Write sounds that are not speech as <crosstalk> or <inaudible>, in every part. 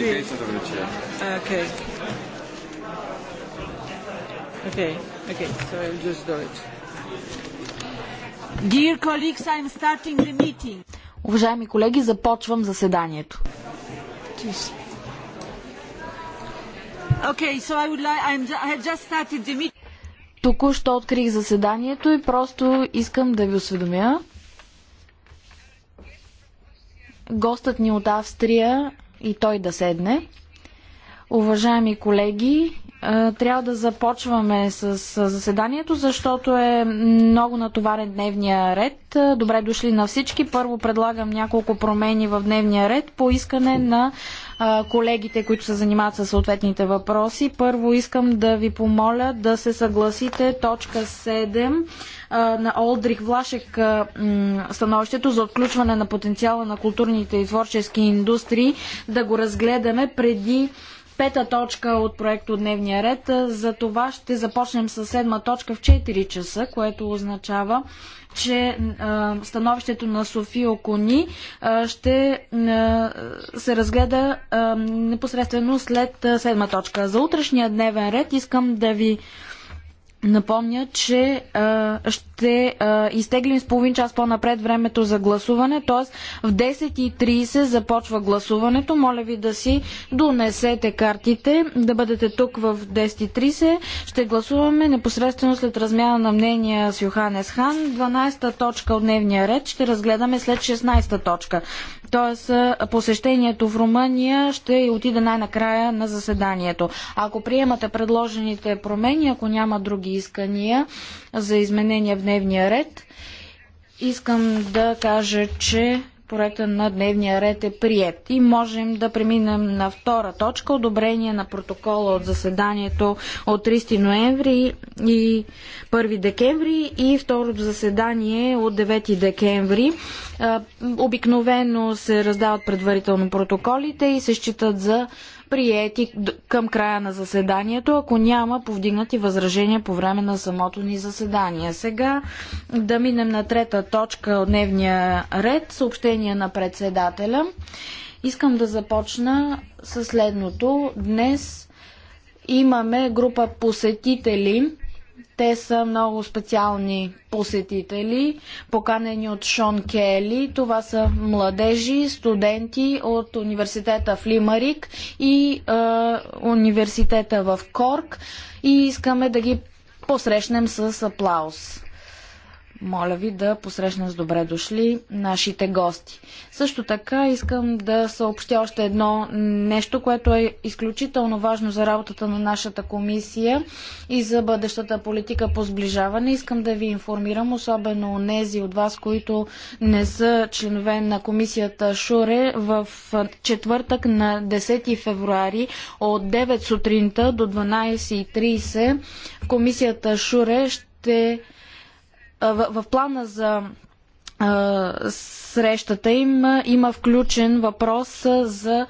Sì. Okay. Okay. Okay. So I'll just do it. Dear colleagues, I'm starting the meeting. Уважаеми колеги, започвам заседанието. Okay, so I would like, I'm, I have just started the meeting. Току-що открих заседанието и просто искам да ви осведомя. Гостът ни от Австрия и той да седне. Уважаеми колеги, е, трябва да започваме с заседанието, защото е много натоварен дневния ред. Е, добре дошли на всички. Първо предлагам няколко промени в дневния ред по искане на е, колегите, които се занимават с съответните въпроси. Първо искам да ви помоля да се съгласите точка 7 на Олдрих Влашек становището за отключване на потенциала на културните и творчески индустрии, да го разгледаме преди пета точка от проекто дневния ред. За това ще започнем с седма точка в 4 часа, което означава, че становището на София Окони ще се разгледа непосредствено след седма точка. За утрешния дневен ред искам да ви напомня, че а, ще а, изтеглим с половин час по-напред времето за гласуване, т.е. в 10.30 започва гласуването. Моля ви да си донесете картите, да бъдете тук в 10.30. Ще гласуваме непосредствено след размяна на мнения с Йоханес Хан. 12-та точка от дневния ред ще разгледаме след 16-та точка. Тоест посещението в Румъния ще отиде най-накрая на заседанието. Ако приемате предложените промени, ако няма други други искания за изменения в дневния ред. Искам да кажа, че проекта на дневния ред е прият. И можем да преминем на втора точка одобрение на протокола от заседанието от 30 ноември и 1 декември и второто заседание от 9 декември. Обикновено се раздават предварително протоколите и се считат за приети към края на заседанието, ако няма повдигнати възражения по време на самото ни заседание. Сега да минем на трета точка от дневния ред, съобщение на председателя. Искам да започна със следното. Днес имаме група посетители те са много специални посетители, поканени от Шон Кели. Това са младежи, студенти от университета в Лимарик и е, университета в Корк и искаме да ги посрещнем с аплаус. Моля ви да посрещна с добре дошли нашите гости. Също така искам да съобщя още едно нещо, което е изключително важно за работата на нашата комисия и за бъдещата политика по сближаване. Искам да ви информирам, особено нези от вас, които не са членове на комисията Шуре, в четвъртък на 10 февруари от 9 сутринта до 12.30 в комисията Шуре ще в, в плана за срещата им има включен въпрос за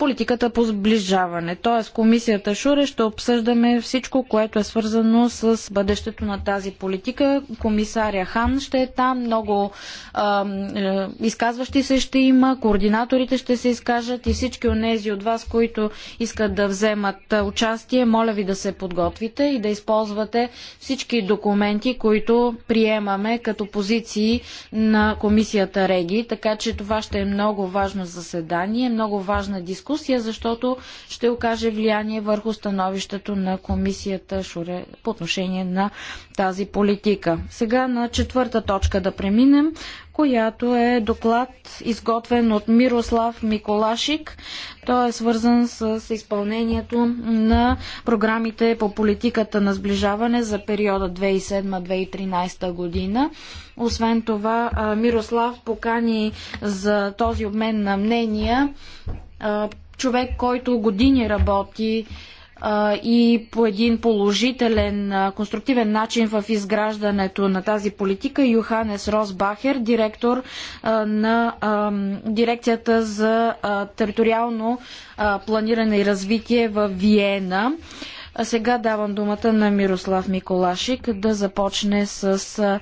политиката по сближаване. т.е. комисията Шуре ще обсъждаме всичко, което е свързано с бъдещето на тази политика. Комисаря Хан ще е там, много а, е, изказващи се ще има, координаторите ще се изкажат и всички от тези от вас, които искат да вземат участие, моля ви да се подготвите и да използвате всички документи, които приемаме като позиции на комисията Реги, така че това ще е много важно заседание, много важна дискусия дискусия, защото ще окаже влияние върху становището на комисията Шуре по отношение на тази политика. Сега на четвърта точка да преминем, която е доклад изготвен от Мирослав Миколашик. Той е свързан с изпълнението на програмите по политиката на сближаване за периода 2007-2013 година. Освен това, Мирослав покани за този обмен на мнения човек, който години работи и по един положителен, конструктивен начин в изграждането на тази политика Йоханес Росбахер, директор на дирекцията за териториално планиране и развитие в Виена. А сега давам думата на Мирослав Миколашик да започне с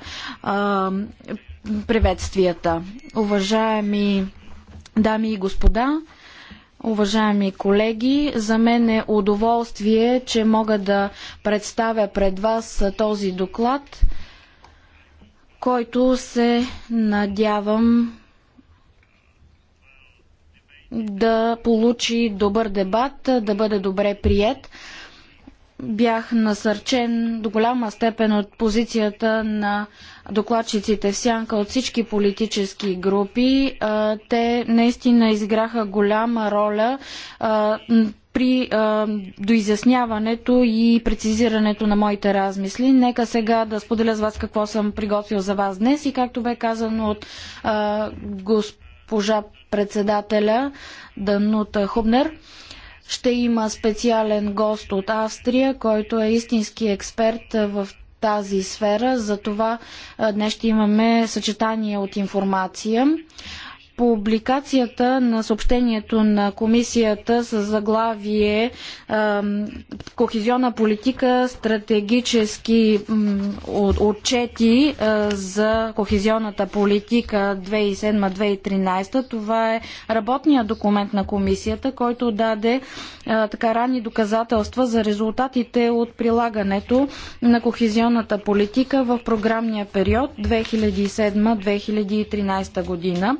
приветствията. Уважаеми дами и господа, Уважаеми колеги, за мен е удоволствие, че мога да представя пред вас този доклад, който се надявам да получи добър дебат, да бъде добре прият. Бях насърчен до голяма степен от позицията на докладчиците в сянка от всички политически групи. Те наистина изиграха голяма роля при а, доизясняването и прецизирането на моите размисли. Нека сега да споделя с вас какво съм приготвил за вас днес и както бе казано от а, госпожа председателя Данута Хубнер. Ще има специален гост от Австрия, който е истински експерт в тази сфера. Затова днес ще имаме съчетание от информация публикацията на съобщението на комисията с заглавие Кохезионна политика, стратегически отчети за кохезионната политика 2007-2013. Това е работният документ на комисията, който даде така ранни доказателства за резултатите от прилагането на кохезионната политика в програмния период 2007-2013 година.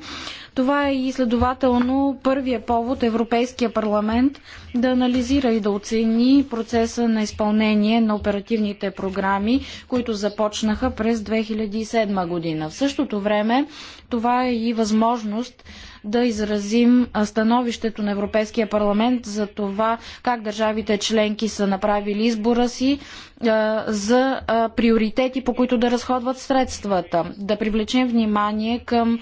Това е и следователно първия повод Европейския парламент да анализира и да оцени процеса на изпълнение на оперативните програми, които започнаха през 2007 година. В същото време това е и възможност да изразим становището на Европейския парламент за това как държавите членки са направили избора си за приоритети, по които да разходват средствата. Да привлечем внимание към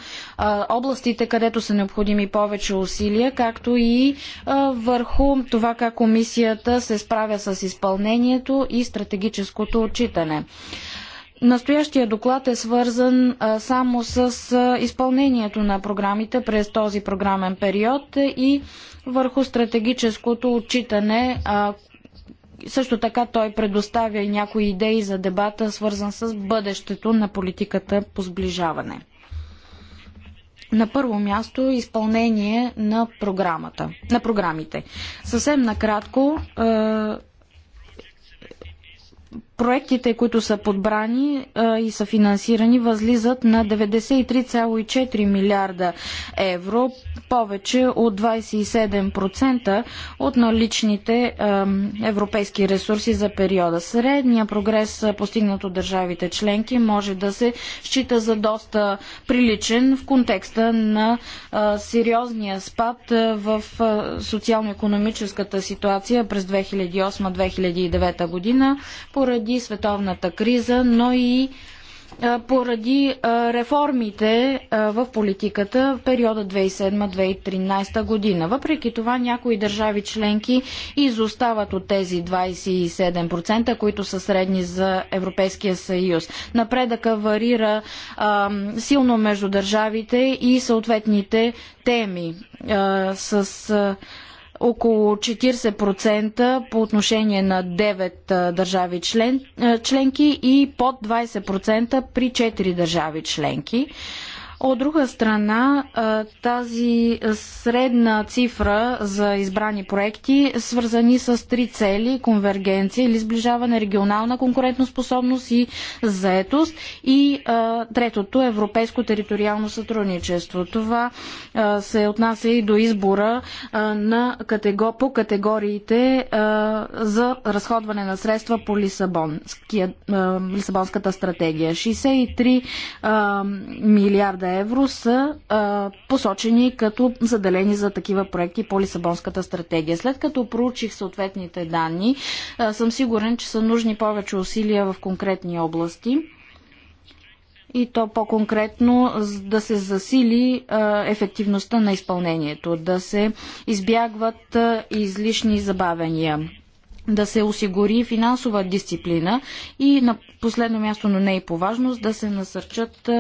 областите, където са необходими повече усилия, както и върху това как комисията се справя с изпълнението и стратегическото отчитане. Настоящия доклад е свързан само с изпълнението на програмите през този програмен период и върху стратегическото отчитане. Също така той предоставя и някои идеи за дебата, свързан с бъдещето на политиката по сближаване. На първо място е изпълнение на програмата, на програмите. Съвсем накратко проектите, които са подбрани а, и са финансирани, възлизат на 93,4 милиарда евро, повече от 27% от наличните а, европейски ресурси за периода. Средния прогрес, постигнат от държавите членки, може да се счита за доста приличен в контекста на а, сериозния спад в социално-економическата ситуация през 2008-2009 година, поради поради световната криза, но и поради реформите в политиката в периода 2007-2013 година. Въпреки това някои държави членки изостават от тези 27%, които са средни за Европейския съюз. Напредъка варира а, силно между държавите и съответните теми а, с а, около 40% по отношение на 9 държави член, членки и под 20% при 4 държави членки. От друга страна, тази средна цифра за избрани проекти, свързани с три цели конвергенция или сближаване, регионална конкурентоспособност и заетост и третото европейско териториално сътрудничество. Това се отнася и до избора на катего... по категориите за разходване на средства по Лисабонския... Лисабонската стратегия. 63 милиарда евро са а, посочени като заделени за такива проекти по Лисабонската стратегия. След като проучих съответните данни, а, съм сигурен, че са нужни повече усилия в конкретни области и то по-конкретно да се засили а, ефективността на изпълнението, да се избягват а, излишни забавения да се осигури финансова дисциплина и на последно място, но не и по важност, да се насърчат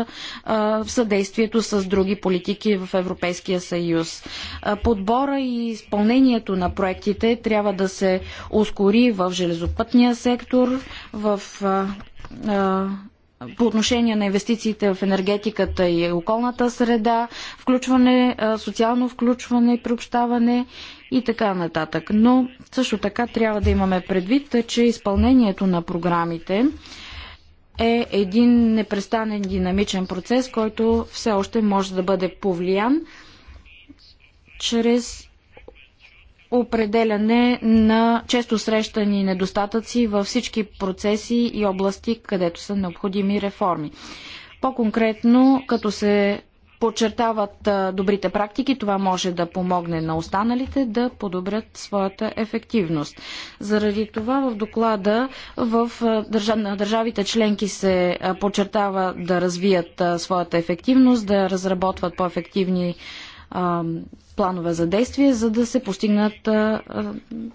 а, съдействието с други политики в Европейския съюз. А, подбора и изпълнението на проектите трябва да се ускори в железопътния сектор, в а, а, по отношение на инвестициите в енергетиката и околната среда, включване, социално включване, и приобщаване и така нататък. Но също така трябва да имаме предвид, че изпълнението на програмите е един непрестанен динамичен процес, който все още може да бъде повлиян чрез определяне на често срещани недостатъци във всички процеси и области, където са необходими реформи. По-конкретно, като се подчертават добрите практики. Това може да помогне на останалите да подобрят своята ефективност. Заради това в доклада в на държавите членки се подчертава да развият своята ефективност, да разработват по-ефективни планове за действие, за да се постигнат а,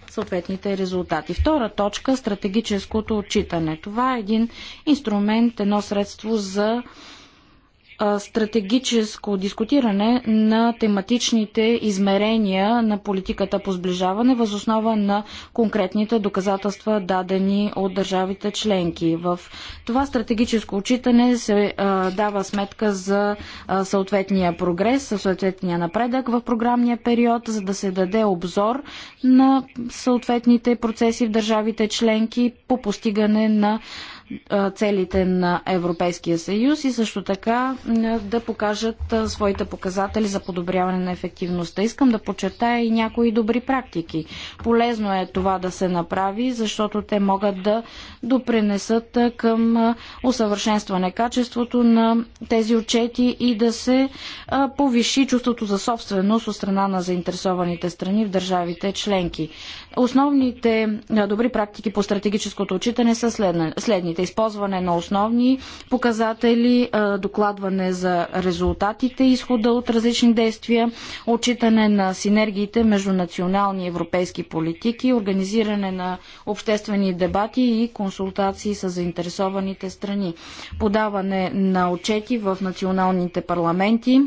съответните резултати. Втора точка стратегическото отчитане. Това е един инструмент, едно средство за стратегическо дискутиране на тематичните измерения на политиката по сближаване възоснова на конкретните доказателства дадени от държавите членки. В това стратегическо отчитане се дава сметка за съответния прогрес, съответния напредък в програмния период, за да се даде обзор на съответните процеси в държавите членки по постигане на целите на Европейския съюз и също така да покажат своите показатели за подобряване на ефективността. Искам да подчертая и някои добри практики. Полезно е това да се направи, защото те могат да допринесат към усъвършенстване качеството на тези отчети и да се повиши чувството за собственост от страна на заинтересованите страни в държавите членки. Основните добри практики по стратегическото отчитане са следните за използване на основни показатели, докладване за резултатите, изхода от различни действия, отчитане на синергиите между национални и европейски политики, организиране на обществени дебати и консултации с заинтересованите страни, подаване на отчети в националните парламенти,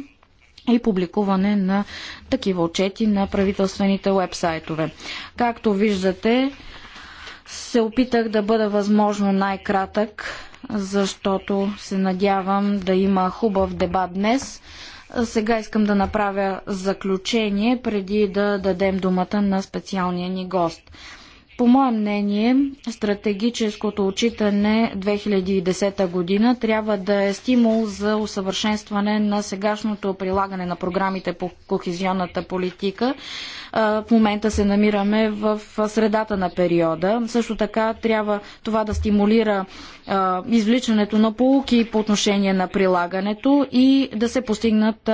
и публикуване на такива отчети на правителствените уебсайтове. Както виждате, се опитах да бъда възможно най-кратък, защото се надявам да има хубав дебат днес. Сега искам да направя заключение, преди да дадем думата на специалния ни гост. По мое мнение, стратегическото отчитане 2010 година трябва да е стимул за усъвършенстване на сегашното прилагане на програмите по кохезионната политика, в момента се намираме в средата на периода. Също така трябва това да стимулира извличането на полуки по отношение на прилагането и да се постигнат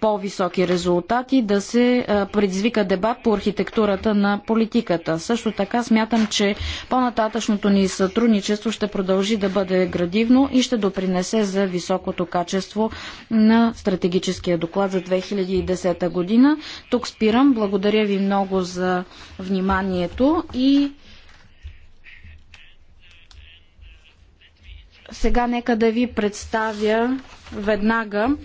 по-високи резултати, да се предизвика дебат по архитектурата на политиката. Също така смятам, че по-нататъчното ни сътрудничество ще продължи да бъде градивно и ще допринесе за високото качество на стратегическия доклад за 2010 година. Тук спирам. Благодаря благодаря ви много за вниманието и сега нека да ви представя веднага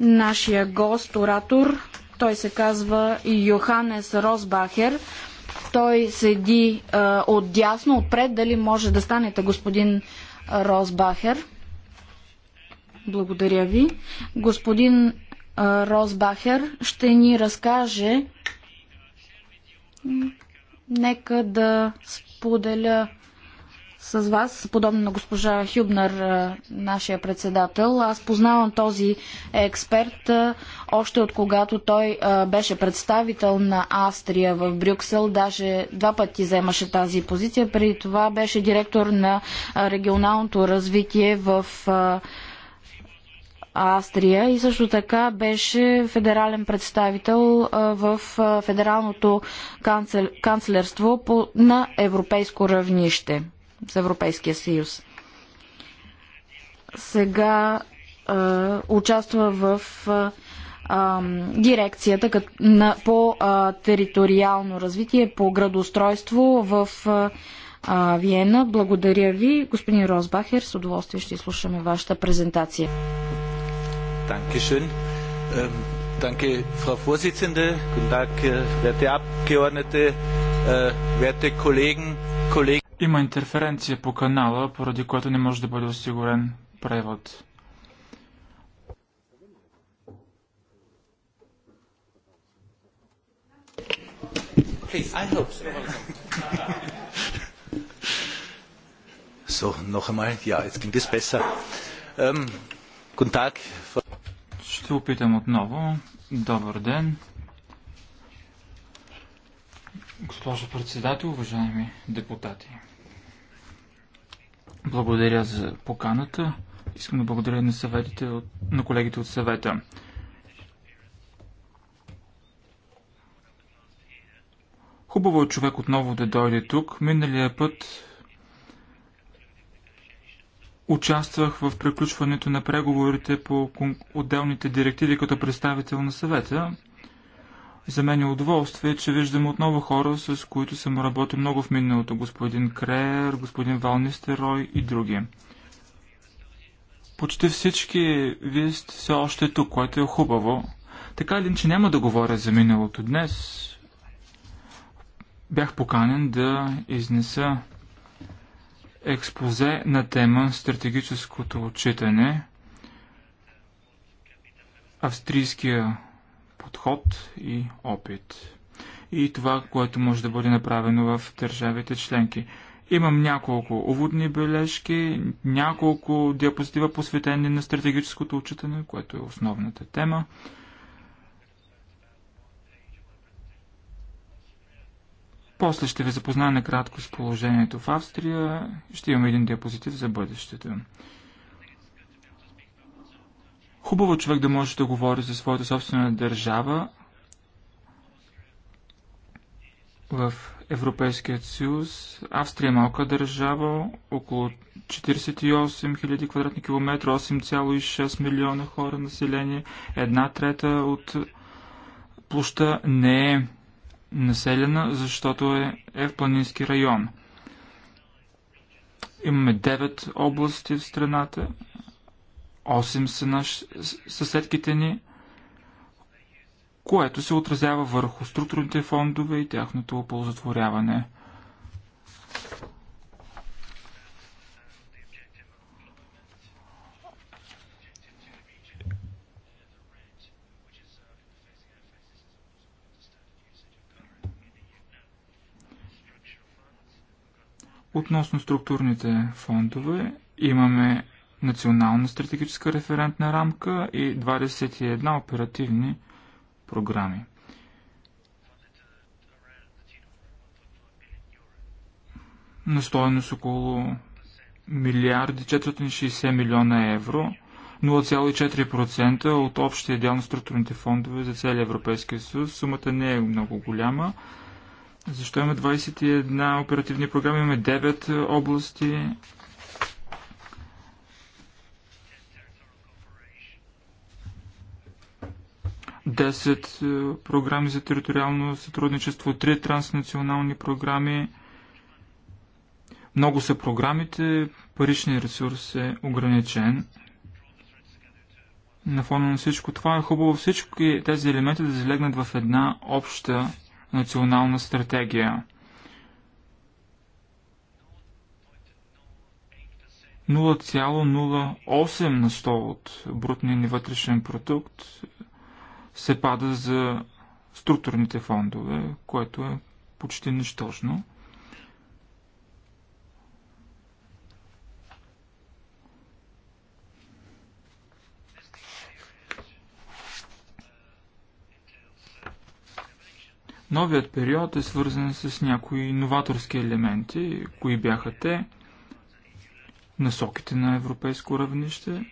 нашия гост, оратор. Той се казва Йоханес Росбахер. Той седи а, отдясно, отпред. Дали може да станете господин Росбахер? Благодаря ви. Господин Росбахер ще ни разкаже Нека да споделя с вас, подобно на госпожа Хюбнер, нашия председател. Аз познавам този експерт още от когато той беше представител на Австрия в Брюксел. Даже два пъти вземаше тази позиция. Преди това беше директор на регионалното развитие в Австрия и също така беше федерален представител в федералното канцел... канцлерство по... на европейско равнище с Европейския съюз. Сега е, участва в е, дирекцията кът... на... по е, териториално развитие, по градоустройство в е, Виена. Благодаря ви, господин Розбахер. С удоволствие ще слушаме вашата презентация. Dankeschön. Ähm, danke, Frau Vorsitzende. Guten Tag, äh, werte Abgeordnete, äh, werte Kollegen, Kollegen. Има интерференция по канала, поради което не може да бъде осигурен превод. Please, I hope so. So, noch einmal. Ja, jetzt ging es besser. Ähm, guten Tag. Ще опитам отново. Добър ден. Госпожо председател, уважаеми депутати. Благодаря за поканата. Искам да благодаря на, съветите, на колегите от съвета. Хубаво е човек отново да дойде тук. Миналия път Участвах в приключването на преговорите по отделните директиви като представител на съвета. За мен е удоволствие, че виждам отново хора, с които съм работил много в миналото. Господин Креер, господин Валнистерой и други. Почти всички вие сте все още тук, което е хубаво. Така ли, че няма да говоря за миналото днес. Бях поканен да изнеса експозе на тема стратегическото отчитане, австрийския подход и опит и това, което може да бъде направено в държавите членки. Имам няколко уводни бележки, няколко диапозитива посветени на стратегическото отчитане, което е основната тема. После ще ви запозная накратко с положението в Австрия. Ще имаме един диапозитив за бъдещето. Хубаво човек да може да говори за своята собствена държава в Европейският съюз. Австрия е малка държава, около 48 000 квадратни километра, 8,6 милиона хора население, една трета от площа не е населена, защото е, е в планински район. Имаме 9 области в страната, 8 са наш, съседките ни, което се отразява върху структурните фондове и тяхното оползотворяване. Относно структурните фондове, имаме национална стратегическа референтна рамка и 21 оперативни програми. на стоеност около милиарди 460 милиона евро, 0,4% от общия дял на структурните фондове за целия Европейския съюз. Сумата не е много голяма, защо имаме 21 оперативни програми? Имаме 9 области. Десет е, програми за териториално сътрудничество, три транснационални програми. Много са програмите, паричният ресурс е ограничен. На фона на всичко това е хубаво всички тези елементи да залегнат в една обща национална стратегия. на 100 от брутния ни вътрешен продукт се пада за структурните фондове, което е почти нищожно. Новият период е свързан с някои новаторски елементи. Кои бяха те? Насоките на европейско равнище,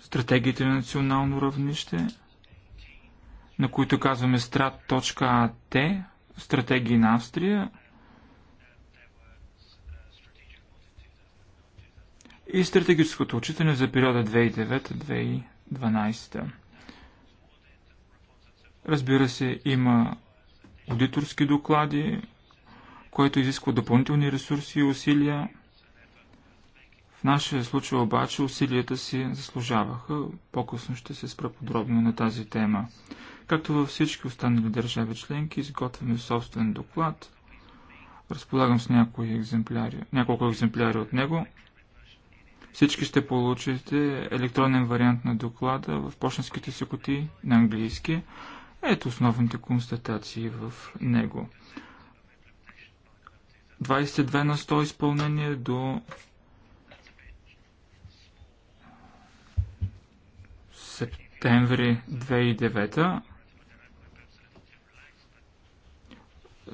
стратегиите на национално равнище, на които казваме strат.at, стратегии на Австрия и стратегическото отчитане за периода 2009-2012. Разбира се, има аудиторски доклади, което изисква допълнителни ресурси и усилия. В нашия случай обаче усилията си заслужаваха. По-късно ще се спра подробно на тази тема. Както във всички останали държави членки, изготвяме собствен доклад. Разполагам с някои екземпляри, няколко екземпляри от него. Всички ще получите електронен вариант на доклада в почтенските си кутии на английски. Ето основните констатации в него. 22 на 100 изпълнение до септември 2009.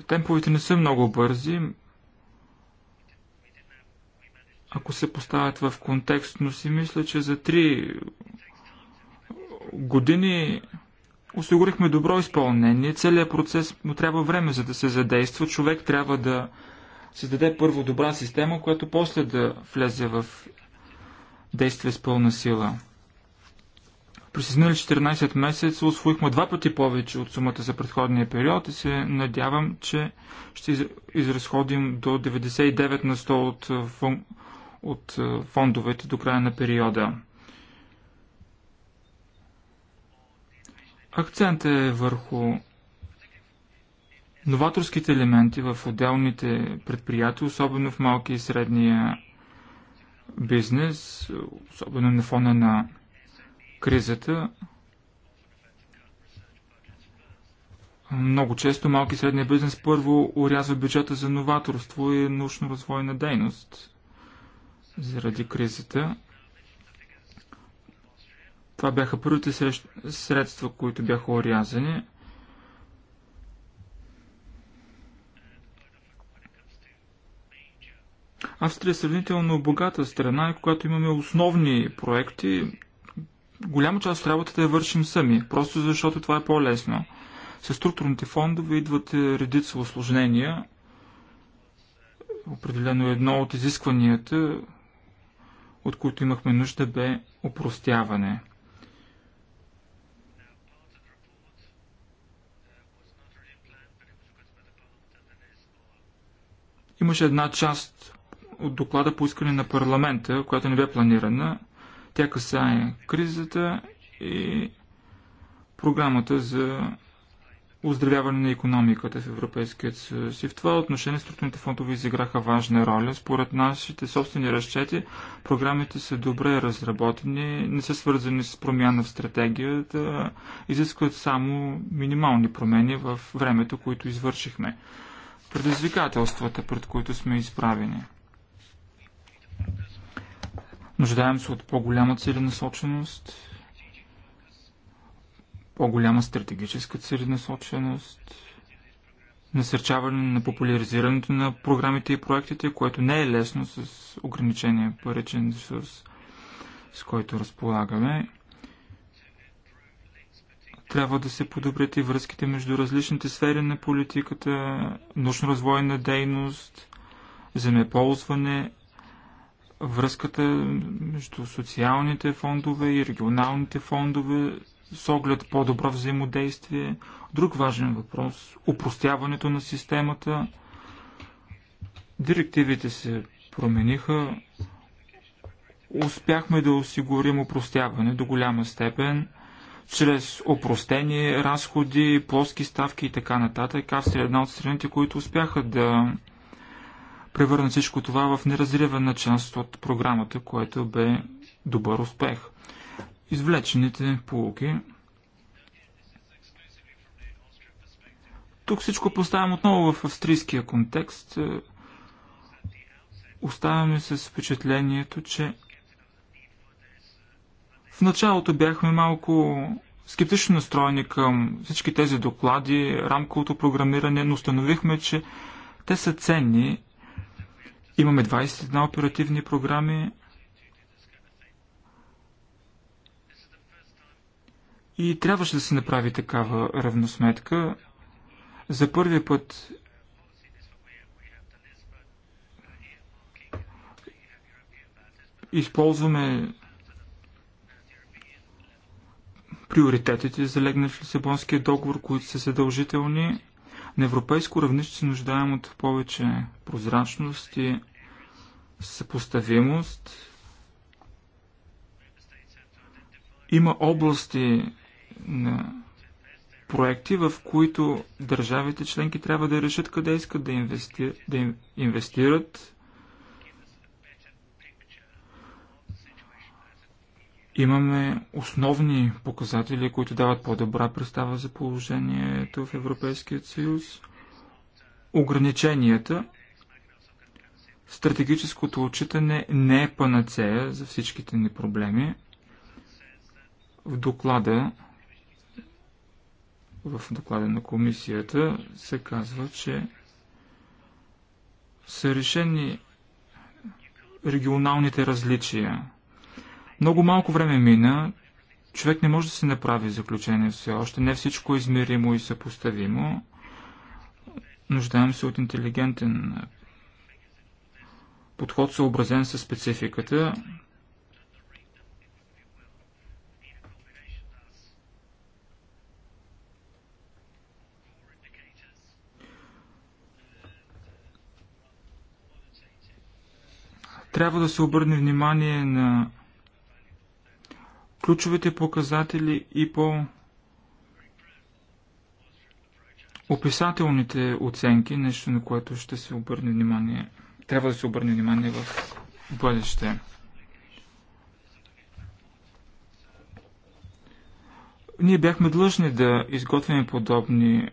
Темповете не са много бързи. Ако се поставят в контекст, но си мисля, че за 3 години осигурихме добро изпълнение. Целият процес му трябва време, за да се задейства. Човек трябва да създаде първо добра система, която после да влезе в действие с пълна сила. През изминали 14 месеца освоихме два пъти повече от сумата за предходния период и се надявам, че ще изразходим до 99 на 100 от, фон... от фондовете до края на периода. Акцент е върху новаторските елементи в отделните предприятия, особено в малки и средния бизнес, особено на фона на кризата. Много често малки и средния бизнес първо урязва бюджета за новаторство и научно-развойна дейност заради кризата. Това бяха първите средства, които бяха орязани. Австрия е сравнително богата страна и когато имаме основни проекти, голяма част от работата я вършим сами, просто защото това е по-лесно. С структурните фондове идват редица осложнения. Определено е едно от изискванията, от които имахме нужда, бе упростяване – Имаше една част от доклада по искане на парламента, която не бе планирана. Тя касае кризата и програмата за оздравяване на економиката в Европейския съюз. И в това отношение структурните фондове изиграха важна роля. Според нашите собствени разчети, програмите са добре разработени, не са свързани с промяна в стратегията, изискват само минимални промени в времето, които извършихме предизвикателствата, пред които сме изправени. Нуждаем се от по-голяма целенасоченост, по-голяма стратегическа целенасоченост, насърчаване на популяризирането на програмите и проектите, което не е лесно с ограничения паричен ресурс, с който разполагаме. Трябва да се подобрят и връзките между различните сфери на политиката, научно-развойна дейност, земеползване, връзката между социалните фондове и регионалните фондове с оглед по-добро взаимодействие. Друг важен въпрос – упростяването на системата. Директивите се промениха. Успяхме да осигурим упростяване до голяма степен чрез опростени разходи, плоски ставки и така нататък. Австрия е една от страните, които успяха да превърнат всичко това в неразривена част от програмата, което бе добър успех. Извлечените полуки. Тук всичко поставям отново в австрийския контекст. Оставяме с впечатлението, че в началото бяхме малко скептично настроени към всички тези доклади, рамковото програмиране, но установихме, че те са ценни. Имаме 21 оперативни програми. И трябваше да се направи такава равносметка. За първи път използваме приоритетите, залегнали в Лисабонския договор, които са задължителни. На европейско равнище се нуждаем от повече прозрачност и съпоставимост. Има области на проекти, в които държавите членки трябва да решат къде искат да да инвестират Имаме основни показатели, които дават по-добра представа за положението в Европейския съюз. Ограниченията. Стратегическото отчитане не е панацея за всичките ни проблеми. В доклада в доклада на комисията се казва, че са решени регионалните различия много малко време мина, човек не може да се направи заключение все още, не всичко е измеримо и съпоставимо. Нуждаем се от интелигентен подход, съобразен с спецификата. Трябва да се обърне внимание на ключовите показатели и по описателните оценки, нещо на което ще се обърне внимание, трябва да се обърне внимание в бъдеще. Ние бяхме длъжни да изготвим подобни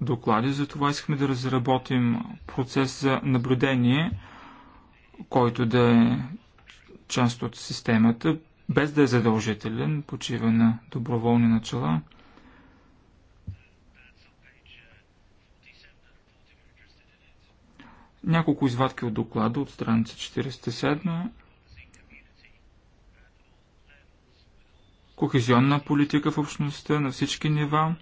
доклади, затова искахме да разработим процес за наблюдение, който да е част от системата без да е задължителен, почива на доброволни начала. Няколко извадки от доклада от страница 47. Кохезионна политика в общността на всички нива.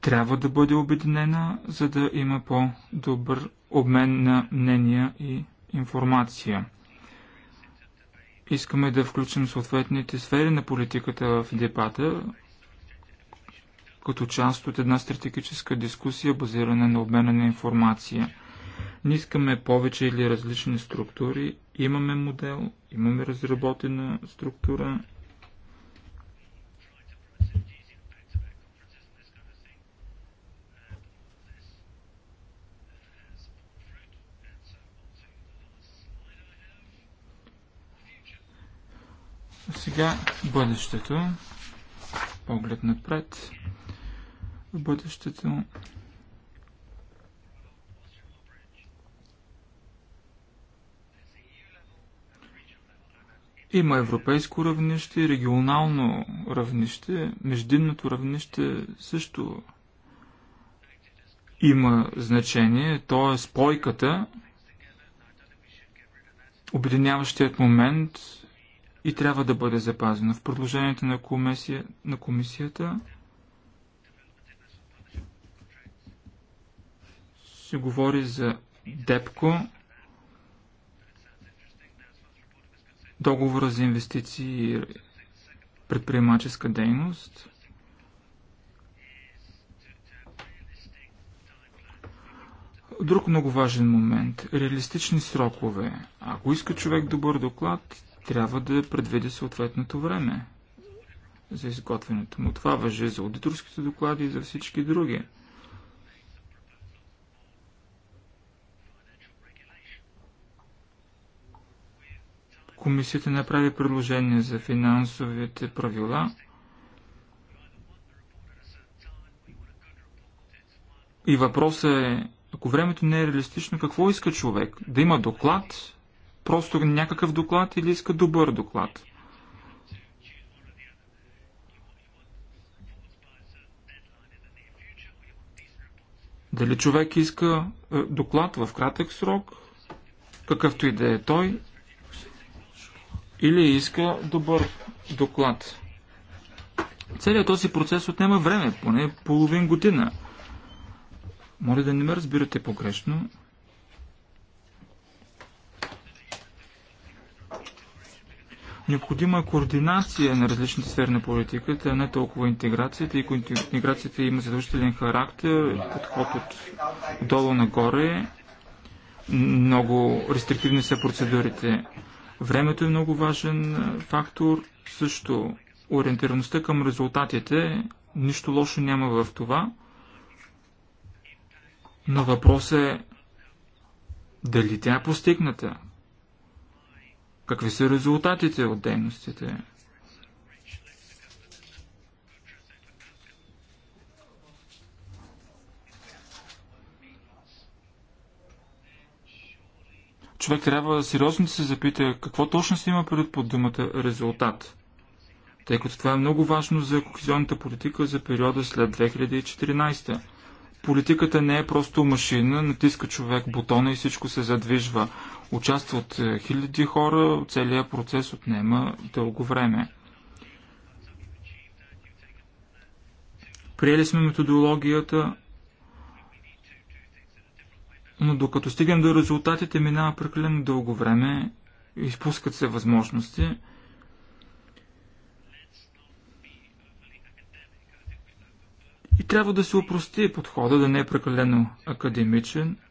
трябва да бъде обединена, за да има по-добър обмен на мнения и информация. Искаме да включим съответните сфери на политиката в дебата, като част от една стратегическа дискусия, базирана на обмена на информация. Не искаме повече или различни структури. Имаме модел, имаме разработена структура. Сега бъдещето. Поглед напред. Бъдещето. Има европейско равнище, регионално равнище, междинното равнище също има значение, То е спойката, обединяващият момент, и трябва да бъде запазено. В продължението на, комисия, на комисията се говори за ДЕПКО, договора за инвестиции и предприемаческа дейност. Друг много важен момент – реалистични срокове. Ако иска човек добър доклад, трябва да предвиди съответното време за изготвянето му. Това въже за аудиторските доклади и за всички други. Комисията направи предложение за финансовите правила. И въпросът е, ако времето не е реалистично, какво иска човек? Да има доклад, просто някакъв доклад или иска добър доклад. Дали човек иска е, доклад в кратък срок, какъвто и да е той, или иска добър доклад. Целият този процес отнема време, поне половин година. Моля да не ме разбирате погрешно. Необходима е координация на различните сфери на политиката, а не толкова интеграцията, и интеграцията има задължителен характер, подход от долу нагоре. Много рестриктивни са процедурите. Времето е много важен фактор, също ориентираността към резултатите. Нищо лошо няма в това. Но въпрос е дали тя е постигната, Какви са резултатите от дейностите? човек трябва сериозно да се запита какво точно се има пред под думата резултат. Тъй като това е много важно за кохезионната политика за периода след 2014. Политиката не е просто машина, натиска човек бутона и всичко се задвижва. Участват е, хиляди хора, целият процес отнема дълго време. Приели сме методологията, но докато стигнем до резултатите, минава прекалено дълго време, изпускат се възможности. И трябва да се упрости подхода, да не е прекалено академичен –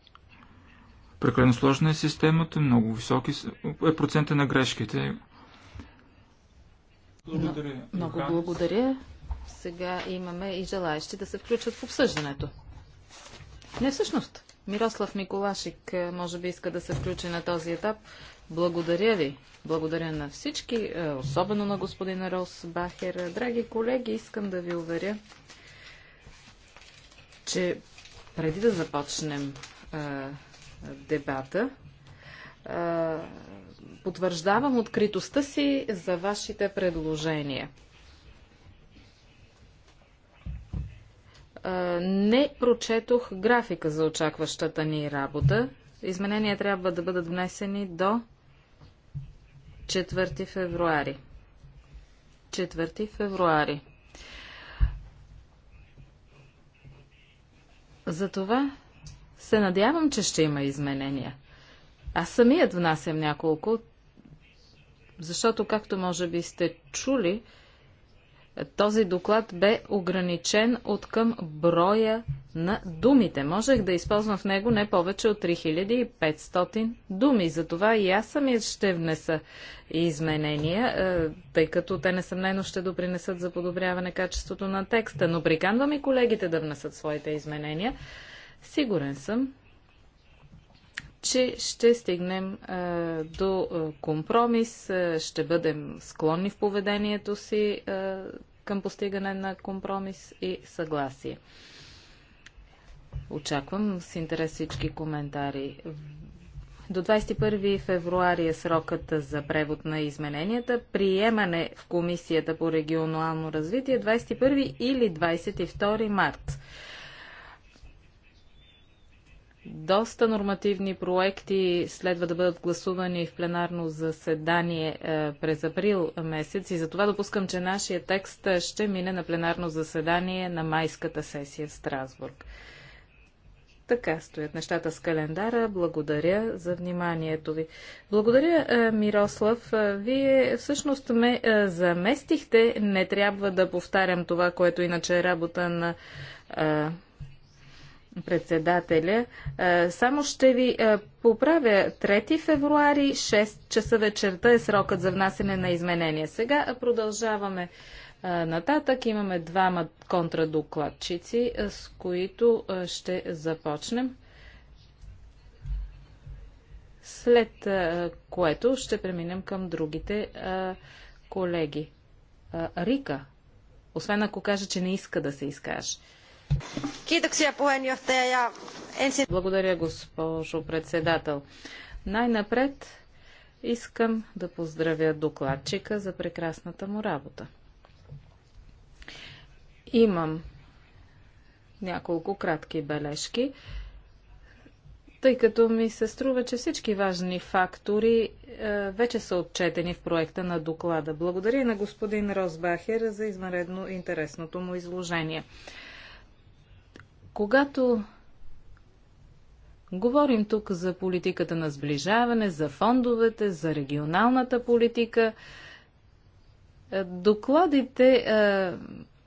Прекалено сложна е системата, много високи е процента на грешките. Благодаря. Много благодаря. Сега имаме и желаящи да се включат в обсъждането. Не всъщност. Мирослав Миколашик е, може би иска да се включи на този етап. Благодаря ви. Благодаря на всички, е, особено на господина Рос Бахер. Драги колеги, искам да ви уверя, че преди да започнем е, дебата. Потвърждавам откритостта си за вашите предложения. Не прочетох графика за очакващата ни работа. Изменения трябва да бъдат внесени до 4 февруари. 4 февруари. Затова се надявам, че ще има изменения. Аз самият внасям няколко, защото, както може би сте чули, този доклад бе ограничен от към броя на думите. Можех да използвам в него не повече от 3500 думи. Затова и аз самият ще внеса изменения, е, тъй като те несъмнено ще допринесат за подобряване качеството на текста. Но приканвам и колегите да внесат своите изменения, Сигурен съм, че ще стигнем а, до компромис, а, ще бъдем склонни в поведението си а, към постигане на компромис и съгласие. Очаквам с интерес всички коментари. До 21 февруари е срокът за превод на измененията. Приемане в Комисията по регионално развитие 21 или 22 март. Доста нормативни проекти следва да бъдат гласувани в пленарно заседание е, през април месец и затова допускам, че нашия текст ще мине на пленарно заседание на майската сесия в Страсбург. Така стоят нещата с календара. Благодаря за вниманието ви. Благодаря, е, Мирослав. Е, вие всъщност ме заместихте. Не трябва да повтарям това, което иначе е работа на председателя. Само ще ви поправя 3 февруари, 6 часа вечерта е срокът за внасене на изменения. Сега продължаваме нататък. Имаме двама контрадокладчици, с които ще започнем. След което ще преминем към другите колеги. Рика, освен ако каже, че не иска да се изкаже. Благодаря, госпожо председател. Най-напред искам да поздравя докладчика за прекрасната му работа. Имам няколко кратки бележки, тъй като ми се струва, че всички важни фактори е, вече са отчетени в проекта на доклада. Благодаря на господин Росбахер за извънредно интересното му изложение. Когато говорим тук за политиката на сближаване, за фондовете, за регионалната политика, е, докладите е,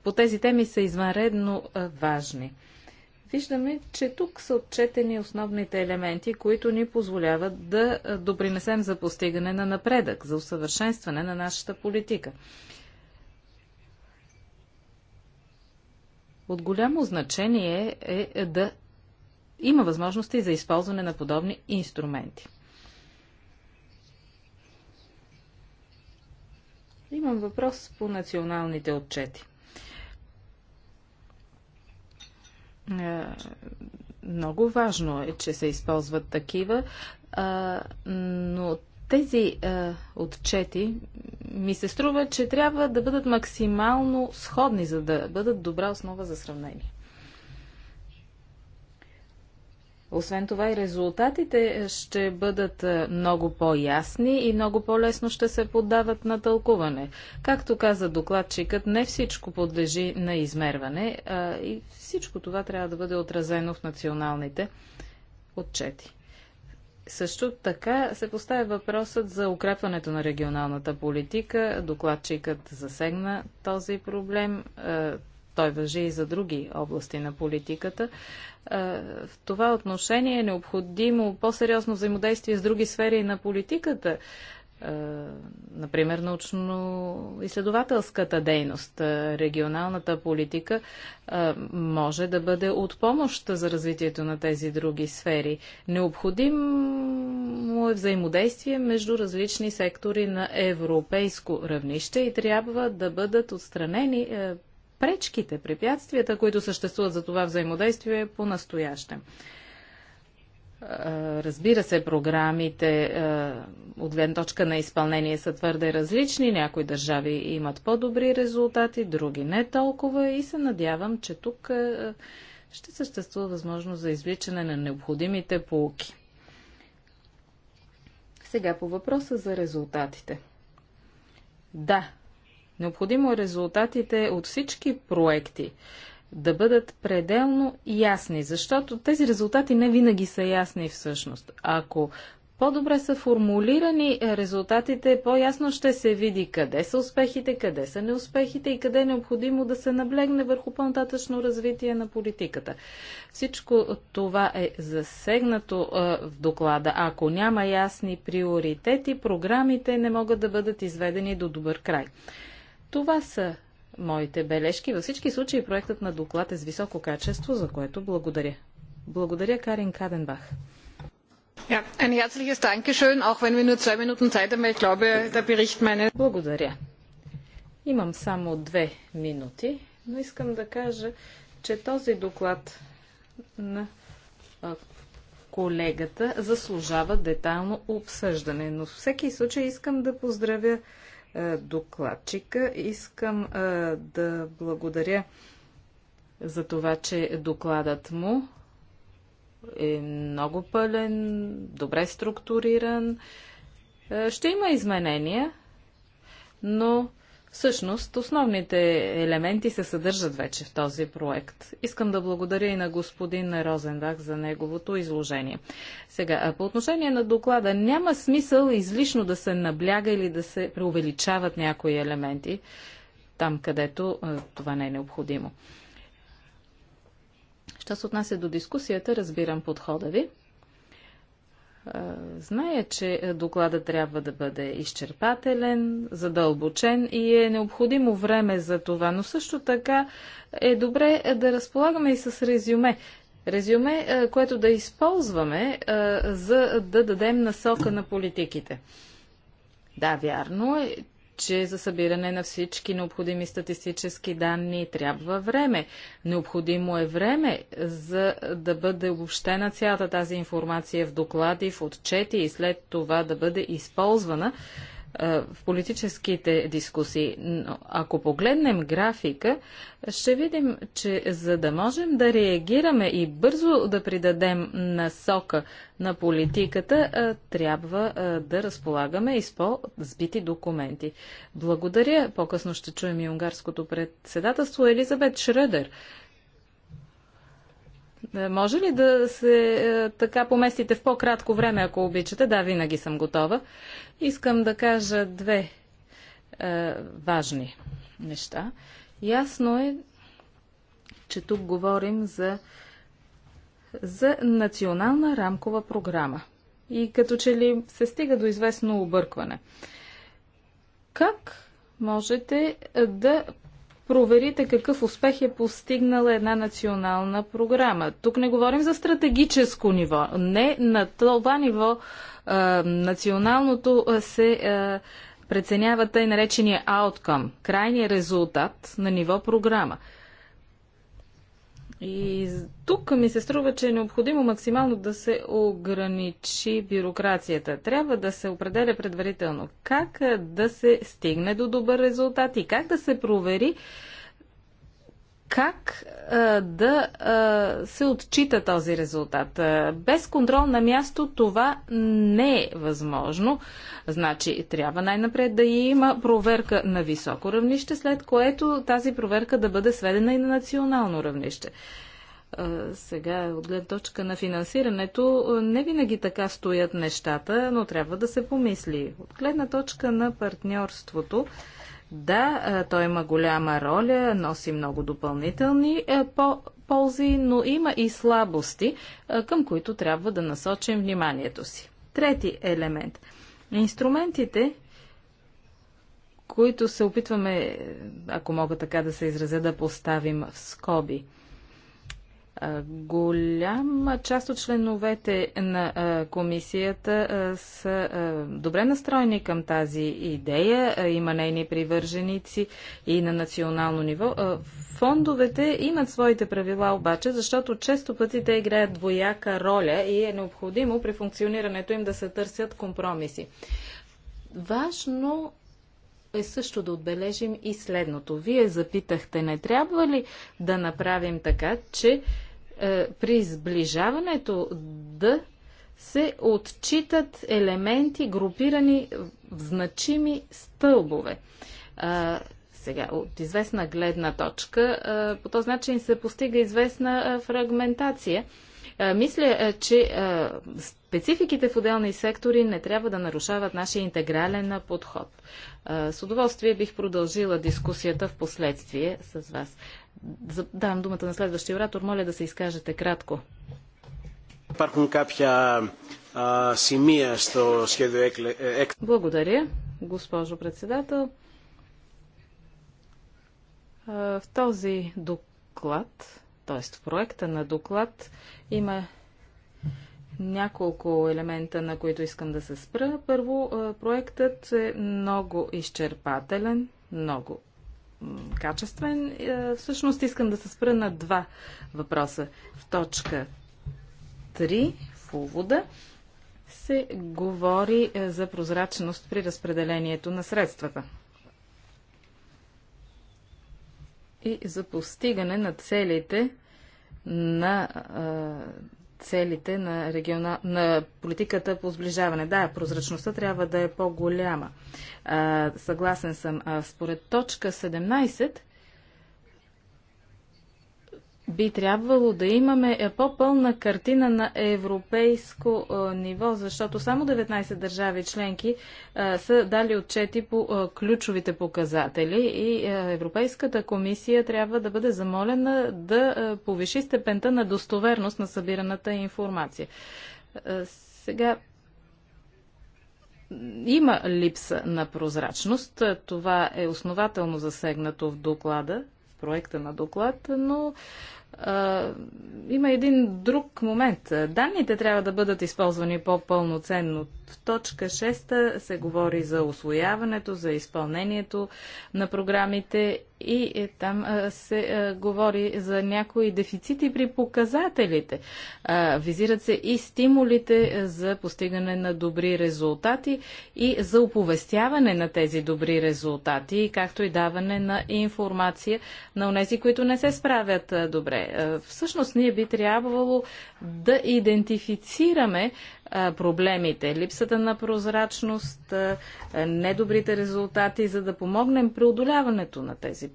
по тези теми са извънредно е, важни. Виждаме, че тук са отчетени основните елементи, които ни позволяват да допринесем за постигане на напредък, за усъвършенстване на нашата политика. От голямо значение е, е да има възможности за използване на подобни инструменти. Имам въпрос по националните отчети. Е, много важно е, че се използват такива, но тези е, отчети ми се струва, че трябва да бъдат максимално сходни, за да бъдат добра основа за сравнение. Освен това и резултатите ще бъдат е, много по-ясни и много по-лесно ще се поддават на тълкуване. Както каза докладчикът, не всичко подлежи на измерване а, е, и всичко това трябва да бъде отразено в националните отчети. Също така се поставя въпросът за укрепването на регионалната политика. Докладчикът засегна този проблем. Е, той въжи и за други области на политиката. Е, в това отношение е необходимо по-сериозно взаимодействие с други сфери на политиката. Е, например, научно-изследователската дейност, е, регионалната политика е, може да бъде от помощ за развитието на тези други сфери. Необходимо е взаимодействие между различни сектори на европейско равнище и трябва да бъдат отстранени пречките, препятствията, които съществуват за това взаимодействие по настоящем е, разбира се, програмите е, от гледна точка на изпълнение са твърде различни. Някои държави имат по-добри резултати, други не толкова и се надявам, че тук е, ще съществува възможност за извличане на необходимите полуки. Сега по въпроса за резултатите. Да, необходимо е резултатите от всички проекти да бъдат пределно ясни, защото тези резултати не винаги са ясни всъщност. Ако по-добре са формулирани резултатите, по-ясно ще се види къде са успехите, къде са неуспехите и къде е необходимо да се наблегне върху по-нататъчно развитие на политиката. Всичко това е засегнато в доклада. Ако няма ясни приоритети, програмите не могат да бъдат изведени до добър край. Това са моите бележки. Във всички случаи проектът на доклад е с високо качество, за което благодаря. Благодаря, Карин Каденбах. Благодаря. Имам само две минути, но искам да кажа, че този доклад на колегата заслужава детайлно обсъждане. Но в всеки случай искам да поздравя е, докладчика. Искам е, да благодаря за това, че докладът му е много пълен, добре структуриран. Е, ще има изменения, но Всъщност, основните елементи се съдържат вече в този проект. Искам да благодаря и на господин Розендах за неговото изложение. Сега, по отношение на доклада, няма смисъл излишно да се набляга или да се преувеличават някои елементи там, където това не е необходимо. Що се отнася до дискусията, разбирам подхода ви. Зная, че е, доклада трябва да бъде изчерпателен, задълбочен и е необходимо време за това, но също така е добре е, да разполагаме и с резюме. Резюме, е, което да използваме, за да дадем насока на политиките. Да, вярно е, че за събиране на всички необходими статистически данни трябва време. Необходимо е време, за да бъде обобщена цялата тази информация в доклади, в отчети и след това да бъде използвана в политическите дискусии. Но ако погледнем графика, ще видим, че за да можем да реагираме и бързо да придадем насока на политиката, трябва да разполагаме и с по-збити документи. Благодаря. По-късно ще чуем и унгарското председателство Елизабет Шредер. Е, може ли да се е, така поместите в по-кратко време, ако обичате? Да, винаги съм готова. Искам да кажа две е, важни неща. Ясно е, че тук говорим за, за национална рамкова програма. И като че ли се стига до известно объркване. Как можете е, да проверите какъв успех е постигнала една национална програма. Тук не говорим за стратегическо ниво. Не на това ниво а, националното се а, преценява тъй наречения outcome, крайния резултат на ниво програма. И тук ми се струва, че е необходимо максимално да се ограничи бюрокрацията. Трябва да се определя предварително как да се стигне до добър резултат и как да се провери как а, да а, се отчита този резултат. А, без контрол на място това не е възможно. Значи, трябва най-напред да има проверка на високо равнище, след което тази проверка да бъде сведена и на национално равнище. Сега, от гледна точка на финансирането, не винаги така стоят нещата, но трябва да се помисли. От гледна точка на партньорството, да, той има голяма роля, носи много допълнителни ползи, но има и слабости, към които трябва да насочим вниманието си. Трети елемент. Инструментите, които се опитваме, ако мога така да се изразя, да поставим в скоби – Голяма част от членовете на комисията са добре настроени към тази идея. Има нейни привърженици и на национално ниво. Фондовете имат своите правила обаче, защото често пъти те играят двояка роля и е необходимо при функционирането им да се търсят компромиси. Важно е също да отбележим и следното. Вие запитахте, не трябва ли да направим така, че е, при сближаването да се отчитат елементи, групирани в значими стълбове. А, сега, от известна гледна точка, а, по този начин се постига известна а, фрагментация. Е, мисля, е, че е, спецификите в отделни сектори не трябва да нарушават нашия интегрален подход. С удоволствие бих продължила дискусията в последствие с вас. Давам думата на следващия оратор. Моля да се изкажете кратко. Благодаря, госпожо председател. В този доклад т.е. в проекта на доклад има няколко елемента, на които искам да се спра. Първо, е, проектът е много изчерпателен, много качествен. Е, всъщност искам да се спра на два въпроса. В точка 3 в увода се говори е, за прозрачност при разпределението на средствата. и за постигане на целите на целите на, региона... на политиката по сближаване. Да, прозрачността трябва да е по-голяма. съгласен съм. според точка 17 би трябвало да имаме е, по-пълна картина на европейско е, ниво, защото само 19 държави членки е, са дали отчети по ключовите показатели и Европейската комисия трябва да бъде замолена да повиши степента на достоверност на събираната информация. Сега има липса на прозрачност. Това е основателно засегнато в доклада проекта на доклад, но а, има един друг момент. Данните трябва да бъдат използвани по-пълноценно. В точка 6 се говори за освояването, за изпълнението на програмите и е, там се говори за някои дефицити при показателите. визират се и стимулите за постигане на добри резултати и за оповестяване на тези добри резултати, както и даване на информация на тези, които не се справят добре. всъщност ние би трябвало да идентифицираме проблемите. Липсата на прозрачност, недобрите резултати, за да помогнем преодоляването на тези,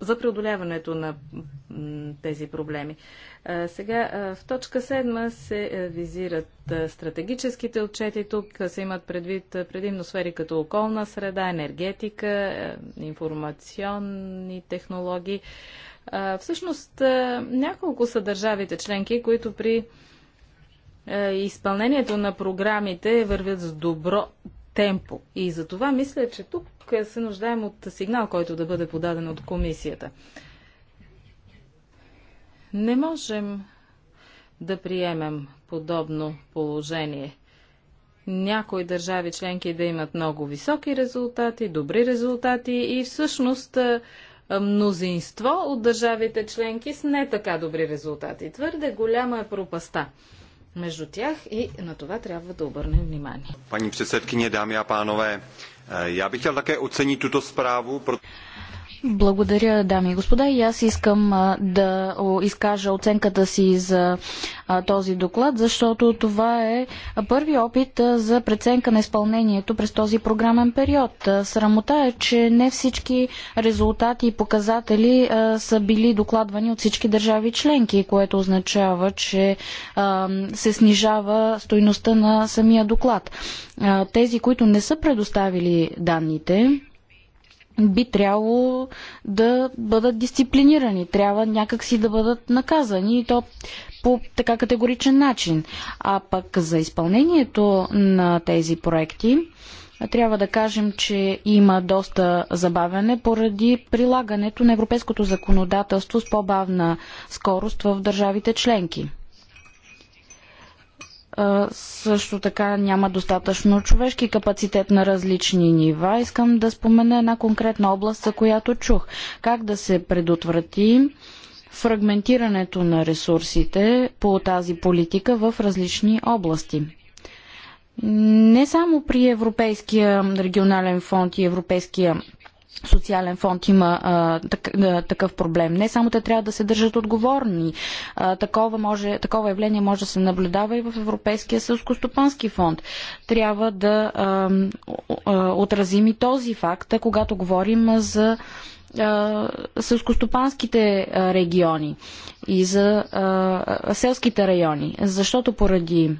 за, преодоляването на тези проблеми. Сега в точка 7 се визират стратегическите отчети. Тук се имат предвид предимно сфери като околна среда, енергетика, информационни технологии. Всъщност няколко са държавите членки, които при е, изпълнението на програмите вървят с добро темпо. И за това мисля, че тук се нуждаем от сигнал, който да бъде подаден от комисията. Не можем да приемем подобно положение. Някои държави членки да имат много високи резултати, добри резултати и всъщност е, мнозинство от държавите членки с не така добри резултати. Твърде голяма е пропаста между тях и на това трябва да обърнем внимание. Пани председкиня, дами и панове, я бих хотел také оценить tuto zprávu. Благодаря, дами и господа. И аз искам да изкажа оценката си за този доклад, защото това е първи опит за преценка на изпълнението през този програмен период. Срамота е, че не всички резултати и показатели са били докладвани от всички държави членки, което означава, че се снижава стойността на самия доклад. Тези, които не са предоставили данните, би трябвало да бъдат дисциплинирани, трябва някакси да бъдат наказани и то по така категоричен начин. А пък за изпълнението на тези проекти трябва да кажем, че има доста забавяне поради прилагането на европейското законодателство с по-бавна скорост в държавите членки също така няма достатъчно човешки капацитет на различни нива. Искам да спомена една конкретна област, за която чух. Как да се предотврати фрагментирането на ресурсите по тази политика в различни области. Не само при Европейския регионален фонд и Европейския социален фонд има а, такъв проблем. Не само те трябва да се държат отговорни. А, такова, може, такова явление може да се наблюдава и в Европейския селскостопански фонд. Трябва да а, а, отразим и този факт, когато говорим за селскостопанските региони и за селските райони, защото поради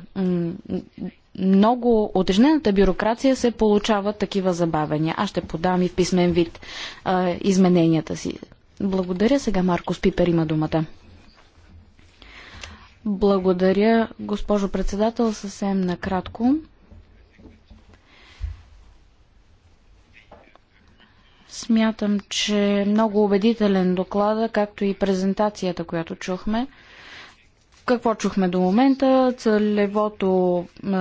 много отежнената бюрокрация се получават такива забавения. Аз ще подам и в писмен вид а, измененията си. Благодаря. Сега Маркос Пипер има думата. Благодаря, госпожо председател, съвсем накратко. Смятам, че много убедителен доклада, както и презентацията, която чухме. Какво чухме до момента? Целевото а,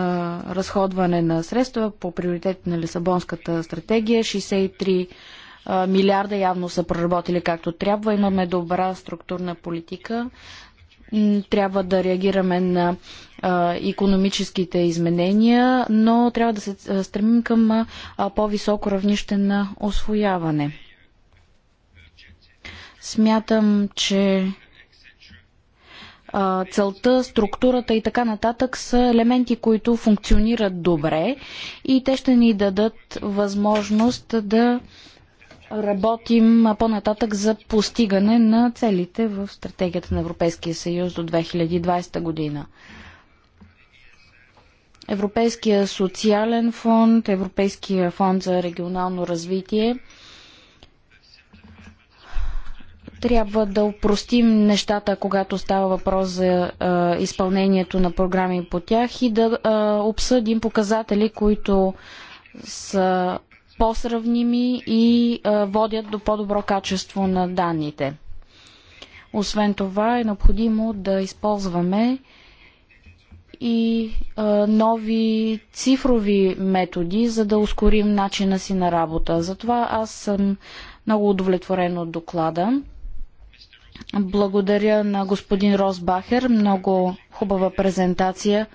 разходване на средства по приоритет на Лисабонската стратегия 63 а, милиарда явно са проработили както трябва. Имаме добра структурна политика. Трябва да реагираме на а, економическите изменения, но трябва да се стремим към по-високо равнище на освояване. Смятам, че целта, структурата и така нататък са елементи, които функционират добре и те ще ни дадат възможност да работим по-нататък за постигане на целите в стратегията на Европейския съюз до 2020 година. Европейския социален фонд, Европейския фонд за регионално развитие – трябва да упростим нещата, когато става въпрос за а, изпълнението на програми по тях и да а, обсъдим показатели, които са по-сравними и а, водят до по-добро качество на данните. Освен това е необходимо да използваме и а, нови цифрови методи, за да ускорим начина си на работа. Затова аз съм много удовлетворен от доклада. Благодаря на господин Росбахер. Много хубава презентация.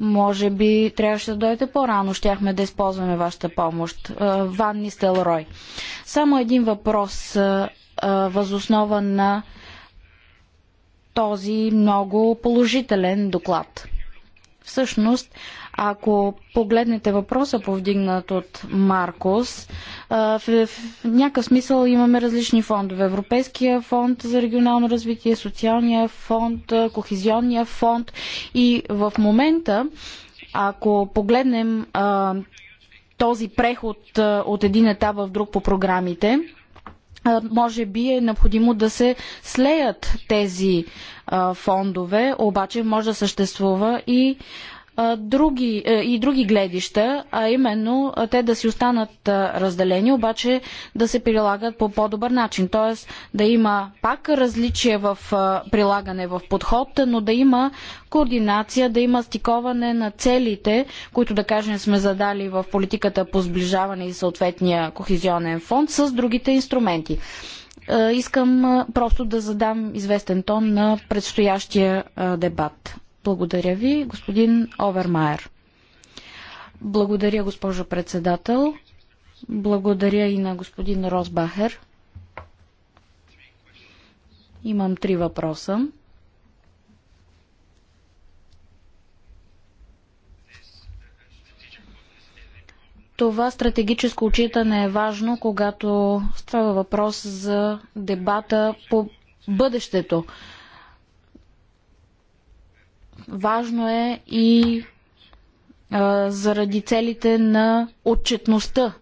Може би трябваше да дойдете по-рано. Щяхме да използваме вашата помощ. Ван Нистелрой. Само един въпрос възоснова на този много положителен доклад. Всъщност, ако погледнете въпроса, повдигнат от Маркос, в, в, в някакъв смисъл имаме различни фондове. Европейския фонд за регионално развитие, социалния фонд, кохезионния фонд и в момента, ако погледнем а, този преход а, от един етап в друг по програмите, може би е необходимо да се слеят тези а, фондове, обаче може да съществува и други, е, и други гледища, а именно те да си останат разделени, обаче да се прилагат по по-добър начин. Т.е. да има пак различие в прилагане в подход, но да има координация, да има стиковане на целите, които да кажем сме задали в политиката по сближаване и съответния кохезионен фонд с другите инструменти искам просто да задам известен тон на предстоящия дебат. Благодаря ви, господин Овермайер. Благодаря, госпожо председател. Благодаря и на господин Росбахер. Имам три въпроса. това стратегическо отчитане е важно, когато става въпрос за дебата по бъдещето Важно е и а, заради целите на отчетността.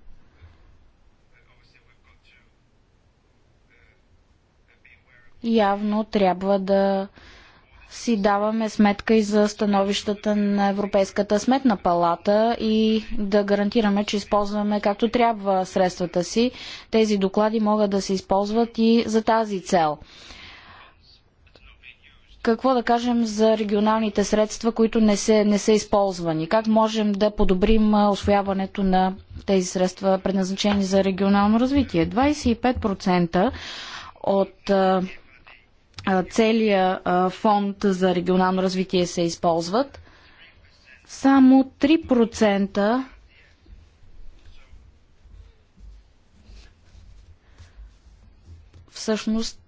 Явно трябва да си даваме сметка и за становищата на Европейската сметна палата и да гарантираме, че използваме както трябва средствата си. Тези доклади могат да се използват и за тази цел какво да кажем за регионалните средства, които не, се, не са използвани? Как можем да подобрим освояването на тези средства, предназначени за регионално развитие? 25% от а, целия а, фонд за регионално развитие се използват. Само 3% всъщност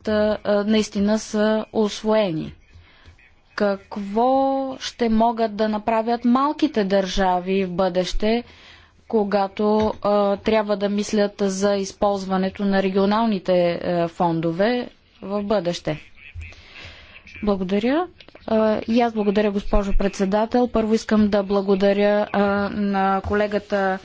наистина са освоени какво ще могат да направят малките държави в бъдеще, когато а, трябва да мислят за използването на регионалните а, фондове в бъдеще. Благодаря. И аз благодаря, госпожо председател. Първо искам да благодаря на колегата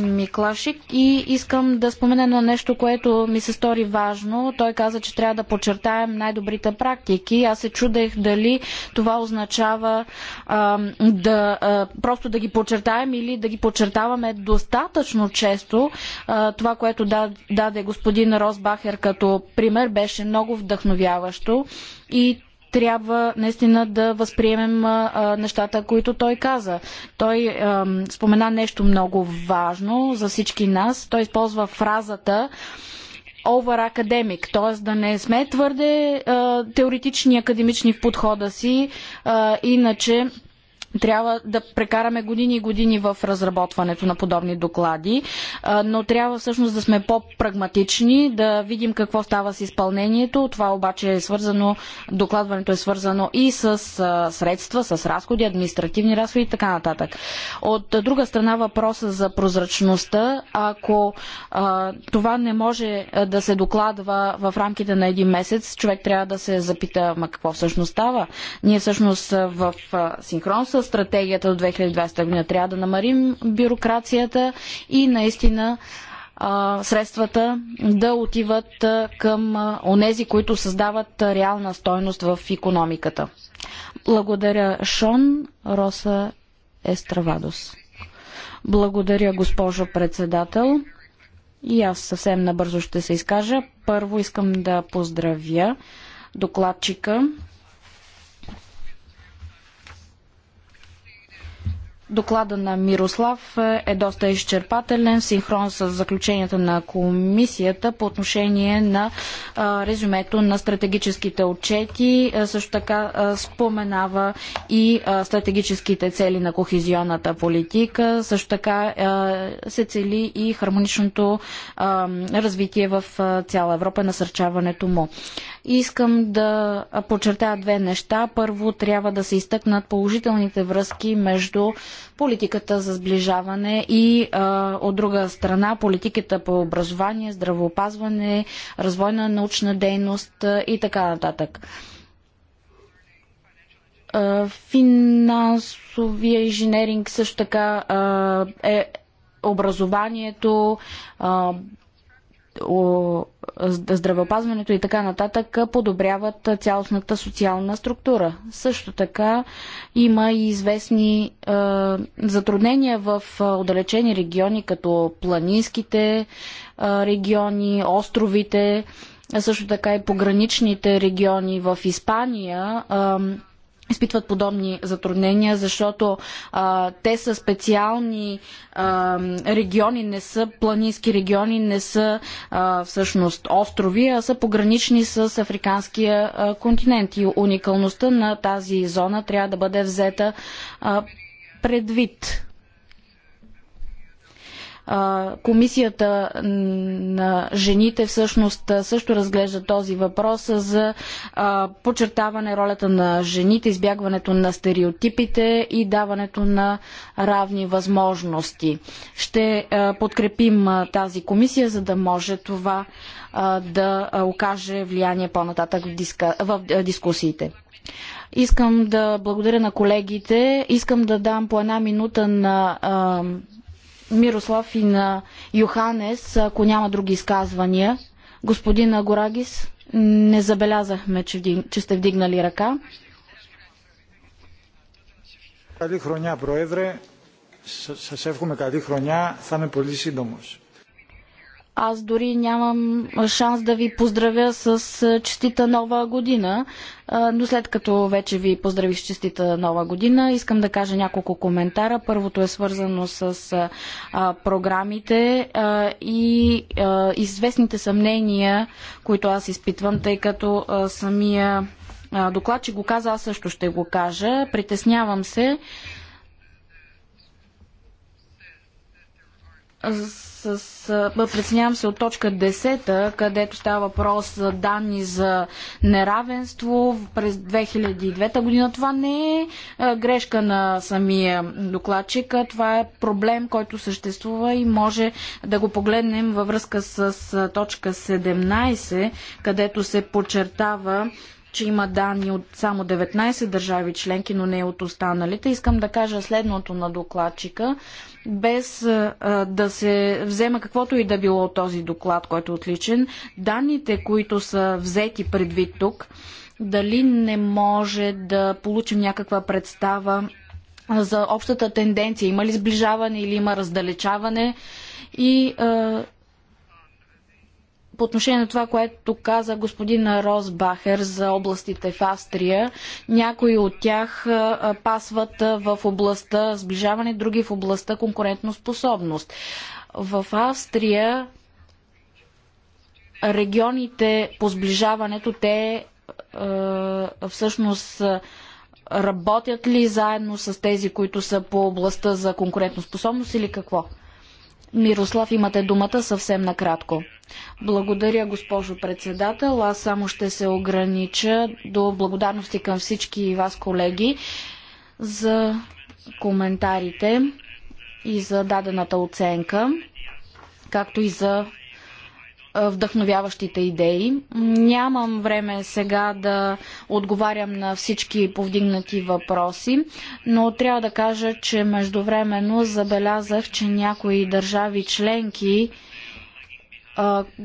Миклашик и искам да спомена на нещо, което ми се стори важно. Той каза, че трябва да подчертаем най-добрите практики. Аз се чудех дали това означава а, да, а, просто да ги подчертаем или да ги подчертаваме достатъчно често. А, това, което даде господин Росбахер като пример, беше много вдъхновяващо и трябва наистина да възприемем нещата, които той каза. Той спомена нещо много важно за всички нас. Той използва фразата over academic, т.е. да не сме твърде теоретични и академични в подхода си, иначе трябва да прекараме години и години в разработването на подобни доклади, но трябва всъщност да сме по-прагматични, да видим какво става с изпълнението. Това обаче е свързано, докладването е свързано и с средства, с разходи, административни разходи и така нататък. От друга страна въпроса за прозрачността, ако това не може да се докладва в рамките на един месец, човек трябва да се запита, ма какво всъщност става? Ние всъщност в синхрон с стратегията до 2020 година. Трябва да намарим бюрокрацията и наистина средствата да отиват към онези, които създават реална стойност в економиката. Благодаря Шон Роса Естравадос. Благодаря, госпожо председател. И аз съвсем набързо ще се изкажа. Първо искам да поздравя докладчика Доклада на Мирослав е доста изчерпателен, в синхрон с заключенията на комисията по отношение на резюмето на стратегическите отчети. Също така споменава и стратегическите цели на кохезионната политика. Също така се цели и хармоничното развитие в цяла Европа, насърчаването му. Искам да подчертая две неща. Първо, трябва да се изтъкнат положителните връзки между политиката за сближаване и а, от друга страна политиката по образование, здравеопазване, развойна научна дейност и така нататък финансовия инженеринг също така е образованието, здравеопазването и така нататък подобряват цялостната социална структура. Също така има и известни е, затруднения в е, отдалечени региони, като планинските е, региони, островите, също така и пограничните региони в Испания. Е, изпитват подобни затруднения, защото а, те са специални а, региони, не са планински региони, не са а, всъщност острови, а са погранични с африканския а, континент. И уникалността на тази зона трябва да бъде взета а, предвид. Комисията на жените всъщност също разглежда този въпрос за подчертаване ролята на жените, избягването на стереотипите и даването на равни възможности. Ще подкрепим тази комисия, за да може това да окаже влияние по-нататък в, диска... в дискусиите. Искам да благодаря на колегите. Искам да дам по една минута на Мирослав и на Йоханес, ако няма други изказвания. Господин Горагис, не забелязахме, че, че сте вдигнали ръка. Καλή χρονιά, Πρόεδρε. Σας εύχομαι καλή χρονιά. Θα είμαι πολύ σύντομος аз дори нямам шанс да ви поздравя с честита нова година, но след като вече ви поздравих с честита нова година, искам да кажа няколко коментара. Първото е свързано с програмите и известните съмнения, които аз изпитвам, тъй като самия докладчик го каза, аз също ще го кажа. Притеснявам се с, преценявам се от точка 10, където става въпрос за данни за неравенство през 2009 година. Това не е грешка на самия докладчик, това е проблем, който съществува и може да го погледнем във връзка с точка 17, където се подчертава че има данни от само 19 държави членки, но не от останалите. Искам да кажа следното на докладчика без да се взема каквото и да било от този доклад, който е отличен. Данните, които са взети предвид тук, дали не може да получим някаква представа за общата тенденция? Има ли сближаване или има раздалечаване? И а, по отношение на това, което каза господин Росбахер за областите в Австрия. Някои от тях пасват в областта сближаване, други в областта способност. В Австрия регионите по сближаването, те всъщност работят ли заедно с тези, които са по областта за конкурентоспособност или какво? Мирослав, имате думата съвсем накратко. Благодаря, госпожо председател. Аз само ще се огранича до благодарности към всички вас, колеги, за коментарите и за дадената оценка, както и за вдъхновяващите идеи. Нямам време сега да отговарям на всички повдигнати въпроси, но трябва да кажа, че междувременно забелязах, че някои държави членки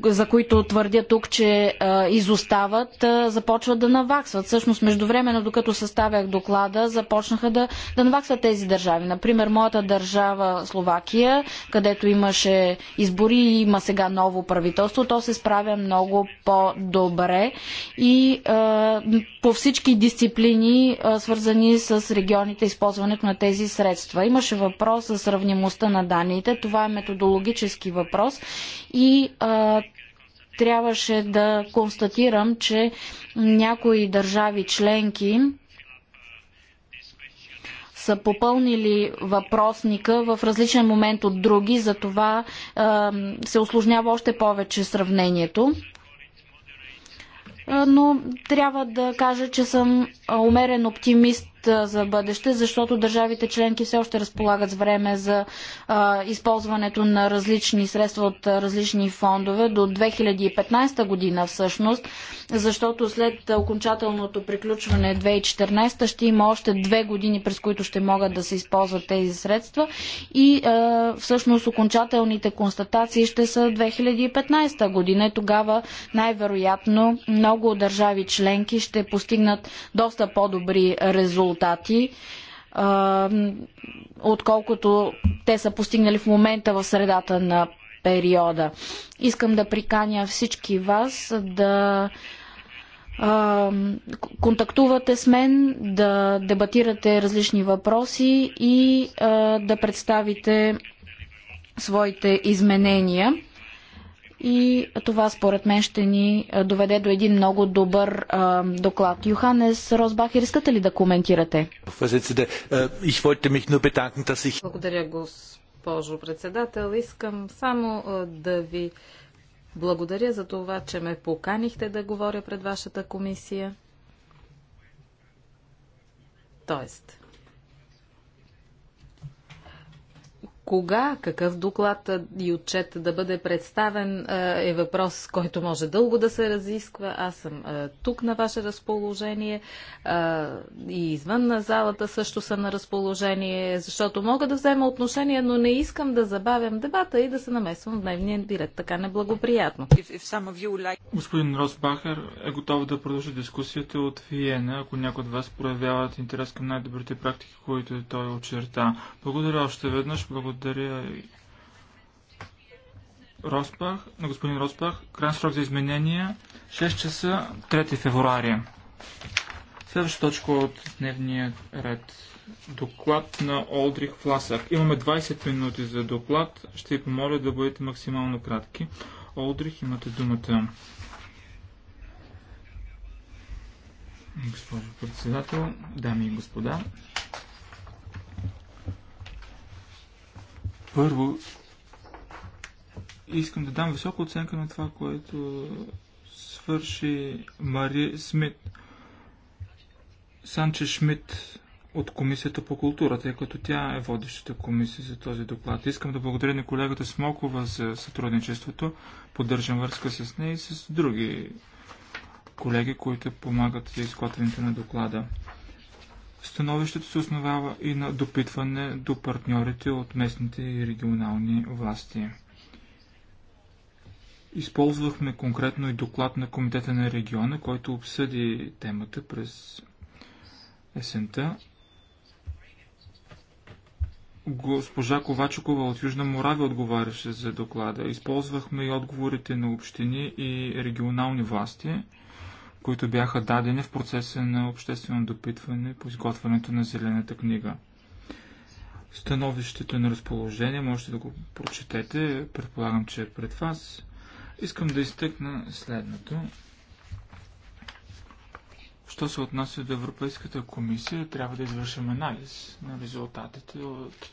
за които твърдя тук, че изостават, започват да наваксват. Всъщност, междувременно, докато съставях доклада, започнаха да, да наваксват тези държави. Например, моята държава Словакия, където имаше избори и има сега ново правителство, то се справя много по-добре и по всички дисциплини, свързани с регионите, използването на тези средства. Имаше въпрос за сравнимостта на данните. Това е методологически въпрос и а, трябваше да констатирам, че някои държави членки са попълнили въпросника в различен момент от други, затова а, се осложнява още повече сравнението. А, но трябва да кажа, че съм умерен оптимист за бъдеще, защото държавите членки все още разполагат с време за а, използването на различни средства от различни фондове до 2015 година всъщност, защото след окончателното приключване 2014 ще има още две години, през които ще могат да се използват тези средства и а, всъщност окончателните констатации ще са 2015 година и тогава най-вероятно много държави членки ще постигнат доста по-добри резултати резултати, отколкото те са постигнали в момента в средата на периода. Искам да приканя всички вас да контактувате с мен, да дебатирате различни въпроси и да представите своите изменения и това според мен ще ни доведе до един много добър а, доклад. Йоханес Росбахер, искате ли да коментирате? Благодаря, госпожо председател. Искам само да ви благодаря за това, че ме поканихте да говоря пред вашата комисия. Тоест, Кога, какъв доклад и отчет да бъде представен е въпрос, който може дълго да се разисква. Аз съм тук на ваше разположение и извън на залата също съм на разположение, защото мога да взема отношение, но не искам да забавям дебата и да се намесвам в дневния билет. Така неблагоприятно. Господин Росбахер е готов да продължи дискусията от Виена, ако някой от вас проявяват интерес към най-добрите практики, които той очерта. Благодаря още веднъж. Благодаря благодаря Роспах, на господин Роспах. Крайен срок за изменения 6 часа 3 февруари. Следваща точка от дневния ред. Доклад на Олдрих Фласък. Имаме 20 минути за доклад. Ще ви помоля да бъдете максимално кратки. Олдрих, имате думата. Госпожо председател, дами и господа, Първо, искам да дам висока оценка на това, което свърши Мари Смит. Санче Шмидт от Комисията по култура, тъй като тя е водещата комисия за този доклад. Искам да благодаря на колегата Смокова за сътрудничеството. Поддържам връзка с нея и с други колеги, които помагат за изготвянето на доклада. Становището се основава и на допитване до партньорите от местните и регионални власти. Използвахме конкретно и доклад на Комитета на региона, който обсъди темата през есента. Госпожа Ковачукова от Южна Морави отговаряше за доклада. Използвахме и отговорите на общини и регионални власти – които бяха дадени в процеса на обществено допитване по изготвянето на Зелената книга. Становището е на разположение, можете да го прочетете, предполагам, че е пред вас. Искам да изтъкна следното. Що се отнася до Европейската комисия, трябва да извършим анализ на резултатите от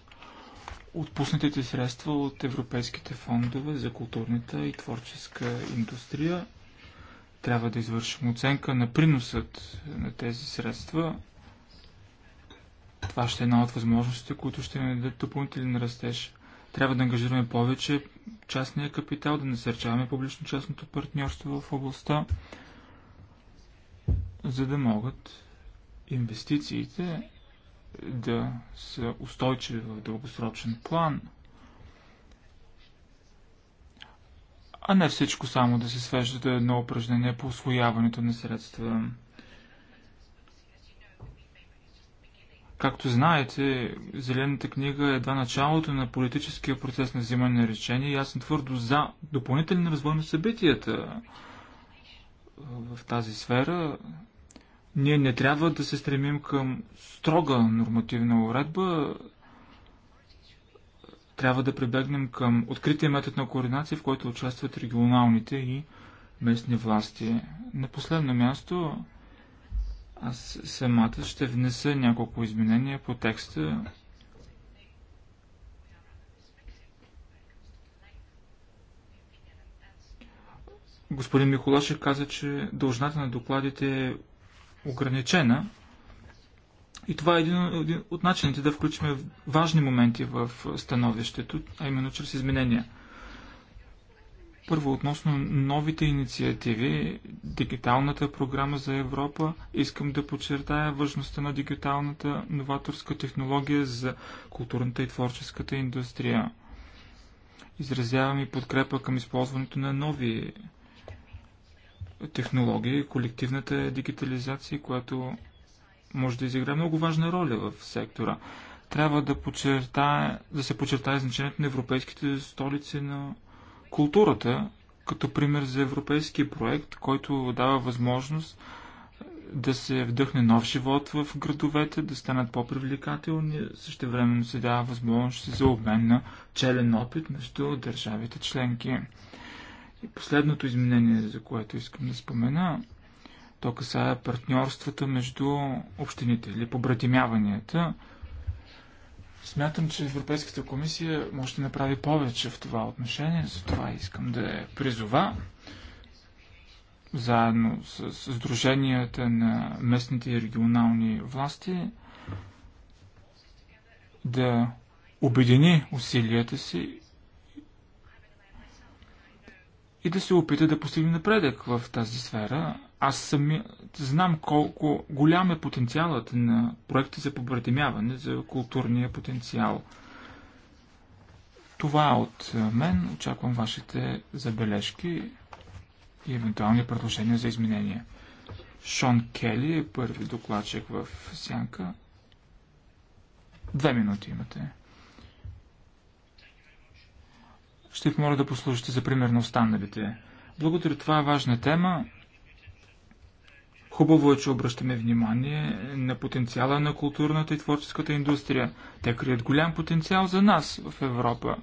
отпуснатите средства от европейските фондове за културната и творческа индустрия – трябва да извършим оценка на приносът на тези средства. Това ще е една от възможностите, които ще ни дадат допълнителен растеж. Трябва да ангажираме повече частния капитал, да насърчаваме публично-частното партньорство в областта, за да могат инвестициите да са устойчиви в дългосрочен план – а не всичко само да се свежда до едно упражнение по освояването на средства. Както знаете, Зелената книга е едва началото на политическия процес на взимане на речения и аз съм твърдо за допълнителен развой на събитията в тази сфера. Ние не трябва да се стремим към строга нормативна уредба, трябва да прибегнем към открития метод на координация, в който участват регионалните и местни власти. На последно място аз самата ще внеса няколко изменения по текста. Господин Миколашев каза, че дължината на докладите е ограничена. И това е един, един от начините да включим важни моменти в становището, а именно чрез изменения. Първо, относно новите инициативи, дигиталната програма за Европа, искам да подчертая важността на дигиталната новаторска технология за културната и творческата индустрия. Изразявам и подкрепа към използването на нови технологии, колективната дигитализация, която може да изиграе много важна роля в сектора. Трябва да, почертае, да се почертае значението на европейските столици на културата, като пример за европейски проект, който дава възможност да се вдъхне нов живот в градовете, да станат по-привлекателни, времено се дава възможност за обмен на челен опит между държавите членки. И последното изменение, за което искам да спомена, то касае партньорствата между общините или побратимяванията. Смятам, че Европейската комисия може да направи повече в това отношение, затова искам да я призова заедно с Сдруженията на местните и регионални власти да обедини усилията си и да се опита да постигне напредък в тази сфера. Аз сами знам колко голям е потенциалът на проекти за побратимяване, за културния потенциал. Това е от мен. Очаквам вашите забележки и евентуални предложения за изменения. Шон Кели е първи докладчик в сянка. Две минути имате. Ще ви моля да послушате за пример на останалите. Благодаря, това е важна тема. Хубаво е, че обръщаме внимание на потенциала на културната и творческата индустрия. Те крият голям потенциал за нас в Европа,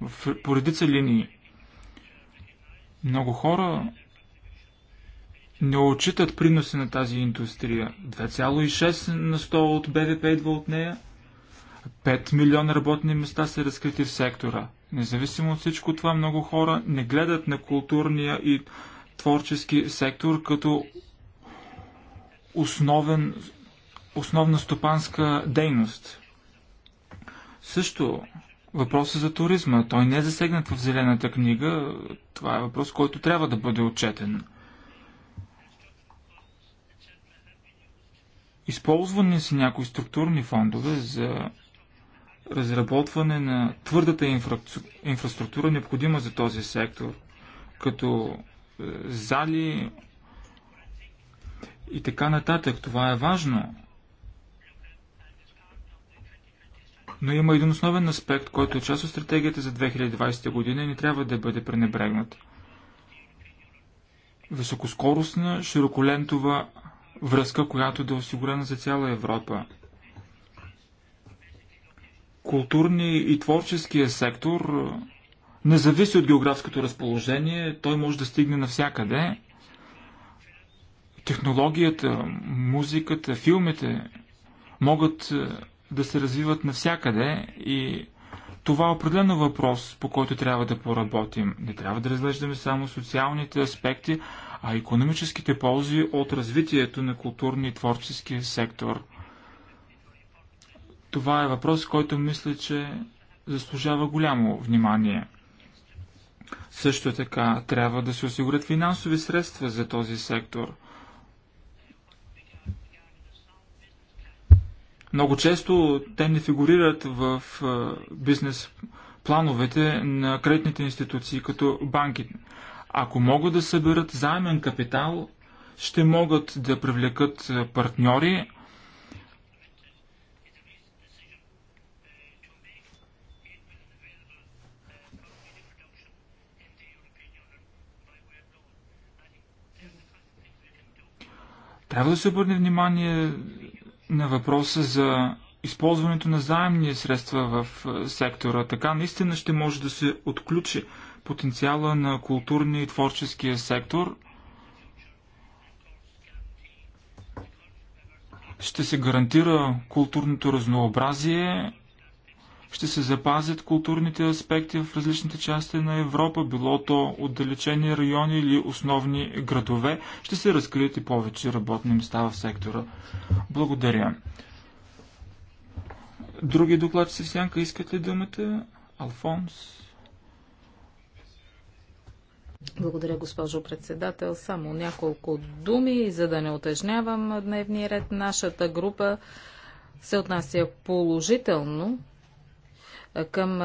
в поредица линии. Много хора не отчитат приноси на тази индустрия. 2,6 на 100 от БВП идва от нея. 5 милиона работни места са разкрити в сектора. Независимо от всичко това, много хора не гледат на културния и творчески сектор като основен, основна стопанска дейност. Също въпроса е за туризма. Той не е засегнат в Зелената книга. Това е въпрос, който трябва да бъде отчетен. Използвани са някои структурни фондове за разработване на твърдата инфра... инфраструктура, необходима за този сектор, като е, зали, и така нататък. Това е важно. Но има един основен аспект, който е част от стратегията за 2020 година и не трябва да бъде пренебрегнат. Високоскоростна, широколентова връзка, която да е осигурена за цяла Европа. Културни и творческия сектор не зависи от географското разположение, той може да стигне навсякъде технологията, музиката, филмите могат е, да се развиват навсякъде и това е определено въпрос, по който трябва да поработим. Не трябва да разглеждаме само социалните аспекти, а економическите ползи от развитието на културния и творчески сектор. Това е въпрос, който мисля, че заслужава голямо внимание. Също така трябва да се осигурят финансови средства за този сектор – Много често те не фигурират в бизнес плановете на кредитните институции, като банките. Ако могат да съберат заемен капитал, ще могат да привлекат партньори, Трябва да се обърне внимание на въпроса за използването на заемни средства в е, сектора. Така наистина ще може да се отключи потенциала на културния и творческия сектор. Ще се гарантира културното разнообразие ще се запазят културните аспекти в различните части на Европа, било то отдалечени райони или основни градове, ще се разкрият и повече работни места в сектора. Благодаря. Други доклад се сянка искат ли думата? Алфонс? Благодаря, госпожо председател. Само няколко думи, за да не отежнявам дневния ред. Нашата група се отнася положително към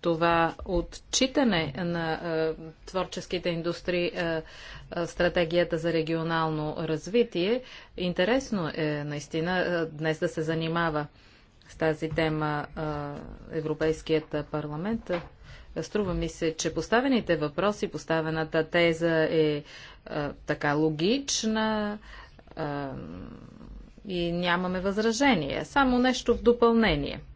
това отчитане на творческите индустрии стратегията за регионално развитие. Интересно е наистина днес да се занимава с тази тема Европейският парламент. Струва ми се, че поставените въпроси, поставената теза е така логична и нямаме възражение. Само нещо в допълнение –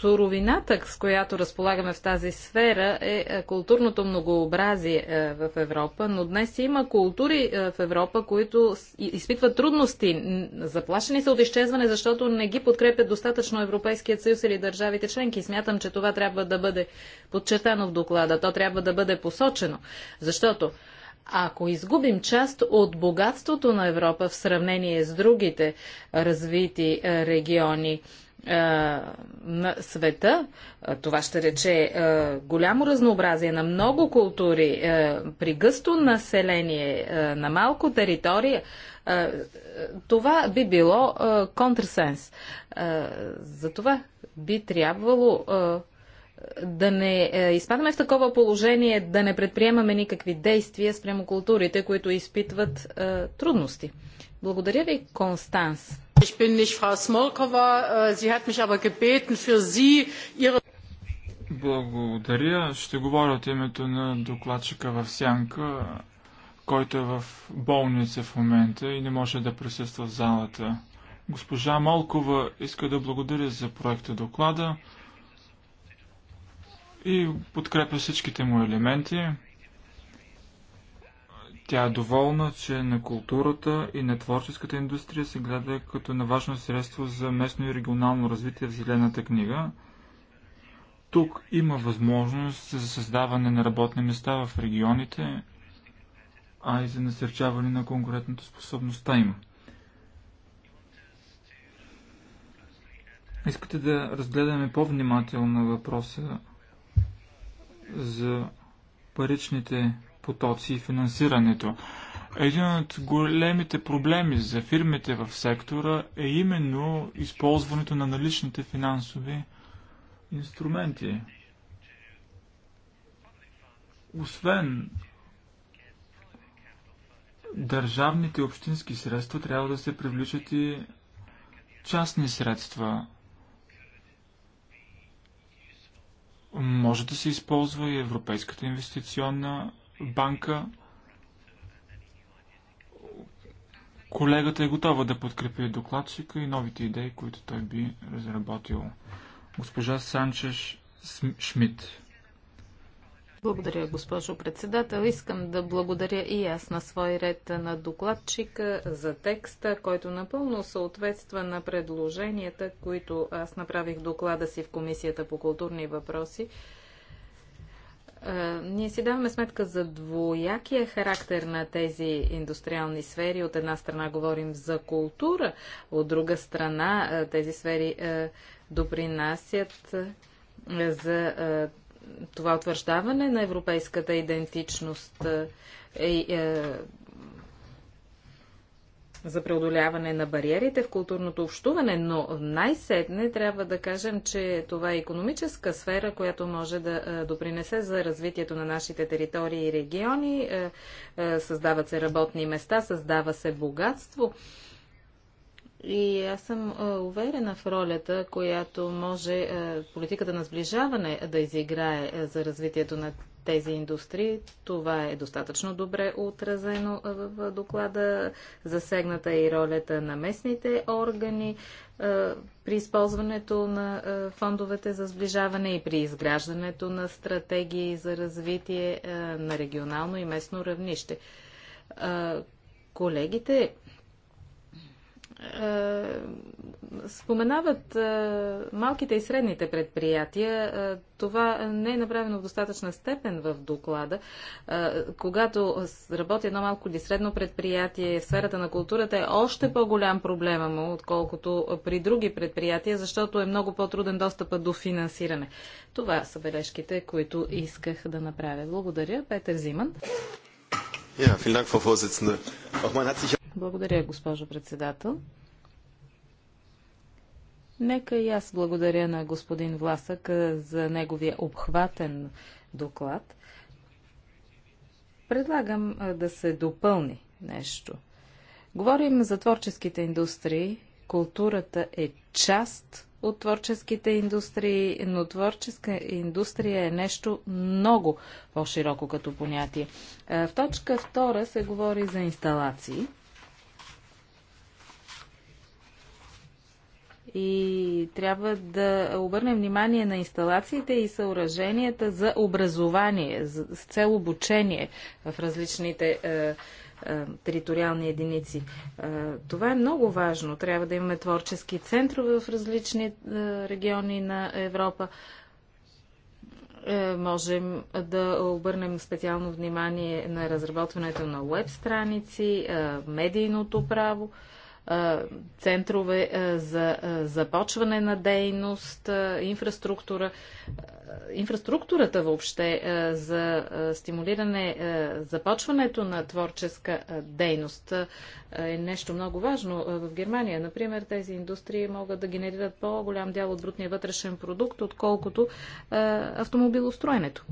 суровината, с която разполагаме в тази сфера, е, е културното многообразие е, в Европа, но днес има култури е, в Европа, които изпитват трудности. Заплашени са от изчезване, защото не ги подкрепят достатъчно Европейският съюз или държавите членки. Смятам, че това трябва да бъде подчертано в доклада. То трябва да бъде посочено. Защото ако изгубим част от богатството на Европа в сравнение с другите развити региони, е, на света. Е, това ще рече е, голямо разнообразие на много култури, при гъсто население, на малко територия. Това би било контрсенс. Затова би трябвало да не изпадаме в такова положение, да не предприемаме никакви действия спрямо културите, които изпитват трудности. Благодаря ви, Констанс. Ich bin nicht Frau Smolkova. Äh, sie hat mich aber gebeten, für Sie Ihre. Благодаря. Ще говоря от името на докладчика в Сянка, който е в болница в момента и не може да присъства в залата. Госпожа Молкова, иска да благодаря за проекта доклада и подкрепя всичките му елементи. Тя е доволна, че на културата и на творческата индустрия се гледа като на важно средство за местно и регионално развитие в Зелената книга. Тук има възможност за създаване на работни места в регионите, а и за насърчаване на конкурентната способността им. Искате да разгледаме по-внимателно въпроса за паричните потоци и финансирането. Един от големите проблеми за фирмите в сектора е именно използването на наличните финансови инструменти. Освен държавните и общински средства, трябва да се привличат и частни средства. Може да се използва и Европейската инвестиционна банка. Колегата е готова да подкрепи докладчика и новите идеи, които той би разработил. Госпожа Санчеш Шмидт. Благодаря, госпожо председател. Искам да благодаря и аз на свой ред на докладчика за текста, който напълно съответства на предложенията, които аз направих доклада си в Комисията по културни въпроси. Е, ние си даваме сметка за двоякия характер на тези индустриални сфери. От една страна говорим за култура, от друга страна е, тези сфери е, допринасят за това утвърждаване на европейската идентичност и е, за преодоляване на бариерите в културното общуване, но най-сетне трябва да кажем, че това е економическа сфера, която може да е, допринесе за развитието на нашите територии и региони. Е, е, създават се работни места, създава се богатство. И аз съм уверена в ролята, която може политиката на сближаване да изиграе за развитието на тези индустрии. Това е достатъчно добре отразено в доклада. Засегната е и ролята на местните органи при използването на фондовете за сближаване и при изграждането на стратегии за развитие на регионално и местно равнище. Колегите е, споменават е, малките и средните предприятия. Е, това не е направено в достатъчна степен в доклада. Когато работи едно малко или средно предприятие в сферата на културата, е още по-голям проблема му, отколкото при други предприятия, защото е много по-труден достъпа до финансиране. Това са бележките, които исках да направя. Благодаря. Петър Зиман. Ja, vielen Dank, Frau Vorsitzende. Auch man hat sich благодаря, госпожо председател. Нека и аз благодаря на господин Власък за неговия обхватен доклад. Предлагам да се допълни нещо. Говорим за творческите индустрии. Културата е част от творческите индустрии, но творческа индустрия е нещо много по-широко като понятие. В точка 2 се говори за инсталации. и трябва да обърнем внимание на инсталациите и съоръженията за образование, с цел обучение в различните е, е, териториални единици. Е, това е много важно. Трябва да имаме творчески центрове в различни е, региони на Европа. Е, можем да обърнем специално внимание на разработването на веб страници, е, медийното право центрове за започване на дейност, инфраструктура, инфраструктурата въобще за стимулиране започването на творческа дейност е нещо много важно. В Германия, например, тези индустрии могат да генерират по-голям дял от брутния вътрешен продукт, отколкото автомобилостроенето.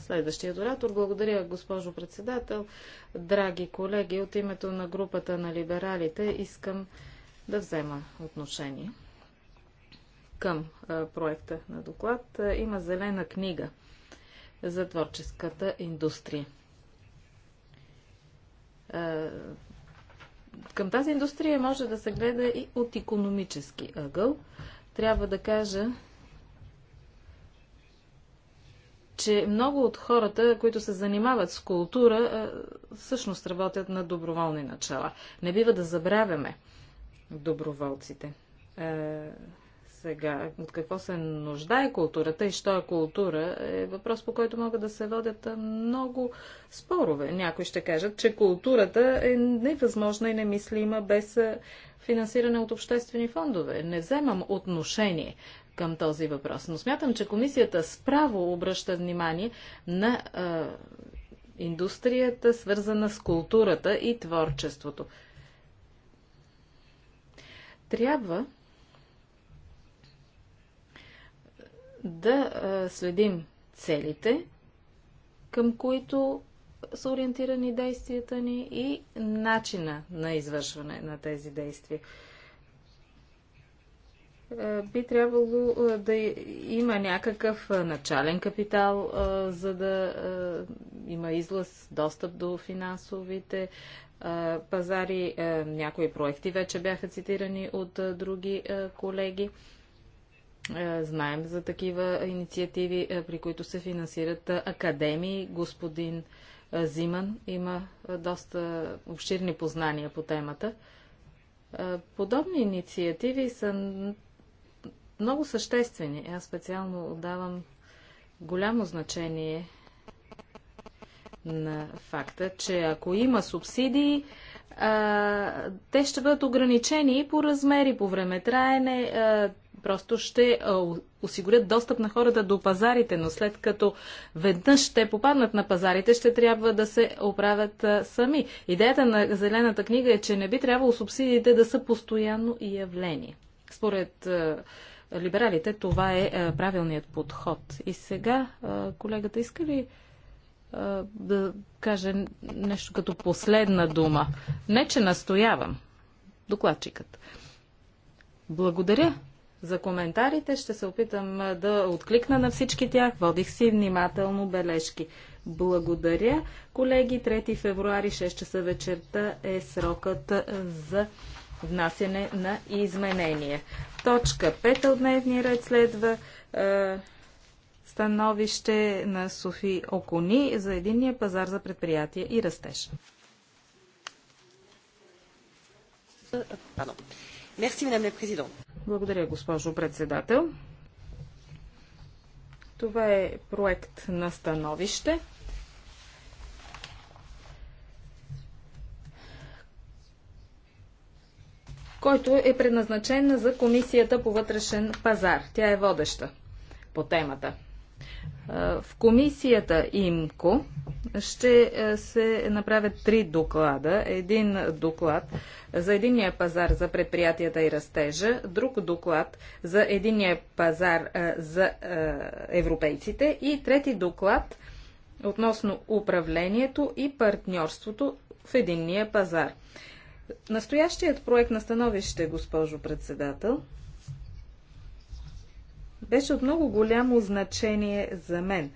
Следващия оратор. Благодаря, госпожо председател. Драги колеги, от името на групата на либералите искам да взема отношение към проекта на доклад. има зелена книга за творческата индустрия. към тази индустрия може да се гледа и от економически ъгъл. Трябва да кажа, че много от хората, които се занимават с култура, всъщност работят на доброволни начала. Не бива да забравяме доброволците. Е, сега, от какво се нуждае културата и що е култура, е въпрос, по който могат да се водят много спорове. Някои ще кажат, че културата е невъзможна и немислима без финансиране от обществени фондове. Не вземам отношение към този въпрос. Но смятам, че комисията справо обръща внимание на а, индустрията, свързана с културата и творчеството. Трябва да а, следим целите, към които са ориентирани действията ни и начина на извършване на тези действия. Е, би трябвало е, да има някакъв е, начален капитал, за да има излъз, достъп до финансовите пазари. Някои проекти вече бяха цитирани от други колеги. Знаем за такива инициативи, при които се финансират академии. Господин Зиман има доста обширни познания по темата. Подобни инициативи са много съществени. Аз специално отдавам голямо значение на факта, че ако има субсидии, а, те ще бъдат ограничени и по размери, по време траене, а, просто ще а, осигурят достъп на хората до пазарите, но след като веднъж ще попаднат на пазарите, ще трябва да се оправят а, сами. Идеята на Зелената книга е, че не би трябвало субсидиите да са постоянно явление. Според а, либералите, това е, е правилният подход. И сега е, колегата иска ли е, да каже нещо като последна дума? Не, че настоявам. Докладчикът. Благодаря за коментарите. Ще се опитам да откликна на всички тях. Водих си внимателно бележки. Благодаря, колеги. 3 февруари, 6 часа вечерта е срокът за внасяне на изменения. Точка 5 от дневния ред следва е, становище на Софи Окони за единния пазар за предприятия и растеж. Благодаря, госпожо председател. Това е проект на становище. който е предназначен за Комисията по вътрешен пазар. Тя е водеща по темата. Е, в комисията ИМКО ще е, се направят три доклада. Един доклад за единния пазар за предприятията и растежа, друг доклад за единния пазар е, за европейците и трети доклад относно управлението и партньорството в единния пазар. Настоящият проект на становище, госпожо председател, беше от много голямо значение за мен.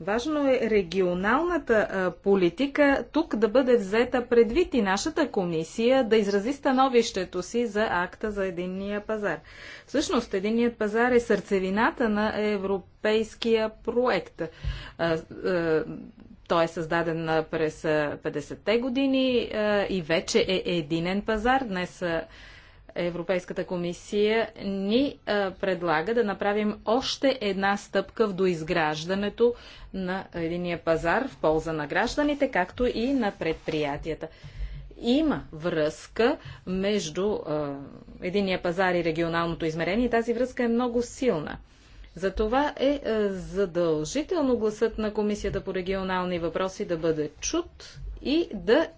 Важно е регионалната политика тук да бъде взета предвид и нашата комисия да изрази становището си за акта за единния пазар. Всъщност, единният пазар е сърцевината на европейския проект. Той е създаден през 50-те години и вече е единен пазар. Днес Европейската комисия ни предлага да направим още една стъпка в доизграждането на единия пазар в полза на гражданите, както и на предприятията има връзка между единия пазар и регионалното измерение и тази връзка е много силна. Затова е, е задължително гласът на Комисията по регионални въпроси да бъде чут и да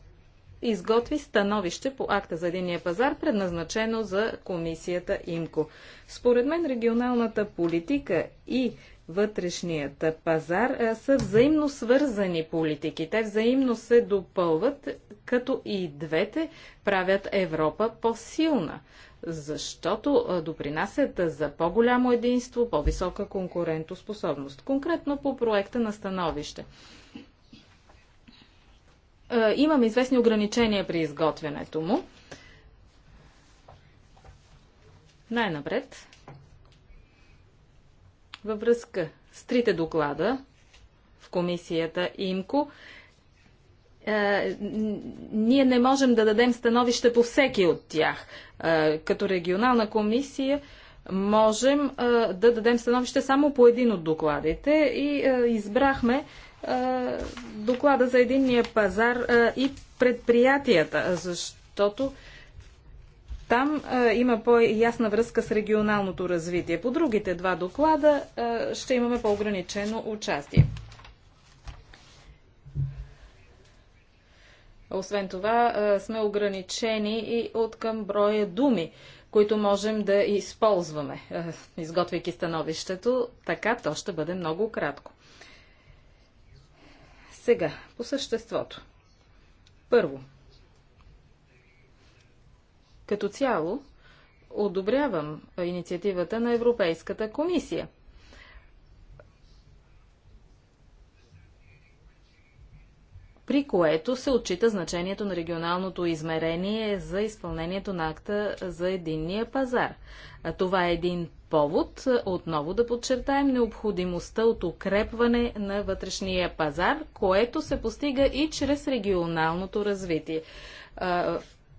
изготви становище по акта за единия пазар, предназначено за комисията ИМКО. Според мен регионалната политика и вътрешният пазар е, са взаимно свързани политики. Те взаимно се допълват, като и двете правят Европа по-силна защото допринасят за по-голямо единство, по-висока конкурентоспособност. Конкретно по проекта на становище. Имам известни ограничения при изготвянето му. Най-напред, във връзка с трите доклада в комисията ИМКО, е, ние не можем да дадем становище по всеки от тях. Е, като регионална комисия можем е, да дадем становище само по един от докладите и избрахме доклада за единния пазар и предприятията, защото там а, има по-ясна връзка с регионалното развитие. По другите два доклада а, ще имаме по-ограничено участие. Освен това, сме ограничени и от към броя думи, които можем да използваме, изготвяйки становището. Така то ще бъде много кратко. Сега, по съществото. Първо, като цяло, одобрявам инициативата на Европейската комисия – при което се отчита значението на регионалното измерение за изпълнението на акта за единния пазар. Това е един повод отново да подчертаем необходимостта от укрепване на вътрешния пазар, което се постига и чрез регионалното развитие.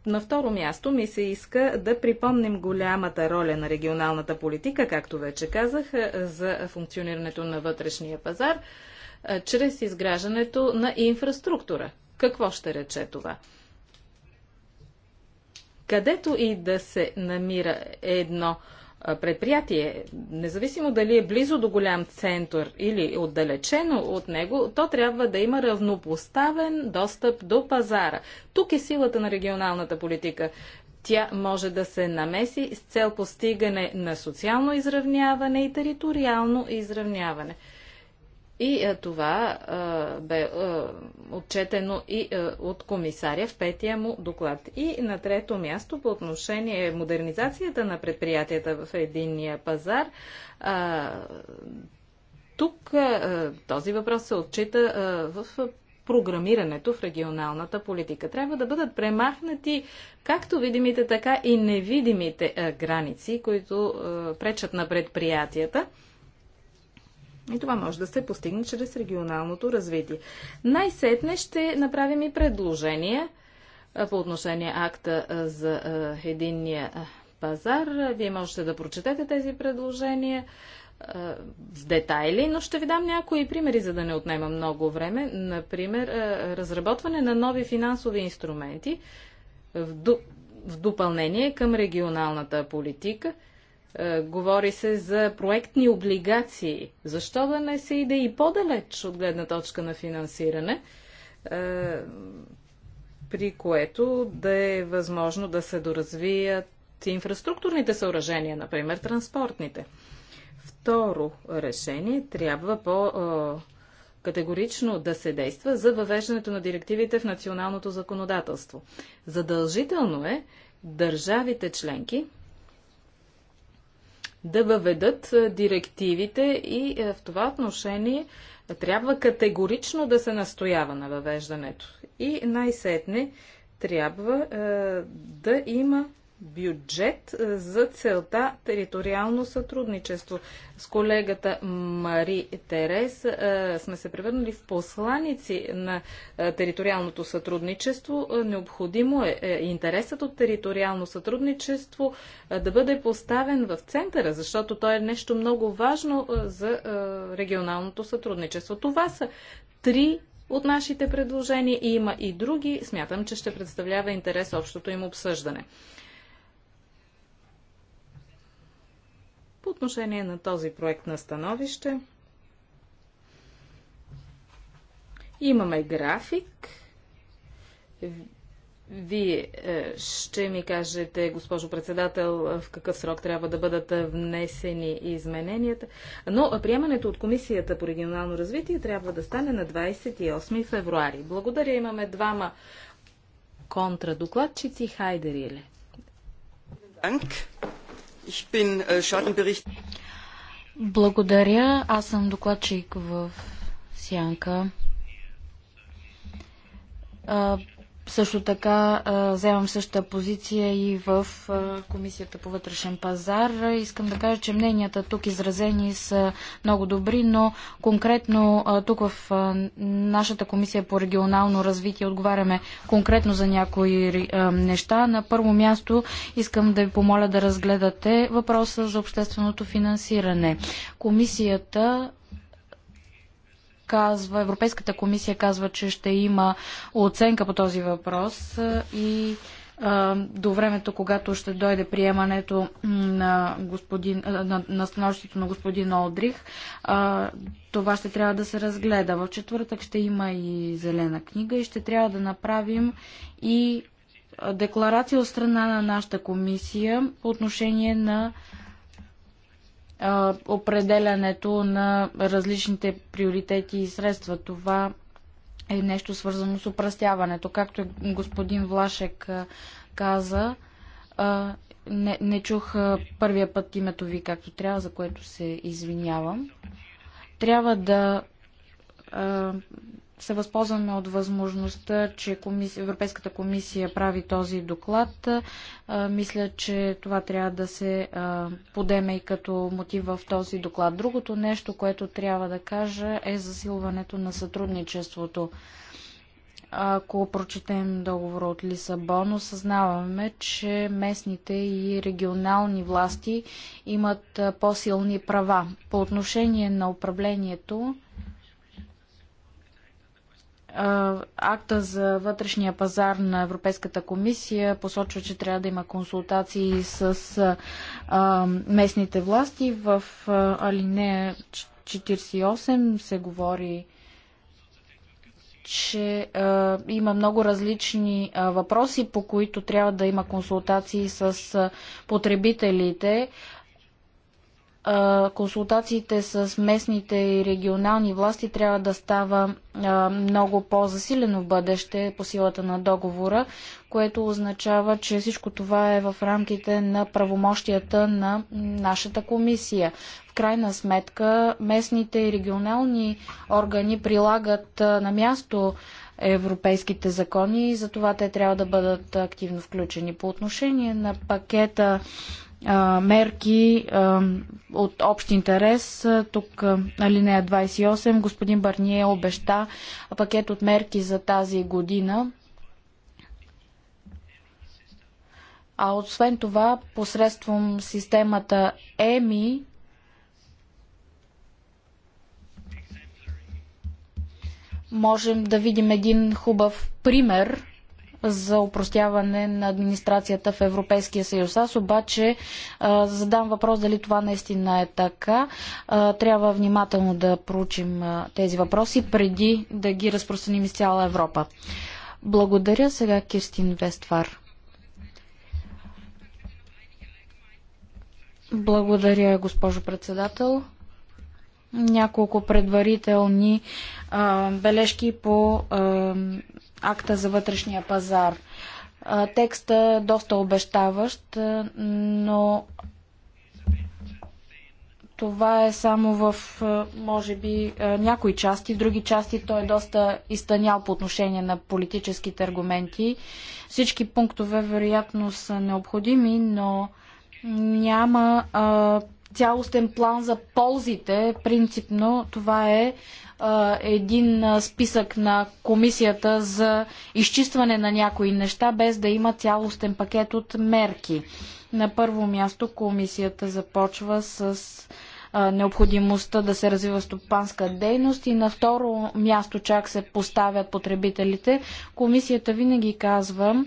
На второ място ми се иска да припомним голямата роля на регионалната политика, както вече казах, за функционирането на вътрешния пазар чрез изграждането на инфраструктура. Какво ще рече това? Където и да се намира едно предприятие, независимо дали е близо до голям център или отдалечено от него, то трябва да има равнопоставен достъп до пазара. Тук е силата на регионалната политика. Тя може да се намеси с цел постигане на социално изравняване и териториално изравняване. И а, е, това а, е, бе а, е, отчетено и а, от комисаря в петия му доклад. И на трето място по отношение модернизацията на предприятията в единния пазар. А, тук а, този въпрос се отчита а, в програмирането в регионалната политика. Трябва да бъдат премахнати както видимите, така и невидимите а, граници, които а, пречат на предприятията. И това може да се постигне чрез регионалното развитие. Най-сетне ще направим и предложения по отношение акта за единния пазар. Вие можете да прочетете тези предложения в детайли, но ще ви дам някои примери, за да не отнема много време. Например, разработване на нови финансови инструменти в, допълнение към регионалната политика – е, говори се за проектни облигации. Защо да не се иде и по-далеч от гледна точка на финансиране, е, при което да е възможно да се доразвият инфраструктурните съоръжения, например транспортните. Второ решение трябва по- е, категорично да се действа за въвеждането на директивите в националното законодателство. Задължително е държавите членки да въведат директивите и в това отношение трябва категорично да се настоява на въвеждането. И най-сетне трябва да има бюджет е, за целта териториално сътрудничество. С колегата Мари Терес е, сме се превърнали в посланици на е, териториалното сътрудничество. Необходимо е, интересът от териториално сътрудничество да бъде поставен в центъра, защото то е нещо много важно за регионалното сътрудничество. Това са три от нашите предложения и има и други. Смятам, че ще представлява интерес общото им обсъждане. По отношение на този проект на становище, имаме график. Вие е, ще ми кажете, госпожо председател, в какъв срок трябва да бъдат внесени измененията. Но приемането от Комисията по регионално развитие трябва да стане на 28 февруари. Благодаря. Имаме двама контрадокладчици. Хайде, Риле. Äh, Благодаря. Аз съм докладчик в Сянка също така вземам същата позиция и в Комисията по вътрешен пазар. Искам да кажа, че мненията тук изразени са много добри, но конкретно тук в нашата Комисия по регионално развитие отговаряме конкретно за някои неща. На първо място искам да ви помоля да разгледате въпроса за общественото финансиране. Комисията казва, Европейската комисия казва, че ще има оценка по този въпрос и до времето, когато ще дойде приемането на, господин, на, на становището на господин Олдрих, а, това ще трябва да се разгледа. В четвъртък ще има и зелена книга и ще трябва да направим и декларация от страна на нашата комисия по отношение на определянето на различните приоритети и средства. Това е нещо свързано с упрастяването. Както господин Влашек каза, не, не чух първия път името ви както трябва, за което се извинявам. Трябва да се възползваме от възможността, че комисия, Европейската комисия прави този доклад. Мисля, че това трябва да се подеме и като мотив в този доклад. Другото нещо, което трябва да кажа е засилването на сътрудничеството. Ако прочетем договора от Лисабон, осъзнаваме, че местните и регионални власти имат по-силни права. По отношение на управлението, акта за вътрешния пазар на Европейската комисия посочва, че трябва да има консултации с а, местните власти. В а, алинея 48 се говори че а, има много различни а, въпроси, по които трябва да има консултации с а, потребителите консултациите с местните и регионални власти трябва да става много по-засилено в бъдеще по силата на договора, което означава, че всичко това е в рамките на правомощията на нашата комисия. В крайна сметка, местните и регионални органи прилагат на място европейските закони и за това те трябва да бъдат активно включени. По отношение на пакета мерки от общ интерес. Тук алинея 28 господин Барние обеща пакет от мерки за тази година. А освен това, посредством системата ЕМИ, можем да видим един хубав пример за упростяване на администрацията в Европейския съюз. Аз обаче задам въпрос дали това наистина е така. Трябва внимателно да проучим тези въпроси преди да ги разпространим из цяла Европа. Благодаря сега Кирстин Вествар. Благодаря, госпожо председател няколко предварителни а, бележки по а, акта за вътрешния пазар. А, текста е доста обещаващ, но това е само в, може би, някои части. В други части той е доста изтънял по отношение на политическите аргументи. Всички пунктове, вероятно, са необходими, но няма а, цялостен план за ползите. Принципно това е а, един а, списък на комисията за изчистване на някои неща, без да има цялостен пакет от мерки. На първо място комисията започва с необходимостта да се развива стопанска дейност и на второ място чак се поставят потребителите. Комисията винаги казва,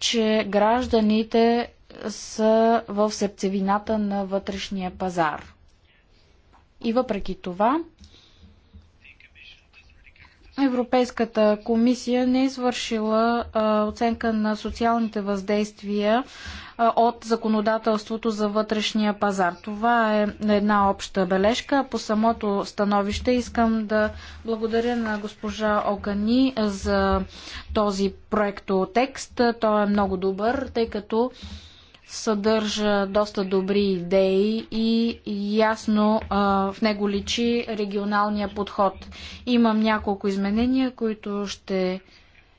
че гражданите са в сърцевината на вътрешния пазар. И въпреки това, Европейската комисия не е извършила а, оценка на социалните въздействия а, от законодателството за вътрешния пазар. Това е една обща бележка. По самото становище искам да благодаря на госпожа Огани за този проекто текст. Той е много добър, тъй като съдържа доста добри идеи и ясно а, в него личи регионалния подход. Имам няколко изменения, които ще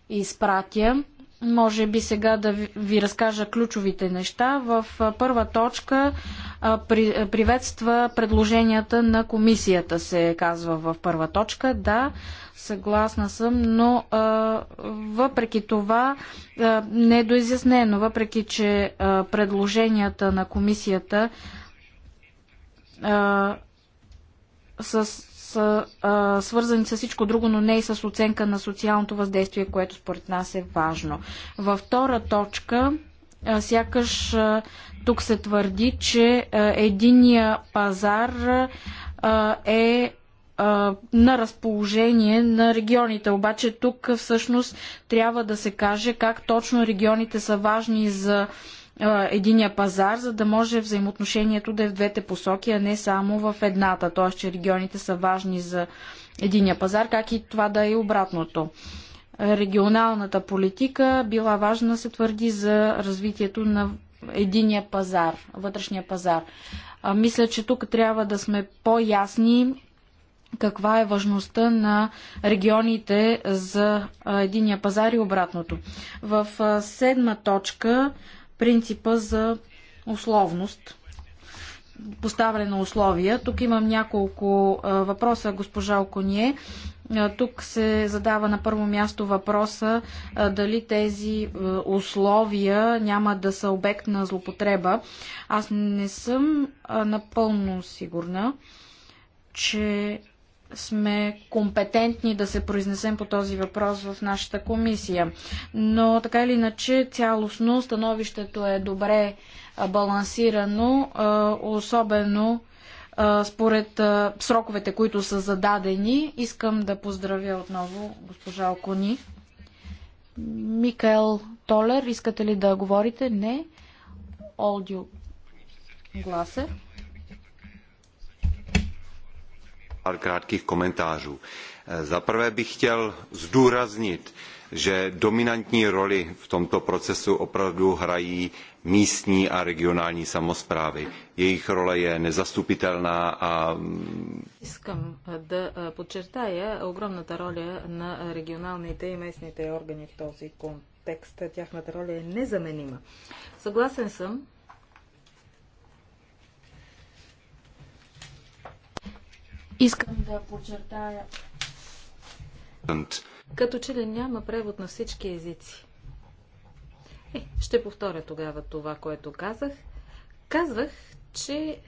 изпратя може би сега да ви разкажа ключовите неща. В първа точка приветства предложенията на комисията, се казва в първа точка. Да, съгласна съм, но въпреки това не е доизяснено, въпреки че предложенията на комисията с са а, свързани с всичко друго, но не и с оценка на социалното въздействие, което според нас е важно. Във втора точка, а, сякаш а, тук се твърди, че а, единия пазар а, е на разположение на регионите. Обаче тук всъщност трябва да се каже как точно регионите са важни за единия пазар, за да може взаимоотношението да е в двете посоки, а не само в едната. Т.е. че регионите са важни за единия пазар, как и това да е обратното. Регионалната политика била важна, се твърди, за развитието на единия пазар, вътрешния пазар. А, мисля, че тук трябва да сме по-ясни каква е важността на регионите за единия пазар и обратното. В седма точка принципа за условност, поставяне на условия. Тук имам няколко въпроса, госпожа Оконие. Тук се задава на първо място въпроса дали тези условия няма да са обект на злопотреба. Аз не съм напълно сигурна, че сме компетентни да се произнесем по този въпрос в нашата комисия. Но така или иначе, цялостно становището е добре балансирано, особено според сроковете, които са зададени. Искам да поздравя отново госпожа Окони. Микаел Толер, искате ли да говорите? Не. Олдио Гласев. Pár krátkých komentářů. Za prvé bych chtěl zdůraznit, že dominantní roli v tomto procesu opravdu hrají místní a regionální samosprávy. Jejich role je nezastupitelná a... Искам да подчертая огромната роля на регионалните и местните органи в този контекст. Тяхната роля е незаменима. Съгласен съм Искам да подчертая. Като че ли няма превод на всички езици. Е, ще повторя тогава това, което казах. казах, че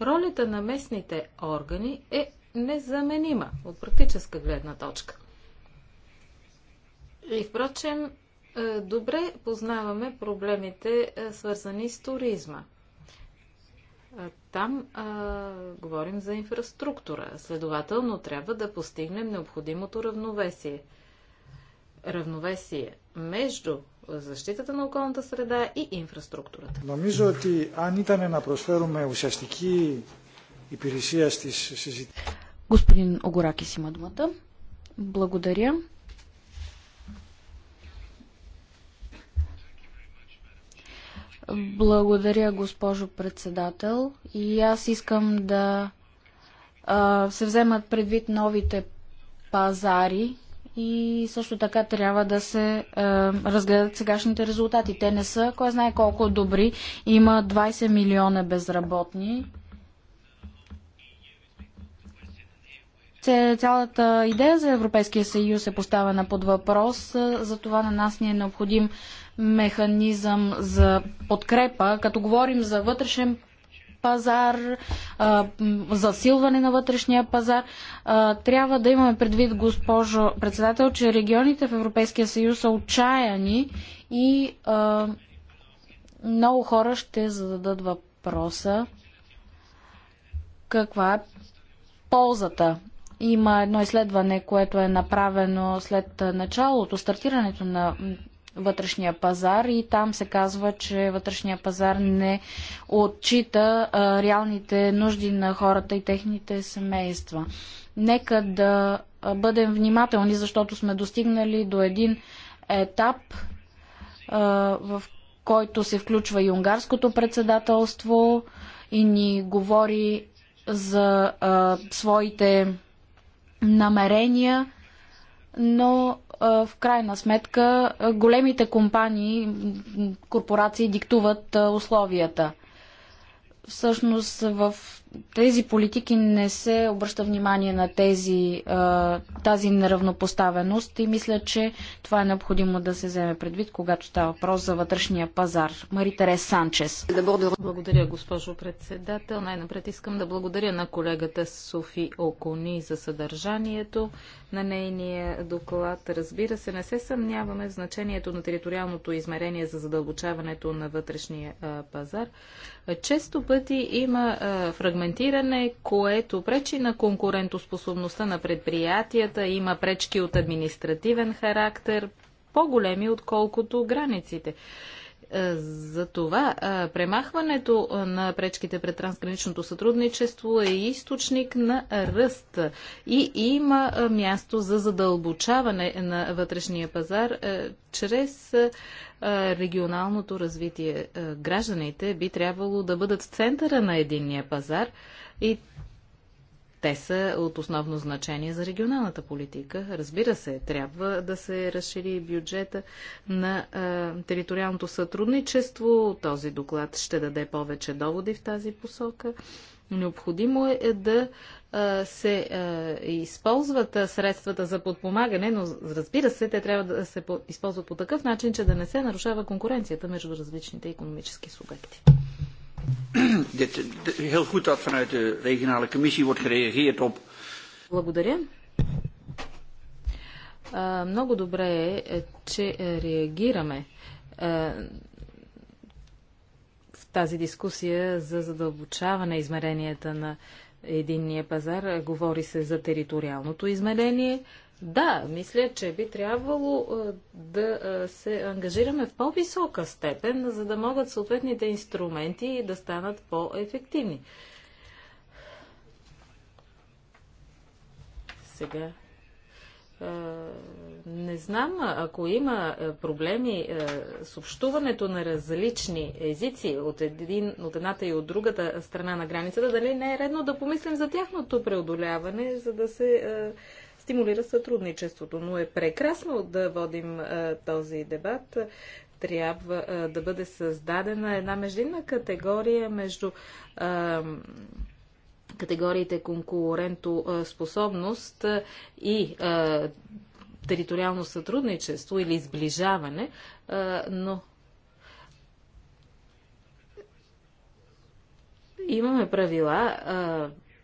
ролята на местните органи е незаменима от практическа гледна точка. И впрочем, е, добре познаваме проблемите, е, свързани с туризма. Там а, говорим за инфраструктура. Следователно трябва да постигнем необходимото равновесие. Равновесие между защитата на околната среда и инфраструктурата. Νομίζω ότι αν ήταν να προσφέρουμε ουσιαστική υπηρεσία στις συζητήσεις... Господин Огоракис има думата. Благодаря. Благодаря, госпожо председател. И аз искам да а, се вземат предвид новите пазари и също така трябва да се а, разгледат сегашните резултати. Те не са, кой знае колко добри. Има 20 милиона безработни. Цялата идея за Европейския съюз е поставена под въпрос. За това на нас ни е необходим механизъм за подкрепа, като говорим за вътрешен пазар, засилване на вътрешния пазар. Трябва да имаме предвид, госпожо председател, че регионите в Европейския съюз са отчаяни и много хора ще зададат въпроса каква е ползата. Има едно изследване, което е направено след началото, стартирането на вътрешния пазар и там се казва, че вътрешния пазар не отчита а, реалните нужди на хората и техните семейства. Нека да бъдем внимателни, защото сме достигнали до един етап, а, в който се включва и унгарското председателство и ни говори за а, своите намерения, но в крайна сметка големите компании, корпорации диктуват условията. Всъщност в тези политики не се обръща внимание на тези, тази неравнопоставеност и мисля, че това е необходимо да се вземе предвид, когато става въпрос за вътрешния пазар. Мари Терес Санчес. Благодаря, госпожо председател. Най-напред искам да благодаря на колегата Софи Окони за съдържанието на нейния доклад. Разбира се, не се съмняваме в значението на териториалното измерение за задълбочаването на вътрешния пазар. Често пъти има фрагментация фрагментиране, което пречи на конкурентоспособността на предприятията, има пречки от административен характер, по-големи отколкото границите. Е, за това е, премахването е, на пречките пред трансграничното сътрудничество е източник на ръст и има място за задълбочаване на вътрешния пазар чрез регионалното развитие. Гражданите би трябвало да бъдат в центъра на единния пазар и те са от основно значение за регионалната политика. Разбира се, трябва да се разшири бюджета на а, териториалното сътрудничество. Този доклад ще даде повече доводи в тази посока. Необходимо е, е да се използват средствата за подпомагане, но разбира се, те трябва да се използват по такъв начин, че да не се нарушава конкуренцията между различните економически субекти. <clears throat> Dit, heel goed dat vanuit de regionale commissie wordt gereageerd op. Благодаря. Много добре е, е че е, реагираме е, в тази дискусия за задълбочаване измеренията на единния пазар. Говори се за териториалното измерение, да, мисля, че би трябвало да се ангажираме в по-висока степен, за да могат съответните инструменти да станат по-ефективни. Сега. Не знам, ако има проблеми с общуването на различни езици от, един, от едната и от другата страна на границата, дали не е редно да помислим за тяхното преодоляване, за да се стимулира сътрудничеството. Но е прекрасно да водим а, този дебат. Трябва а, да бъде създадена една междинна категория между а, категориите конкурентоспособност и териториално сътрудничество или изближаване, но имаме правила,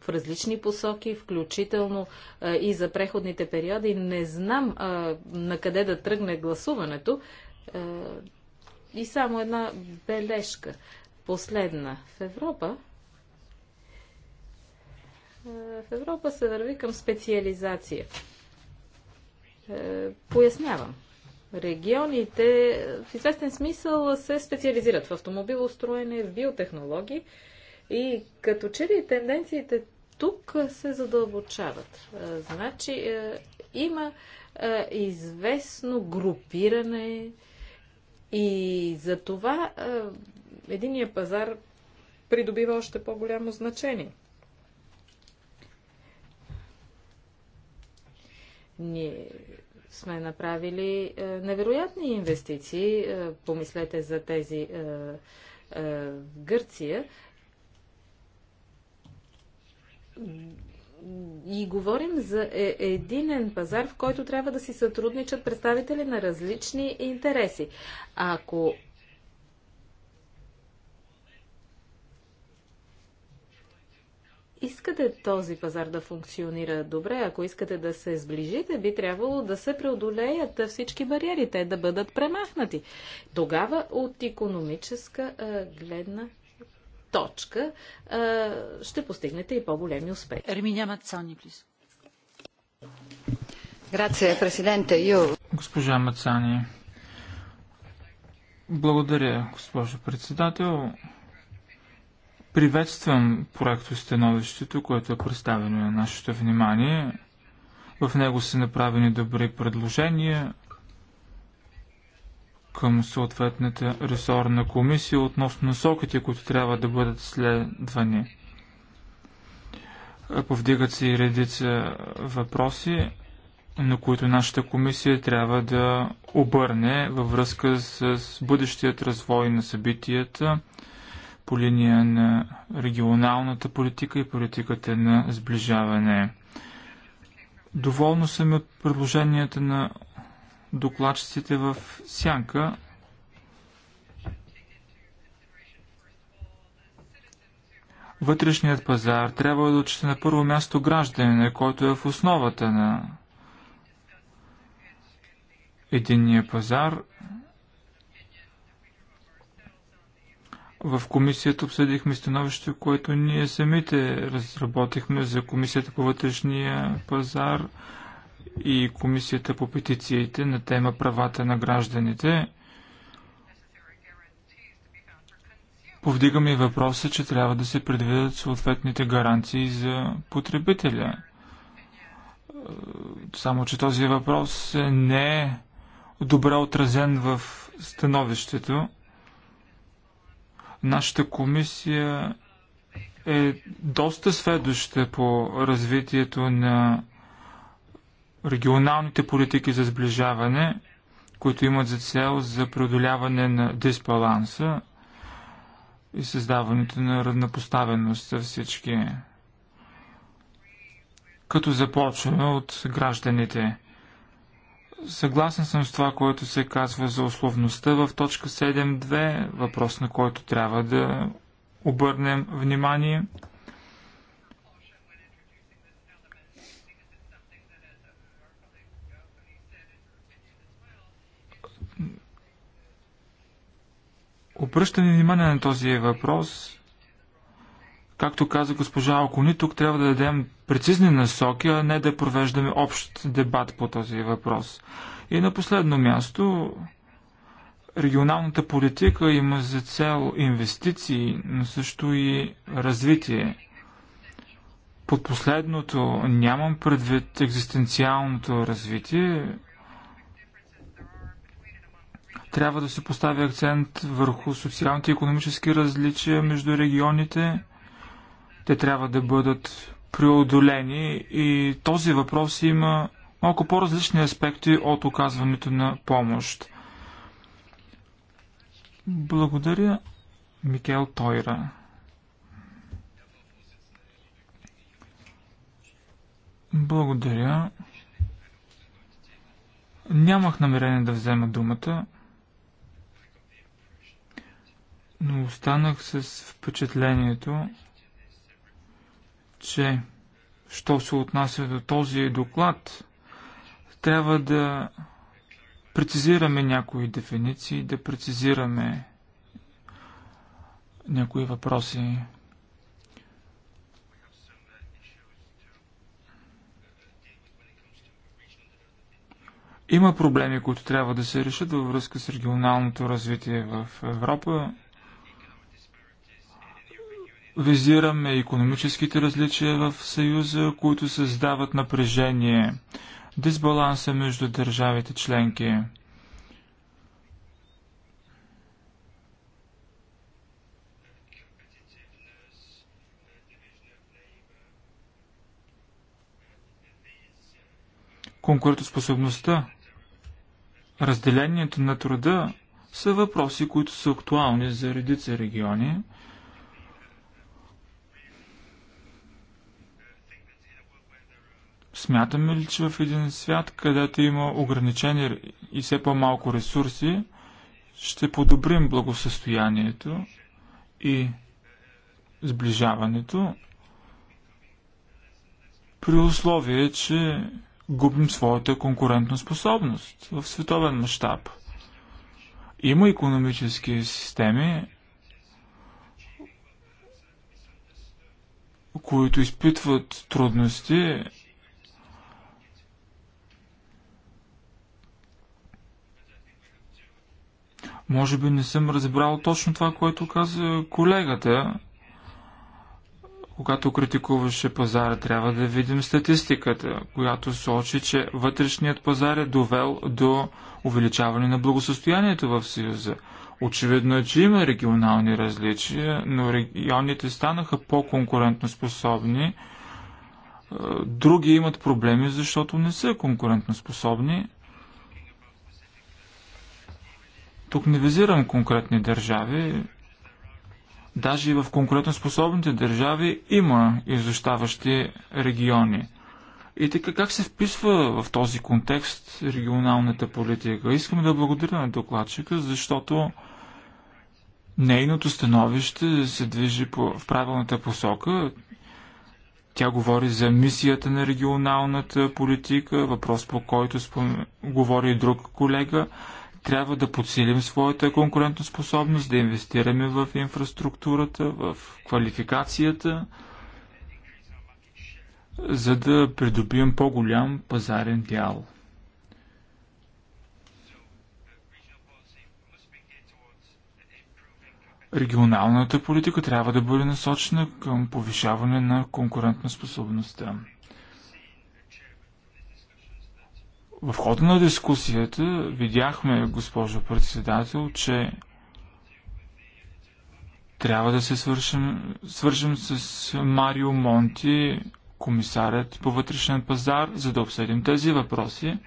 в различни посоки, включително а, и за преходните периоди. Не знам а, на къде да тръгне гласуването. А, и само една бележка. Последна. В Европа в Европа се върви към специализация. Пояснявам. Регионите в известен смисъл се специализират в автомобилостроене, в биотехнологии и като че ли тенденциите тук се задълбочават. Значи е, има е, известно групиране и за това е, единия пазар придобива още по-голямо значение. Ние сме направили невероятни инвестиции. Помислете за тези в Гърция и говорим за е, единен пазар, в който трябва да си сътрудничат представители на различни интереси. Ако искате този пазар да функционира добре, ако искате да се сближите, би трябвало да се преодолеят всички бариери, те да бъдат премахнати. Тогава от економическа гледна точка ще постигнете и по-големи успехи. Ерминия Мацони, плиз. Грация, президенте. Ю. Госпожа Мацани, благодаря, госпожо председател. Приветствам проекто становището, което е представено на нашето внимание. В него са направени добри предложения, към съответната ресорна комисия относно насоките, които трябва да бъдат следвани. Е, повдигат се и редица въпроси, на които нашата комисия трябва да обърне във връзка с бъдещият развой на събитията по линия на регионалната политика и политиката на сближаване. Доволно съм от предложенията на докладчиците в сянка. Вътрешният пазар трябва да отчита на първо място гражданина, който е в основата на единния пазар. В комисията обсъдихме становище, което ние самите разработихме за комисията по вътрешния пазар и Комисията по петициите на тема правата на гражданите. Повдигаме въпроса, че трябва да се предвидят съответните гаранции за потребителя. Само, че този въпрос не е добре отразен в становището. Нашата комисия е доста сведоща по развитието на регионалните политики за сближаване, които имат за цел за преодоляване на дисбаланса и създаването на равнопоставеност за всички. Като започваме от гражданите. Съгласен съм с това, което се казва за условността в точка 7.2, въпрос на който трябва да обърнем внимание – Обръщане внимание на този въпрос, както каза госпожа Алкони, тук трябва да дадем прецизни насоки, а не да провеждаме общ дебат по този въпрос. И на последно място, регионалната политика има за цел инвестиции, но също и развитие. Под последното нямам предвид екзистенциалното развитие, трябва да се постави акцент върху социалните и економически различия между регионите. Те трябва да бъдат преодолени и този въпрос има малко по-различни аспекти от оказването на помощ. Благодаря, Микел Тойра. Благодаря. Нямах намерение да взема думата но останах с впечатлението, че, що се отнася до този доклад, трябва да прецизираме някои дефиниции, да прецизираме някои въпроси. Има проблеми, които трябва да се решат във връзка с регионалното развитие в Европа Визираме економическите различия в Съюза, които създават напрежение, дисбаланса между държавите членки. Конкурентоспособността, разделението на труда са въпроси, които са актуални за редица региони – Смятаме ли, че в един свят, където има ограничени и все по-малко ресурси, ще подобрим благосъстоянието и сближаването, при условие, че губим своята конкурентна способност в световен мащаб. Има економически системи, които изпитват трудности Може би не съм разбрал точно това, което каза колегата. Когато критикуваше пазара, трябва да видим статистиката, която сочи, че вътрешният пазар е довел до увеличаване на благосостоянието в Съюза. Очевидно е, че има регионални различия, но регионите станаха по конкурентноспособни е, Други имат проблеми, защото не са конкурентноспособни. способни. Тук не визирам конкретни държави. Даже и в конкурентоспособните държави има изощаващи региони. И така как се вписва в този контекст регионалната политика? Искам да благодаря на докладчика, защото нейното становище се движи по, в правилната посока. Тя говори за мисията на регионалната политика, въпрос по който спом... говори и друг колега. Трябва да подсилим своята конкурентоспособност, да инвестираме в инфраструктурата, в квалификацията, за да придобием по-голям пазарен дял. Регионалната политика трябва да бъде насочена към повишаване на конкурентоспособността. способността. В хода на дискусията видяхме, госпожо председател, че трябва да се свършим, свържем с Марио Монти, комисарят по вътрешен пазар, за да обсъдим тези въпроси,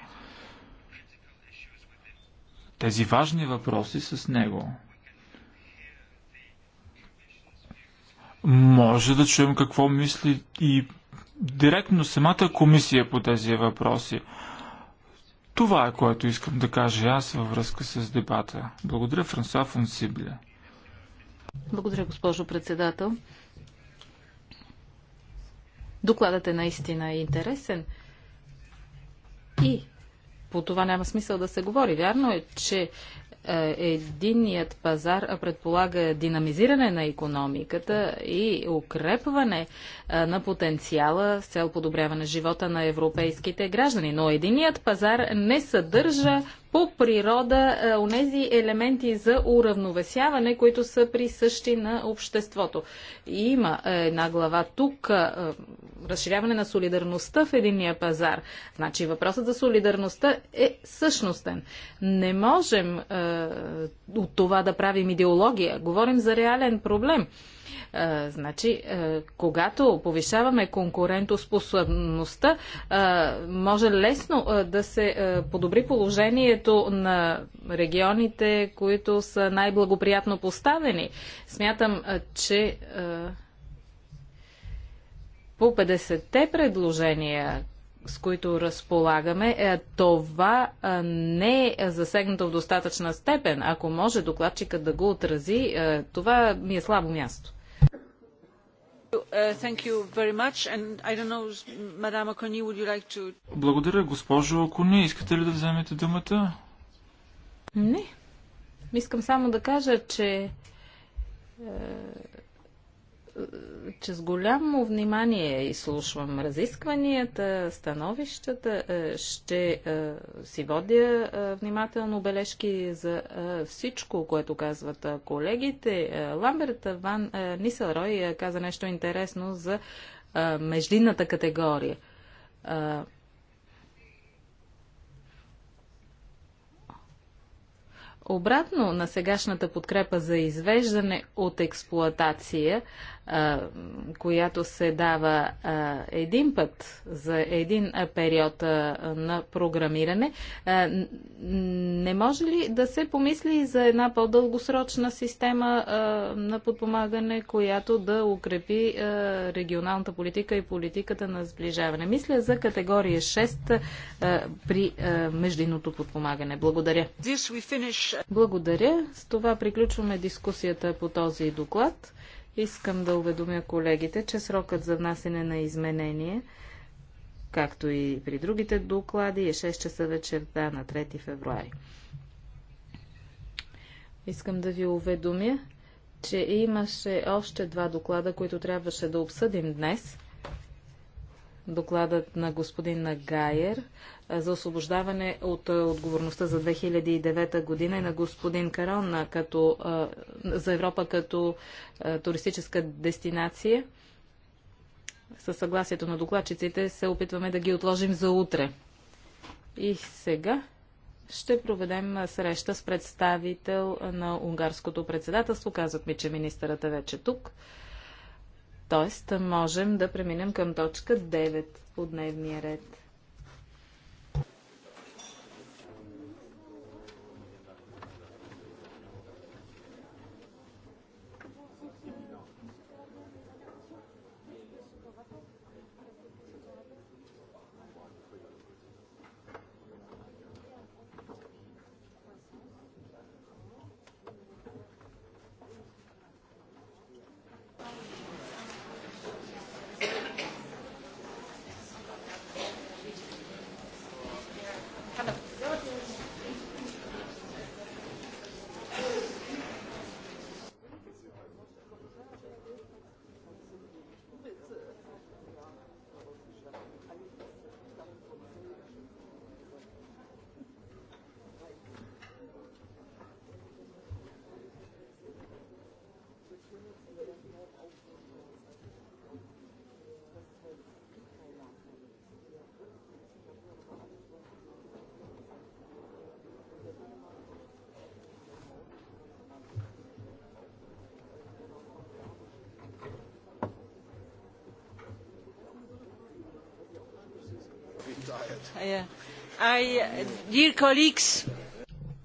тези важни въпроси с него. Може да чуем какво мисли и директно самата комисия по тези въпроси. Това е което искам да кажа аз във връзка с дебата. Благодаря, Франсуа Фонсибле. Благодаря, госпожо председател. Докладът е наистина интересен и по това няма смисъл да се говори. Вярно е, че е, единният пазар предполага динамизиране на економиката и укрепване на потенциала с цел подобряване живота на европейските граждани. Но единият пазар не съдържа по природа е, онези елементи за уравновесяване, които са присъщи на обществото. И има е, една глава тук, е, разширяване на солидарността в единния пазар. Значи въпросът за солидарността е същностен. Не можем е, от това да правим идеология. Говорим за реален проблем значи, а, когато повишаваме конкурентоспособността, а, може лесно а, да се а, подобри положението на регионите, които са най-благоприятно поставени. Смятам, а, че а, по 50-те предложения, с които разполагаме, е, това не е засегнато в достатъчна степен. Ако може докладчикът да го отрази, това ми е слабо място. Uh, Благодаря, госпожо Окони. Искате ли да вземете думата? Не. Искам само да кажа, че е, че с голямо внимание изслушвам разискванията, становищата. Е, ще е, си водя е, внимателно бележки за всичко, което казват колегите. Ламберт Ван Нисълрой каза нещо интересно за междинната категория. Обратно на сегашната подкрепа за извеждане от експлоатация, която се дава един път за един период на програмиране, не може ли да се помисли за една по-дългосрочна система на подпомагане, която да укрепи регионалната политика и политиката на сближаване? Мисля за категория 6 при междинното подпомагане. Благодаря. Благодаря. С това приключваме дискусията по този доклад. Искам да уведомя колегите, че срокът за внасене на изменение, както и при другите доклади, е 6 часа вечерта на 3 февруари. Искам да ви уведомя, че имаше още два доклада, които трябваше да обсъдим днес – докладът на господин Гайер за освобождаване от отговорността за 2009 година и на господин Карон като, за Европа като туристическа дестинация. Със съгласието на докладчиците се опитваме да ги отложим за утре. И сега ще проведем среща с представител на унгарското председателство. Казват ми, че министърът е вече тук. Тоест, можем да преминем към точка 9 от дневния ред.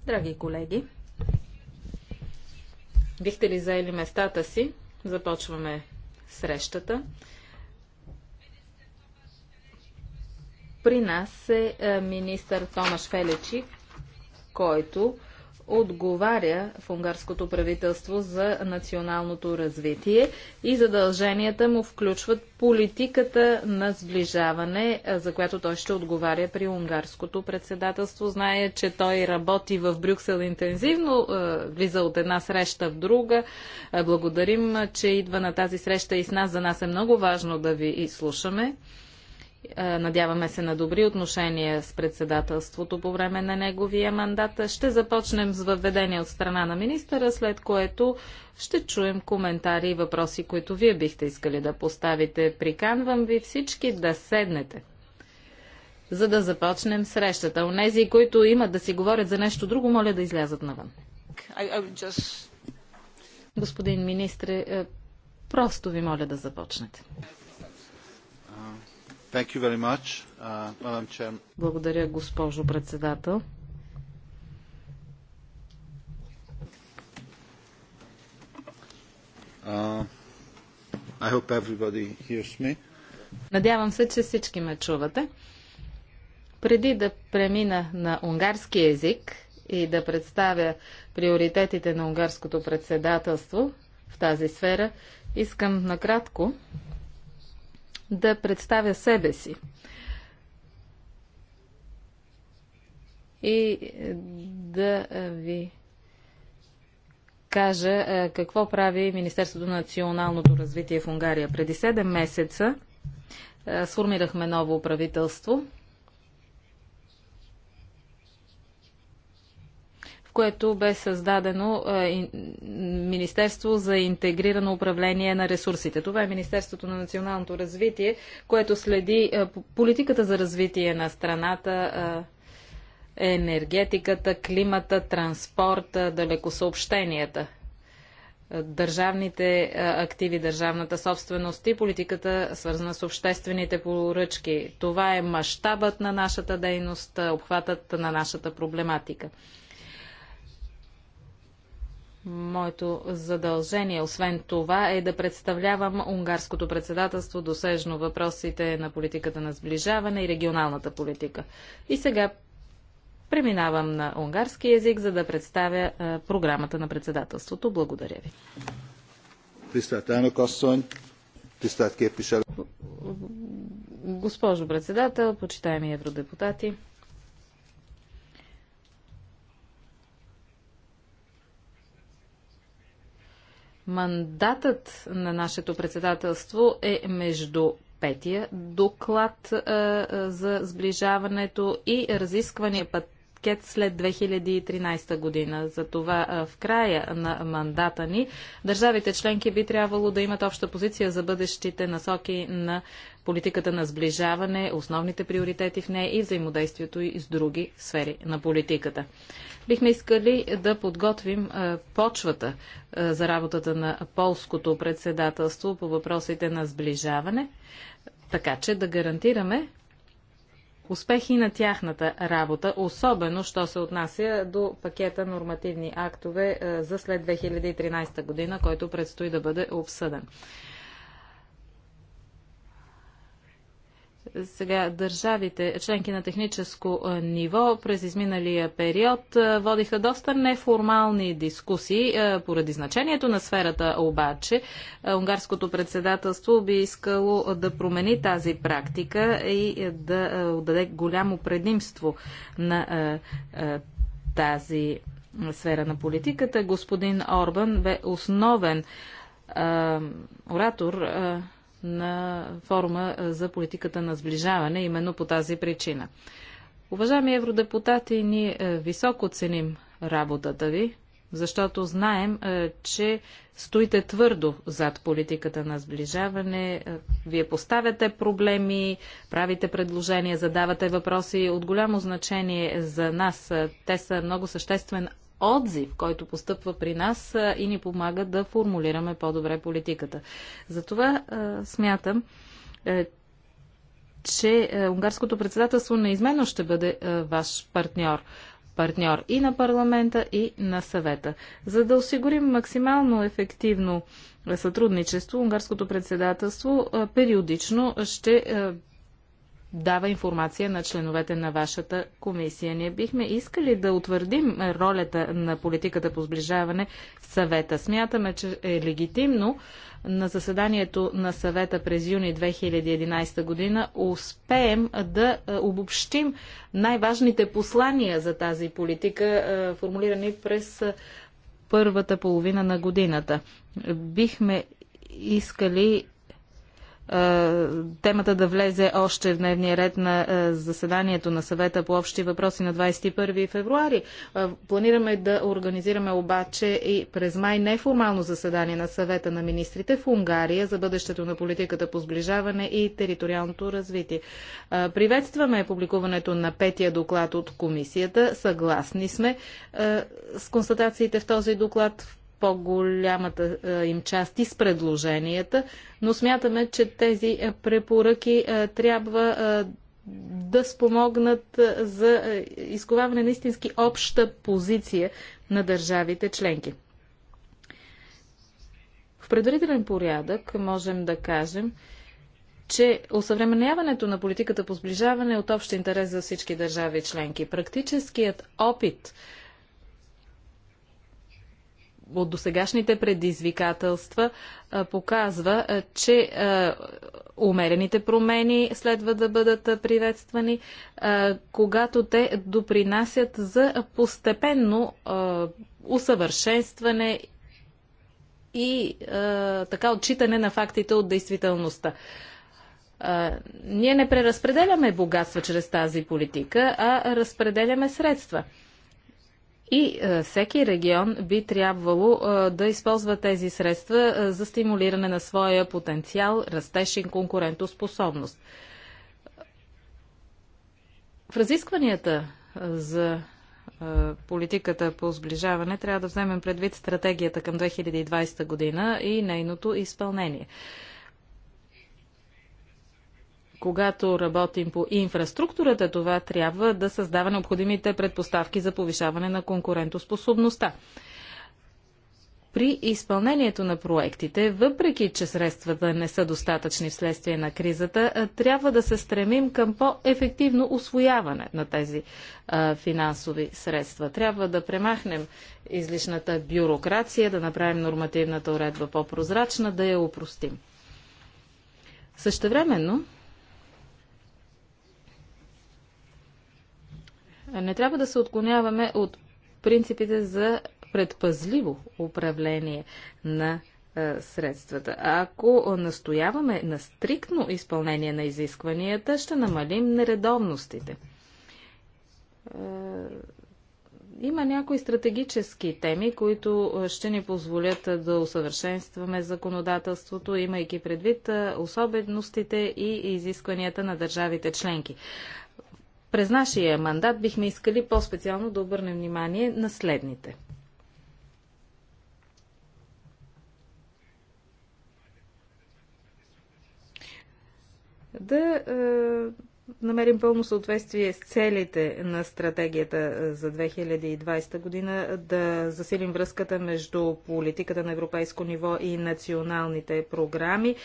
Драги колеги, бихте ли заели местата си? Започваме срещата. При нас е, е министър Томаш Фелечи, който отговаря в унгарското правителство за националното развитие и задълженията му включват политиката на сближаване, за която той ще отговаря при унгарското председателство. Знае, че той работи в Брюксел интензивно, влиза от една среща в друга. Благодарим, че идва на тази среща и с нас. За нас е много важно да ви изслушаме. слушаме. Е, надяваме се на добри отношения с председателството по време на неговия мандат. Ще започнем с въведение от страна на министъра, след което ще чуем коментари и въпроси, които вие бихте искали да поставите. Приканвам ви всички да седнете за да започнем срещата. Онези, които имат да си говорят за нещо друго, моля да излязат навън. Господин министре, е, просто ви моля да започнете. Uh, Благодаря, госпожо председател. Uh, Надявам се, че всички ме чувате. Преди да премина на унгарски език и да представя приоритетите на унгарското председателство в тази сфера, искам накратко да представя себе си. И е, да е, ви кажа е, какво прави Министерството на националното развитие в Унгария. Преди 7 месеца сформирахме ново правителство – което бе създадено е, Министерство за интегрирано управление на ресурсите. Това е Министерството на националното развитие, което следи е, политиката за развитие на страната, е, енергетиката, климата, транспорта, далекосъобщенията държавните активи, държавната собственост и политиката, свързана с обществените поръчки. Това е мащабът на нашата дейност, обхватът на нашата проблематика. Моето задължение, освен това, е да представлявам унгарското председателство досежно въпросите на политиката на сближаване и регионалната политика. И сега преминавам на унгарски язик, за да представя програмата на председателството. Благодаря ви. Госпожо председател, почитаеми евродепутати, Мандатът на нашето председателство е между петия доклад а, а, за сближаването и разисквания път след 2013 година. Затова това в края на мандата ни държавите членки би трябвало да имат обща позиция за бъдещите насоки на политиката на сближаване, основните приоритети в нея и взаимодействието и с други сфери на политиката. Бихме искали да подготвим почвата за работата на полското председателство по въпросите на сближаване, така че да гарантираме успехи на тяхната работа, особено що се отнася до пакета нормативни актове за след 2013 година, който предстои да бъде обсъден. Сега държавите, членки на техническо ниво, през изминалия период водиха доста неформални дискусии. Поради значението на сферата обаче, унгарското председателство би искало да промени тази практика и да отдаде голямо предимство на тази сфера на политиката. Господин Орбан бе основен оратор на форума за политиката на сближаване, именно по тази причина. Уважаеми евродепутати, ние е, високо ценим работата ви, защото знаем, е, че стоите твърдо зад политиката на сближаване. Е, вие поставяте проблеми, правите предложения, задавате въпроси от голямо значение за нас. Те са много съществен отзив, който постъпва при нас и ни помага да формулираме по-добре политиката. Затова смятам, е, че е, унгарското председателство неизменно ще бъде е, ваш партньор партньор и на парламента, и на съвета. За да осигурим максимално ефективно сътрудничество, унгарското председателство периодично ще дава информация на членовете на вашата комисия. Ние бихме искали да утвърдим ролята на политиката по сближаване в съвета. Смятаме, че е легитимно на заседанието на съвета през юни 2011 година успеем да е, обобщим най-важните послания за тази политика, е, формулирани през е, първата половина на годината. Бихме искали темата да влезе още в дневния ред на заседанието на съвета по общи въпроси на 21 февруари. Планираме да организираме обаче и през май неформално заседание на съвета на министрите в Унгария за бъдещето на политиката по сближаване и териториалното развитие. Приветстваме публикуването на петия доклад от комисията. Съгласни сме с констатациите в този доклад по-голямата е, им част и с предложенията, но смятаме, че тези е, препоръки е, трябва да спомогнат за изковаване на истински обща позиция на държавите членки. В предварителен порядък можем да кажем, че осъвременяването на политиката по сближаване е от общ интерес за всички държави членки. Практическият опит от досегашните предизвикателства показва, че умерените промени следва да бъдат приветствани, когато те допринасят за постепенно усъвършенстване и така отчитане на фактите от действителността. ние не преразпределяме богатства чрез тази политика, а разпределяме средства. И е, всеки регион би трябвало е, да използва тези средства е, за стимулиране на своя потенциал, растеж и конкурентоспособност. В разискванията за политиката по сближаване трябва да вземем предвид стратегията към 2020 година и нейното изпълнение когато работим по инфраструктурата, това трябва да създава необходимите предпоставки за повишаване на конкурентоспособността. При изпълнението на проектите, въпреки че средствата не са достатъчни вследствие на кризата, трябва да се стремим към по-ефективно освояване на тези а, финансови средства. Трябва да премахнем излишната бюрокрация, да направим нормативната уредба по-прозрачна, да я упростим. Същевременно, Не трябва да се отклоняваме от принципите за предпазливо управление на е, средствата. А ако настояваме на стриктно изпълнение на изискванията, ще намалим нередовностите. Е, има някои стратегически теми, които е, ще ни позволят да усъвършенстваме законодателството, имайки предвид особеностите и изискванията на държавите членки. През нашия мандат бихме искали по-специално да обърнем внимание на следните. Да е, намерим пълно съответствие с целите на стратегията за 2020 година, да засилим връзката между политиката на европейско ниво и националните програми,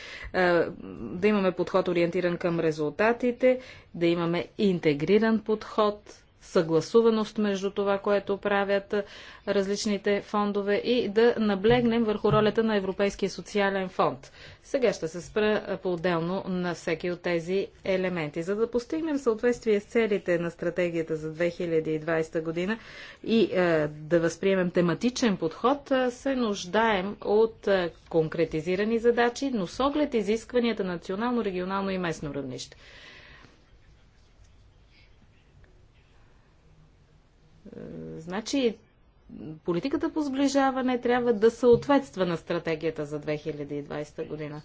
да имаме подход ориентиран към резултатите, да имаме интегриран подход съгласуваност между това, което правят различните фондове и да наблегнем върху ролята на Европейския социален фонд. Сега ще се спра по-отделно на всеки от тези елементи. За да постигнем съответствие с целите на стратегията за 2020 година и да възприемем тематичен подход, се нуждаем от конкретизирани задачи, но с оглед изискванията на национално, регионално и местно равнище. Значи, политиката по сближаване трябва да съответства на стратегията за 2020 година.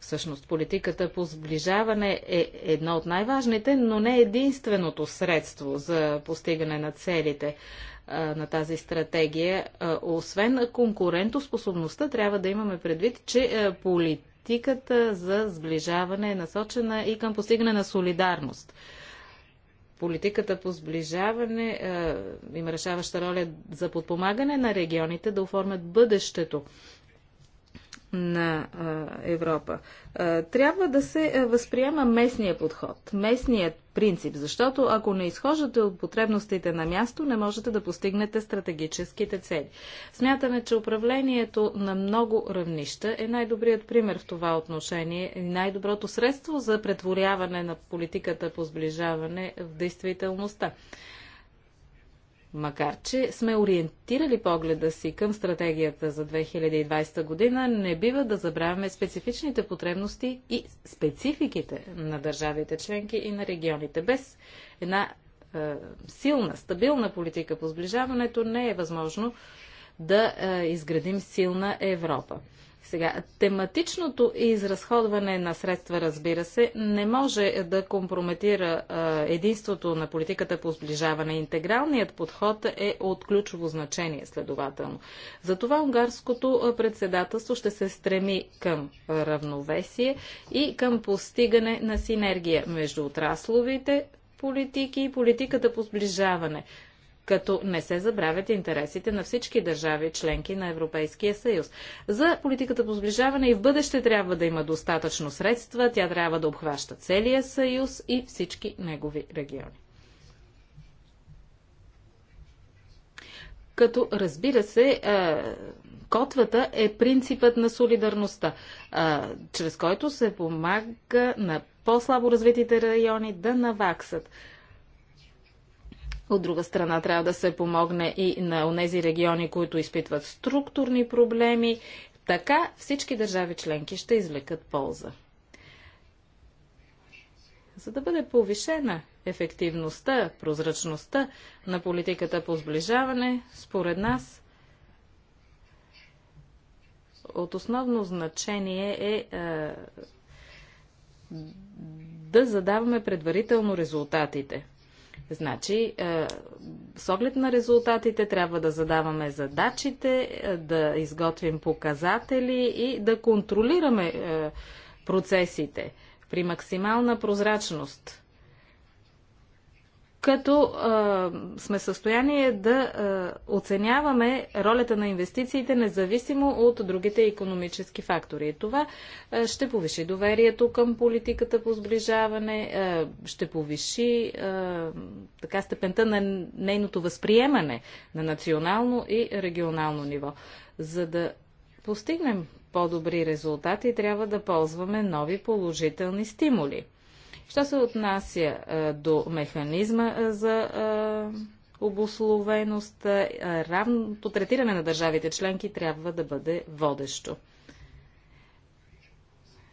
Всъщност, политиката по сближаване е едно от най-важните, но не единственото средство за постигане на целите на тази стратегия. Освен конкурентоспособността, трябва да имаме предвид, че политиката за сближаване е насочена и към постигане на солидарност – Политиката по сближаване е, има решаваща роля за подпомагане на регионите да оформят бъдещето на Европа. Трябва да се възприема местния подход, местният принцип, защото ако не изхождате от потребностите на място, не можете да постигнете стратегическите цели. Смятаме, че управлението на много равнища е най-добрият пример в това отношение и най-доброто средство за претворяване на политиката по сближаване в действителността. Макар, че сме ориентирали погледа си към стратегията за 2020 година, не бива да забравяме специфичните потребности и спецификите на държавите членки и на регионите. Без една е, силна, стабилна политика по сближаването не е възможно да е, изградим силна Европа. Сега, тематичното изразходване на средства, разбира се, не може да компрометира единството на политиката по сближаване. Интегралният подход е от ключово значение, следователно. Затова унгарското председателство ще се стреми към равновесие и към постигане на синергия между отрасловите политики и политиката по сближаване като не се забравят интересите на всички държави, членки на Европейския съюз. За политиката по сближаване и в бъдеще трябва да има достатъчно средства, тя трябва да обхваща целия съюз и всички негови региони. Като разбира се, Котвата е принципът на солидарността, чрез който се помага на по-слабо развитите райони да наваксат. От друга страна трябва да се помогне и на тези региони, които изпитват структурни проблеми. Така всички държави членки ще извлекат полза. За да бъде повишена ефективността, прозрачността на политиката по сближаване, според нас от основно значение е, е да задаваме предварително резултатите – Значи, е, с оглед на резултатите трябва да задаваме задачите, е, да изготвим показатели и да контролираме е, процесите при максимална прозрачност като а, сме в състояние да а, оценяваме ролята на инвестициите независимо от другите економически фактори. Това а, ще повиши доверието към политиката по сближаване, а, ще повиши а, така степента на нейното възприемане на национално и регионално ниво. За да постигнем по-добри резултати, трябва да ползваме нови положителни стимули – Що се отнася а, до механизма а, за а, обословеност, а, равното третиране на държавите членки трябва да бъде водещо.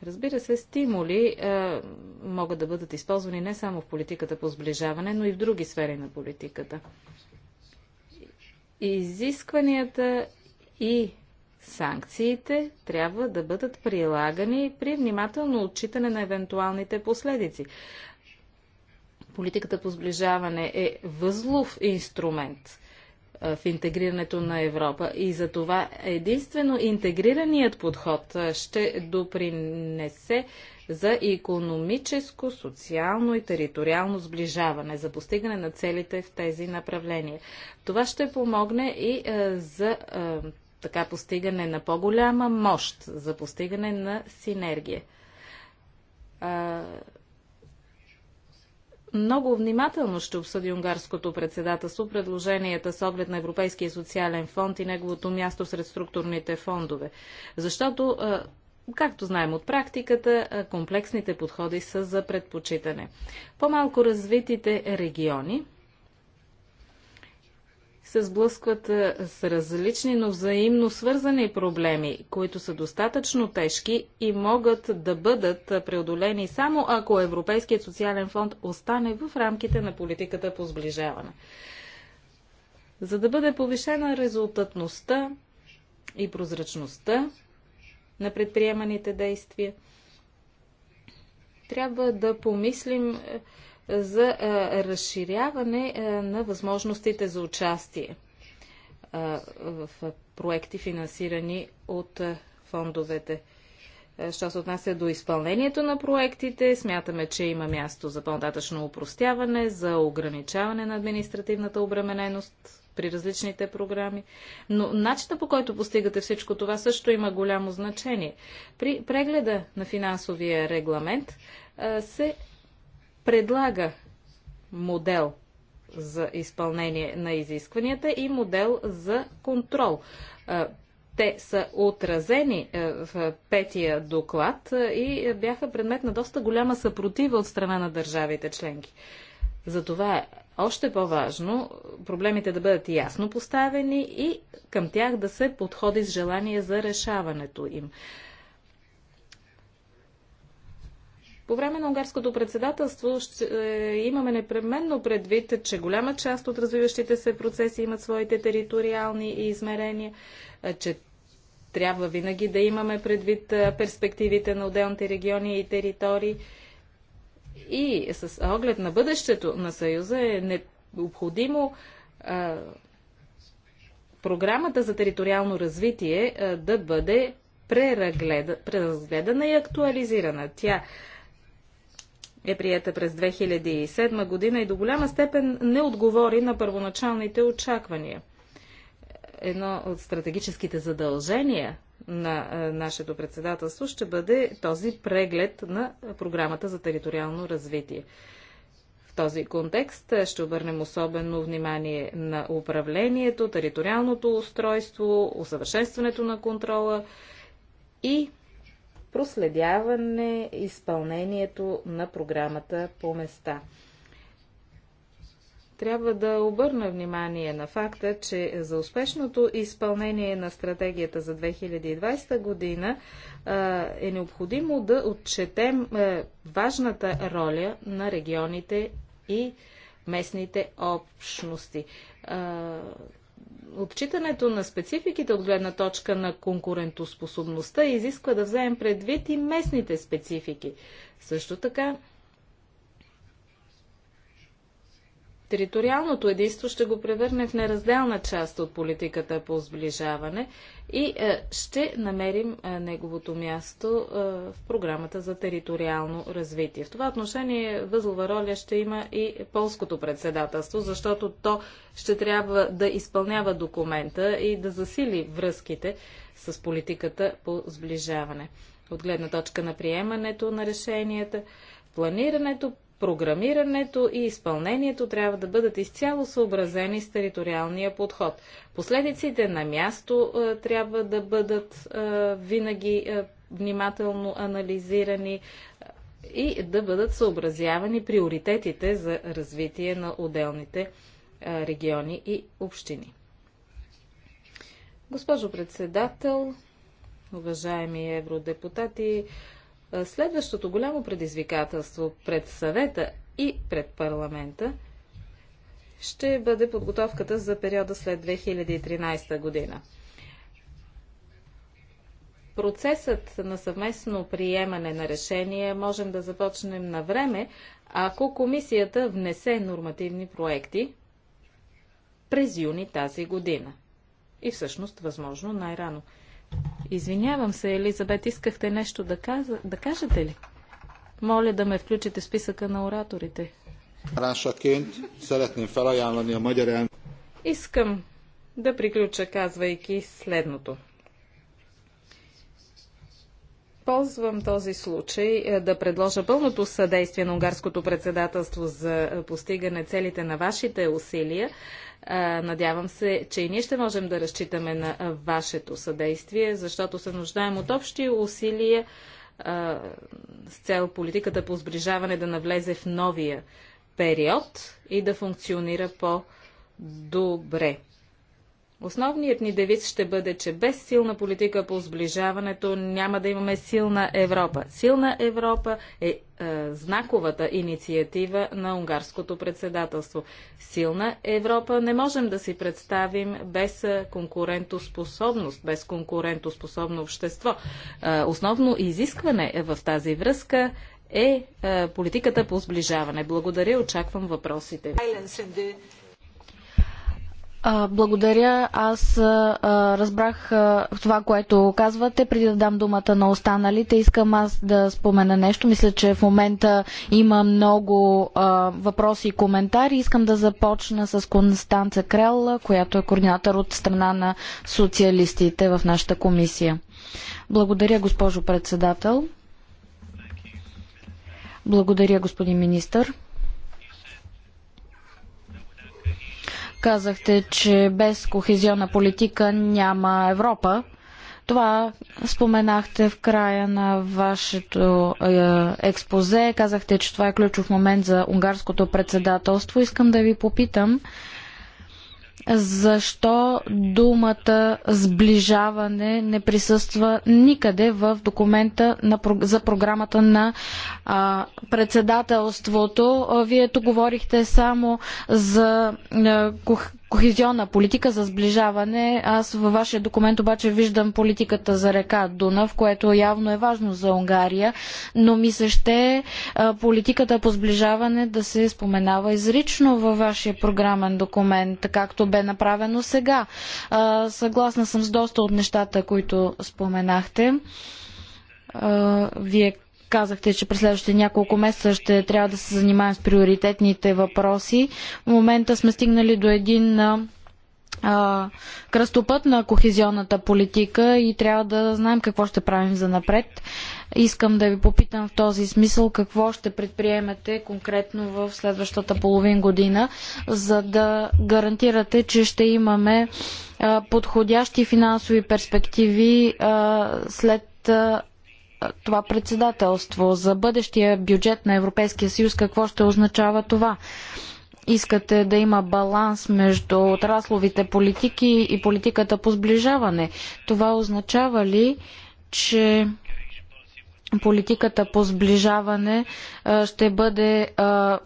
Разбира се, стимули а, могат да бъдат използвани не само в политиката по сближаване, но и в други сфери на политиката. Изискванията и Санкциите трябва да бъдат прилагани при внимателно отчитане на евентуалните последици. Политиката по сближаване е възлов инструмент в интегрирането на Европа и за това единствено интегрираният подход ще допринесе за економическо, социално и териториално сближаване, за постигане на целите в тези направления. Това ще помогне и за така постигане на по-голяма мощ, за постигане на синергия. А, много внимателно ще обсъди унгарското председателство предложенията с оглед на Европейския социален фонд и неговото място сред структурните фондове. Защото, както знаем от практиката, комплексните подходи са за предпочитане. По-малко развитите региони се сблъскват е, с различни, но взаимно свързани проблеми, които са достатъчно тежки и могат да бъдат е, преодолени само ако Европейският социален фонд остане в рамките на политиката по сближаване. За да бъде повишена резултатността и прозрачността на предприеманите действия, трябва да помислим е, за е, разширяване е, на възможностите за участие е, в проекти, финансирани от фондовете. Що се отнася до изпълнението на проектите, смятаме, че има място за по-нататъчно упростяване, за ограничаване на административната обремененост при различните програми. Но начина по който постигате всичко това също има голямо значение. При прегледа на финансовия регламент се предлага модел за изпълнение на изискванията и модел за контрол. Те са отразени в петия доклад и бяха предмет на доста голяма съпротива от страна на държавите членки. Затова е още по-важно проблемите да бъдат ясно поставени и към тях да се подходи с желание за решаването им. По време на унгарското председателство ще, е, имаме непременно предвид, че голяма част от развиващите се процеси имат своите териториални измерения, е, че трябва винаги да имаме предвид е, перспективите на отделните региони и територии. И с оглед на бъдещето на Съюза е необходимо е, програмата за териториално развитие е, да бъде преразгледана и актуализирана. Тя е приета през 2007 година и до голяма степен не отговори на първоначалните очаквания. Едно от стратегическите задължения на е, нашето председателство ще бъде този преглед на програмата за териториално развитие. В този контекст е, ще обърнем особено внимание на управлението, териториалното устройство, усъвършенстването на контрола и проследяване изпълнението на програмата по места. Трябва да обърна внимание на факта, че за успешното изпълнение на стратегията за 2020 година е необходимо да отчетем важната роля на регионите и местните общности. Отчитането на спецификите от гледна точка на конкурентоспособността изисква да вземем предвид и местните специфики. Също така Териториалното единство ще го превърне в неразделна част от политиката по сближаване и е, ще намерим е, неговото място е, в програмата за териториално развитие. В това отношение възлова роля ще има и полското председателство, защото то ще трябва да изпълнява документа и да засили връзките с политиката по сближаване. От гледна точка на приемането на решенията, планирането, Програмирането и изпълнението трябва да бъдат изцяло съобразени с териториалния подход. Последиците на място е, трябва да бъдат е, винаги е, внимателно анализирани и да бъдат съобразявани приоритетите за развитие на отделните региони и общини. Госпожо председател, уважаеми евродепутати, Следващото голямо предизвикателство пред съвета и пред парламента ще бъде подготовката за периода след 2013 година. Процесът на съвместно приемане на решение можем да започнем на време, ако комисията внесе нормативни проекти през юни тази година. И всъщност, възможно, най-рано. Извинявам се, Елизабет, искахте нещо да, каза, да кажете ли? Моля да ме включите в списъка на ораторите. Искам да приключа, казвайки следното. Ползвам този случай е, да предложа пълното съдействие на унгарското председателство за е, постигане целите на вашите усилия Надявам се, че и ние ще можем да разчитаме на вашето съдействие, защото се нуждаем от общи усилия с цел политиката по сближаване да навлезе в новия период и да функционира по-добре. Основният ни девиз ще бъде, че без силна политика по сближаването няма да имаме силна Европа. Силна Европа е, е знаковата инициатива на унгарското председателство. Силна Европа не можем да си представим без е, конкурентоспособност, без конкурентоспособно общество. Е, основно изискване е в тази връзка е, е политиката по сближаване. Благодаря, очаквам въпросите ви благодаря. Аз разбрах това, което казвате. Преди да дам думата на останалите, искам аз да спомена нещо. Мисля, че в момента има много въпроси и коментари. Искам да започна с Констанца Крел, която е координатор от страна на социалистите в нашата комисия. Благодаря, госпожо председател. Благодаря, господин министър. Казахте, че без кохезионна политика няма Европа. Това споменахте в края на вашето е, експозе. Казахте, че това е ключов момент за унгарското председателство. Искам да ви попитам защо думата сближаване не присъства никъде в документа на, за програмата на а, председателството. Вие тук говорихте само за а, е, кохезионна политика за сближаване. Аз във вашия документ обаче виждам политиката за река Дунав, което явно е важно за Унгария, но ми се ще политиката по сближаване да се споменава изрично във вашия програмен документ, както бе направено сега. Съгласна съм с доста от нещата, които споменахте. Вие Казахте, че през следващите няколко месеца ще трябва да се занимаем с приоритетните въпроси. В момента сме стигнали до един а, кръстопът на кохезионната политика и трябва да знаем какво ще правим за напред. Искам да ви попитам в този смисъл какво ще предприемете конкретно в следващата половин година, за да гарантирате, че ще имаме подходящи финансови перспективи след това председателство, за бъдещия бюджет на Европейския съюз, какво ще означава това? Искате да има баланс между отрасловите политики и политиката по сближаване. Това означава ли, че политиката по сближаване ще бъде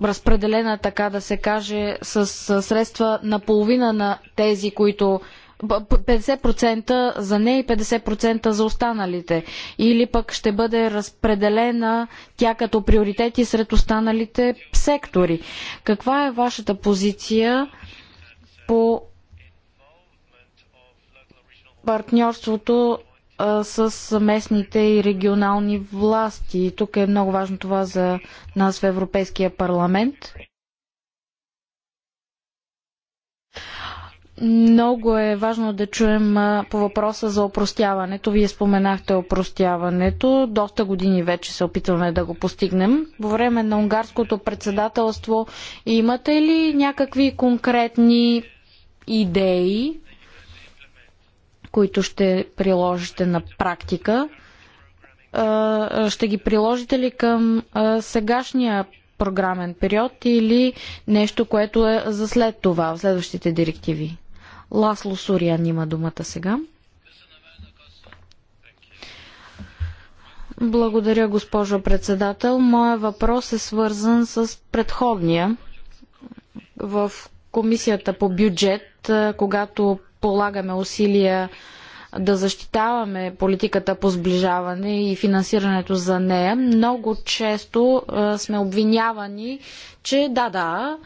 разпределена, така да се каже, с средства наполовина на тези, които 50% за нея и 50% за останалите. Или пък ще бъде разпределена тя като приоритети сред останалите сектори. Каква е вашата позиция по партньорството с местните и регионални власти. тук е много важно това за нас в Европейския парламент. Много е важно да чуем по въпроса за опростяването. Вие споменахте опростяването. Доста години вече се опитваме да го постигнем. По време на унгарското председателство имате ли някакви конкретни идеи, които ще приложите на практика? Ще ги приложите ли към сегашния програмен период или нещо, което е за след това, в следващите директиви? Ласло Сориан има думата сега. Благодаря, госпожо председател. Моя въпрос е свързан с предходния. В комисията по бюджет, когато полагаме усилия да защитаваме политиката по сближаване и финансирането за нея, много често сме обвинявани, че да, да,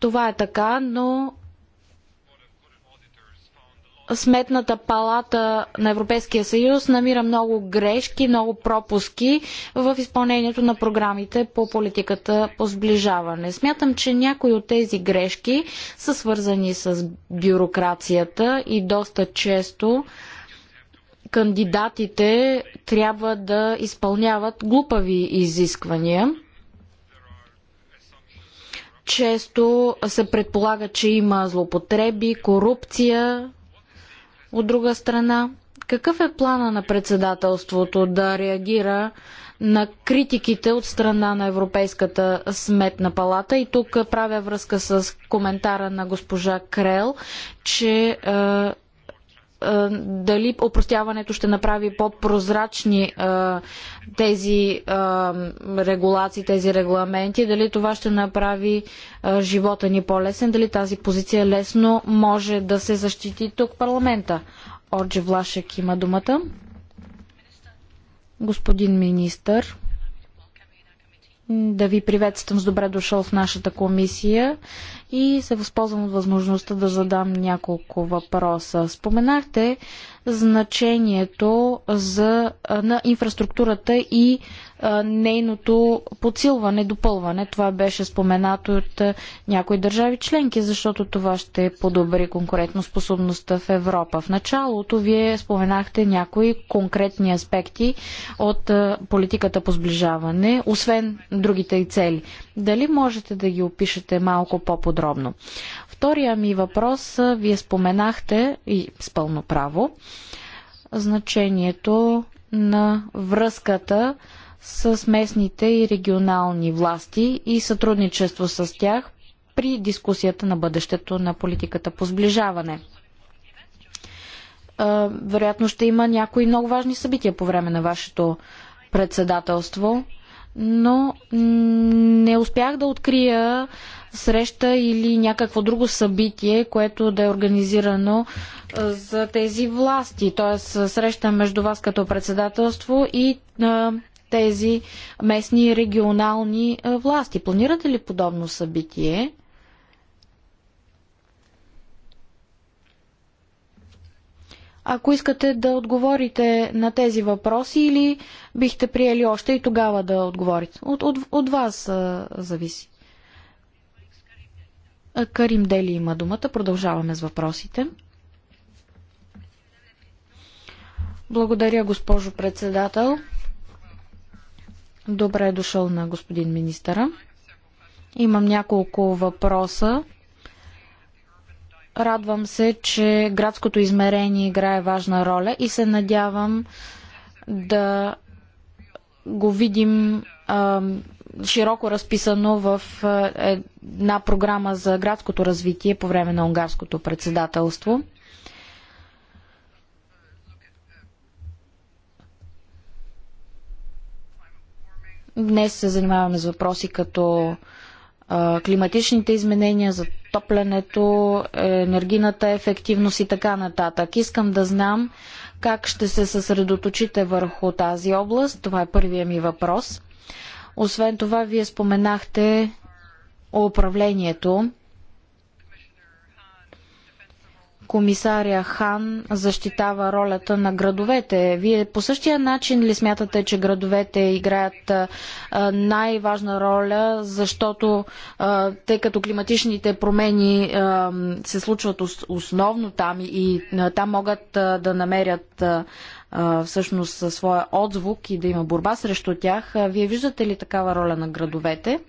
това е така, но Сметната палата на Европейския съюз намира много грешки, много пропуски в изпълнението на програмите по политиката по сближаване. Смятам, че някои от тези грешки са свързани с бюрокрацията и доста често кандидатите трябва да изпълняват глупави изисквания често се предполага, че има злоупотреби, корупция от друга страна, какъв е плана на председателството да реагира на критиките от страна на Европейската сметна палата? И тук правя връзка с коментара на госпожа Крел, че е, дали опростяването ще направи по-прозрачни тези регулации, тези регламенти, дали това ще направи живота ни по-лесен, дали тази позиция лесно може да се защити тук парламента. Орджи Влашек има думата. Господин министър да ви приветствам с добре дошъл в нашата комисия и се възползвам от възможността да задам няколко въпроса. Споменахте значението за, на инфраструктурата и нейното подсилване, допълване. Това беше споменато от някои държави членки, защото това ще подобри конкурентоспособността в Европа. В началото вие споменахте някои конкретни аспекти от политиката по сближаване, освен другите и цели. Дали можете да ги опишете малко по-подробно? Втория ми въпрос, вие споменахте и с пълно право значението на връзката с местните и регионални власти и сътрудничество с тях при дискусията на бъдещето на политиката по сближаване. Вероятно ще има някои много важни събития по време на вашето председателство, но не успях да открия среща или някакво друго събитие, което да е организирано за тези власти. Т.е. среща между вас като председателство и тези местни и регионални власти. Планирате ли подобно събитие? Ако искате да отговорите на тези въпроси или бихте приели още и тогава да отговорите. От, от, от вас а, зависи. Карим Дели има думата. Продължаваме с въпросите. Благодаря, госпожо председател. Добре е дошъл на господин министъра. Имам няколко въпроса. Радвам се, че градското измерение играе важна роля и се надявам да го видим а, широко разписано в е, една програма за градското развитие по време на унгарското председателство. Днес се занимаваме с въпроси като климатичните изменения, затоплянето, енергийната ефективност и така нататък. Искам да знам как ще се съсредоточите върху тази област. Това е първият ми въпрос. Освен това, вие споменахте управлението комисаря Хан защитава ролята на градовете. Вие по същия начин ли смятате, че градовете играят най-важна роля, защото тъй като климатичните промени се случват основно там и там могат да намерят всъщност своя отзвук и да има борба срещу тях. Вие виждате ли такава роля на градовете?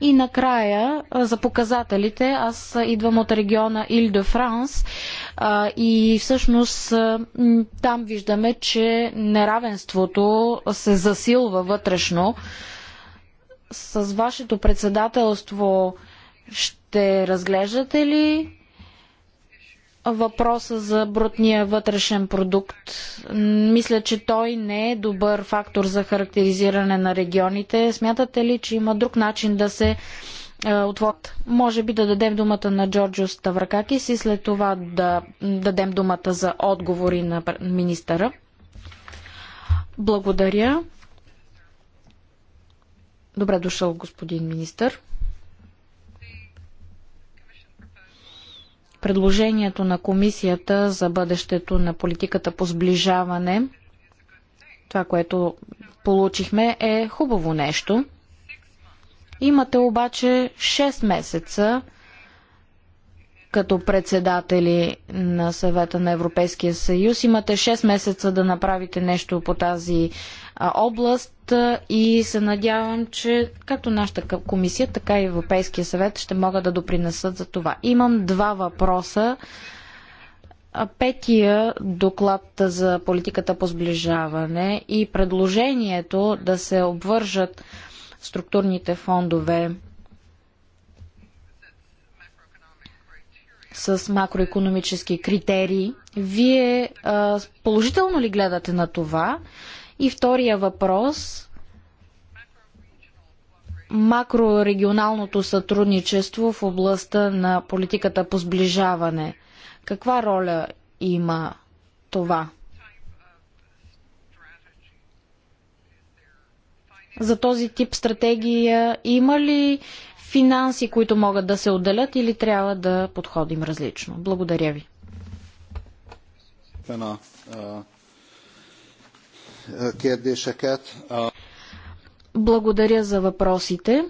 И накрая за показателите, аз идвам от региона Ил де Франс и всъщност там виждаме, че неравенството се засилва вътрешно. С вашето председателство ще разглеждате ли въпроса за брутния вътрешен продукт. Мисля, че той не е добър фактор за характеризиране на регионите. Смятате ли, че има друг начин да се е, отвод. Може би да дадем думата на Джорджо Ставракакис и след това да дадем думата за отговори на министъра. Благодаря. Добре дошъл, господин министър. Предложението на комисията за бъдещето на политиката по сближаване, това, което получихме, е хубаво нещо – Имате обаче 6 месеца като председатели на съвета на Европейския съюз. Имате 6 месеца да направите нещо по тази област и се надявам, че както нашата комисия, така и Европейския съвет ще могат да допринесат за това. Имам два въпроса. Петия доклад за политиката по сближаване и предложението да се обвържат структурните фондове с макроекономически критерии. Вие а, положително ли гледате на това? И втория въпрос макрорегионалното сътрудничество в областта на политиката по сближаване. Каква роля има това? за този тип стратегия? Има ли финанси, които могат да се отделят или трябва да подходим различно? Благодаря ви. Благодаря за въпросите.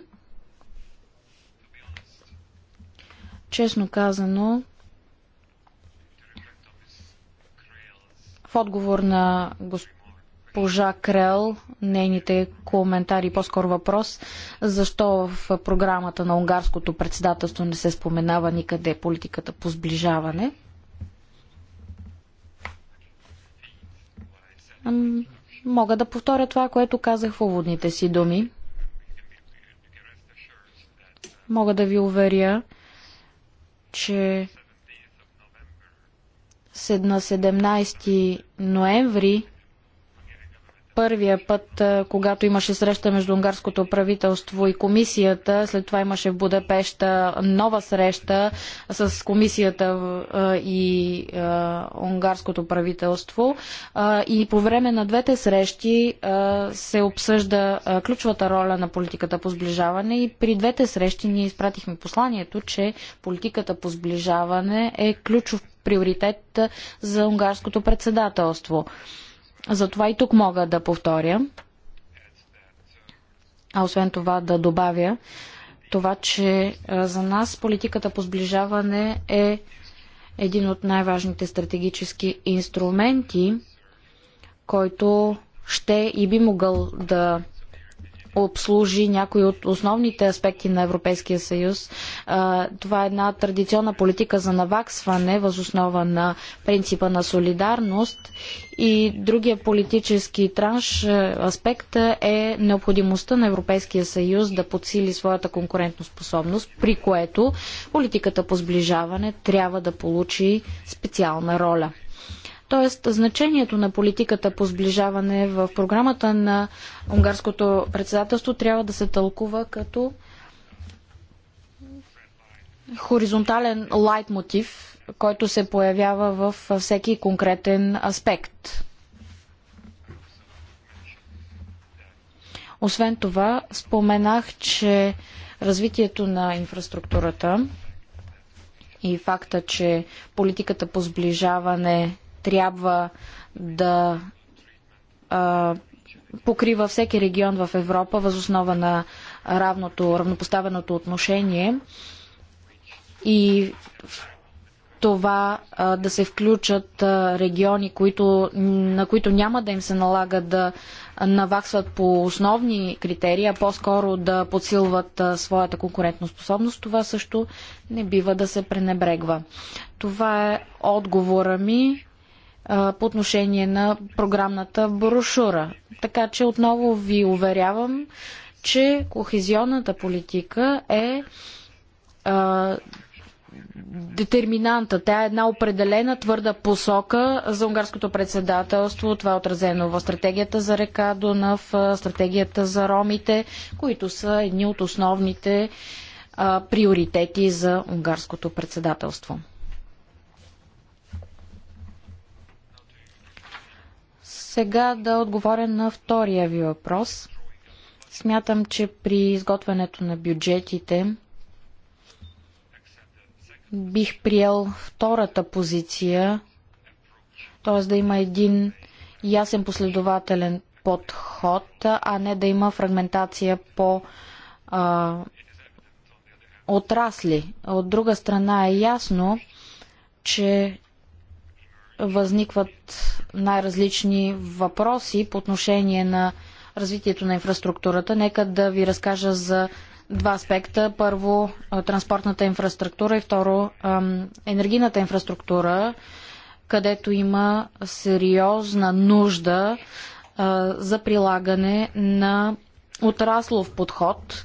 Честно казано, в отговор на госп госпожа Крел, нейните коментари, по-скоро въпрос, защо в програмата на унгарското председателство не се споменава никъде политиката по сближаване. Мога да повторя това, което казах в уводните си думи. Мога да ви уверя, че на 17 ноември първия път, когато имаше среща между унгарското правителство и комисията. След това имаше в Будапешта нова среща с комисията и унгарското правителство. И по време на двете срещи се обсъжда ключовата роля на политиката по сближаване и при двете срещи ние изпратихме посланието, че политиката по сближаване е ключов приоритет за унгарското председателство. Затова и тук мога да повторя, а освен това да добавя, това, че за нас политиката по сближаване е един от най-важните стратегически инструменти, който ще и би могъл да обслужи някои от основните аспекти на Европейския съюз. Това е една традиционна политика за наваксване възоснова на принципа на солидарност и другия политически транш аспект е необходимостта на Европейския съюз да подсили своята конкурентоспособност, при което политиката по сближаване трябва да получи специална роля. Тоест, значението на политиката по сближаване в програмата на унгарското председателство трябва да се тълкува като хоризонтален лайт мотив, който се появява във всеки конкретен аспект. Освен това, споменах, че развитието на инфраструктурата и факта, че политиката по сближаване трябва да а, покрива всеки регион в Европа възоснова на равното, равнопоставеното отношение и това а, да се включат а, региони, които, на които няма да им се налага да наваксват по основни критерии, а по-скоро да подсилват а, своята конкурентоспособност, това също не бива да се пренебрегва. Това е отговора ми по отношение на програмната брошура. Така че отново ви уверявам, че кохезионната политика е а, детерминанта. Тя е една определена твърда посока за унгарското председателство. Това е отразено в стратегията за река Дунав, стратегията за ромите, които са едни от основните а, приоритети за унгарското председателство. Сега да отговоря на втория ви въпрос. Смятам, че при изготвянето на бюджетите бих приел втората позиция, т.е. да има един ясен последователен подход, а не да има фрагментация по а, отрасли. От друга страна е ясно, че възникват най-различни въпроси по отношение на развитието на инфраструктурата. Нека да ви разкажа за два аспекта. Първо, транспортната инфраструктура и второ, енергийната инфраструктура, където има сериозна нужда за прилагане на отраслов подход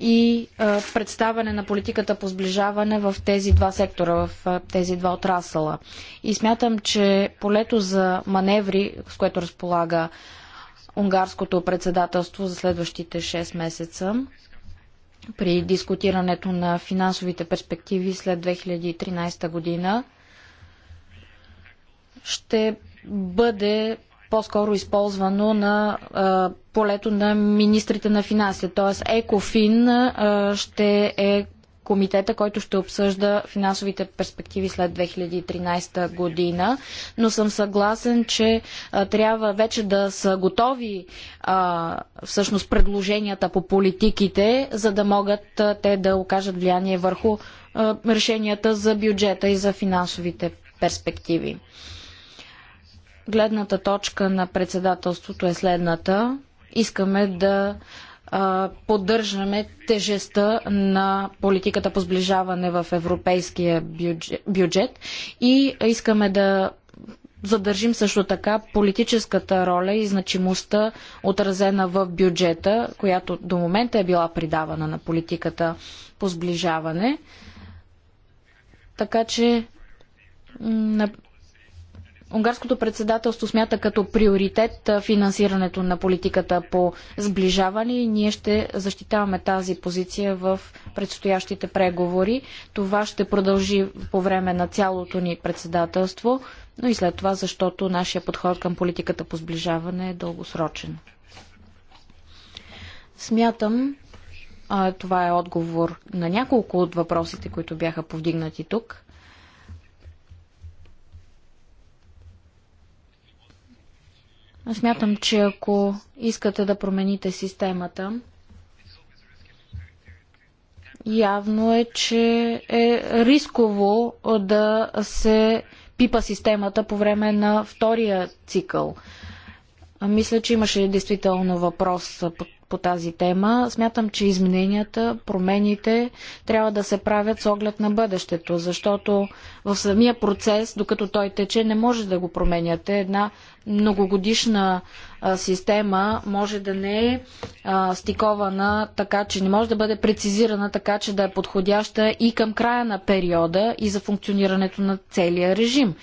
и представяне на политиката по сближаване в тези два сектора, в тези два отрасъла. И смятам, че полето за маневри, с което разполага унгарското председателство за следващите 6 месеца, при дискутирането на финансовите перспективи след 2013 година, ще бъде по-скоро използвано на полето на министрите на финансите. Т.е. ЕКОФИН ще е комитета, който ще обсъжда финансовите перспективи след 2013 година. Но съм съгласен, че трябва вече да са готови а, всъщност предложенията по политиките, за да могат те да окажат влияние върху решенията за бюджета и за финансовите перспективи. Гледната точка на председателството е следната. Искаме да поддържаме тежестта на политиката по сближаване в европейския бюджет и искаме да задържим също така политическата роля и значимостта отразена в бюджета, която до момента е била придавана на политиката по сближаване. Така че Унгарското председателство смята като приоритет финансирането на политиката по сближаване и ние ще защитаваме тази позиция в предстоящите преговори. Това ще продължи по време на цялото ни председателство, но и след това, защото нашия подход към политиката по сближаване е дългосрочен. Смятам, това е отговор на няколко от въпросите, които бяха повдигнати тук. Смятам, че ако искате да промените системата, явно е, че е рисково да се пипа системата по време на втория цикъл мисля, че имаше действително въпрос по, по тази тема. Смятам, че измененията, промените трябва да се правят с оглед на бъдещето, защото в самия процес, докато той тече, не може да го променяте. Една многогодишна а, система може да не е а, стикована така, че не може да бъде прецизирана така, че да е подходяща и към края на периода и за функционирането на целия режим.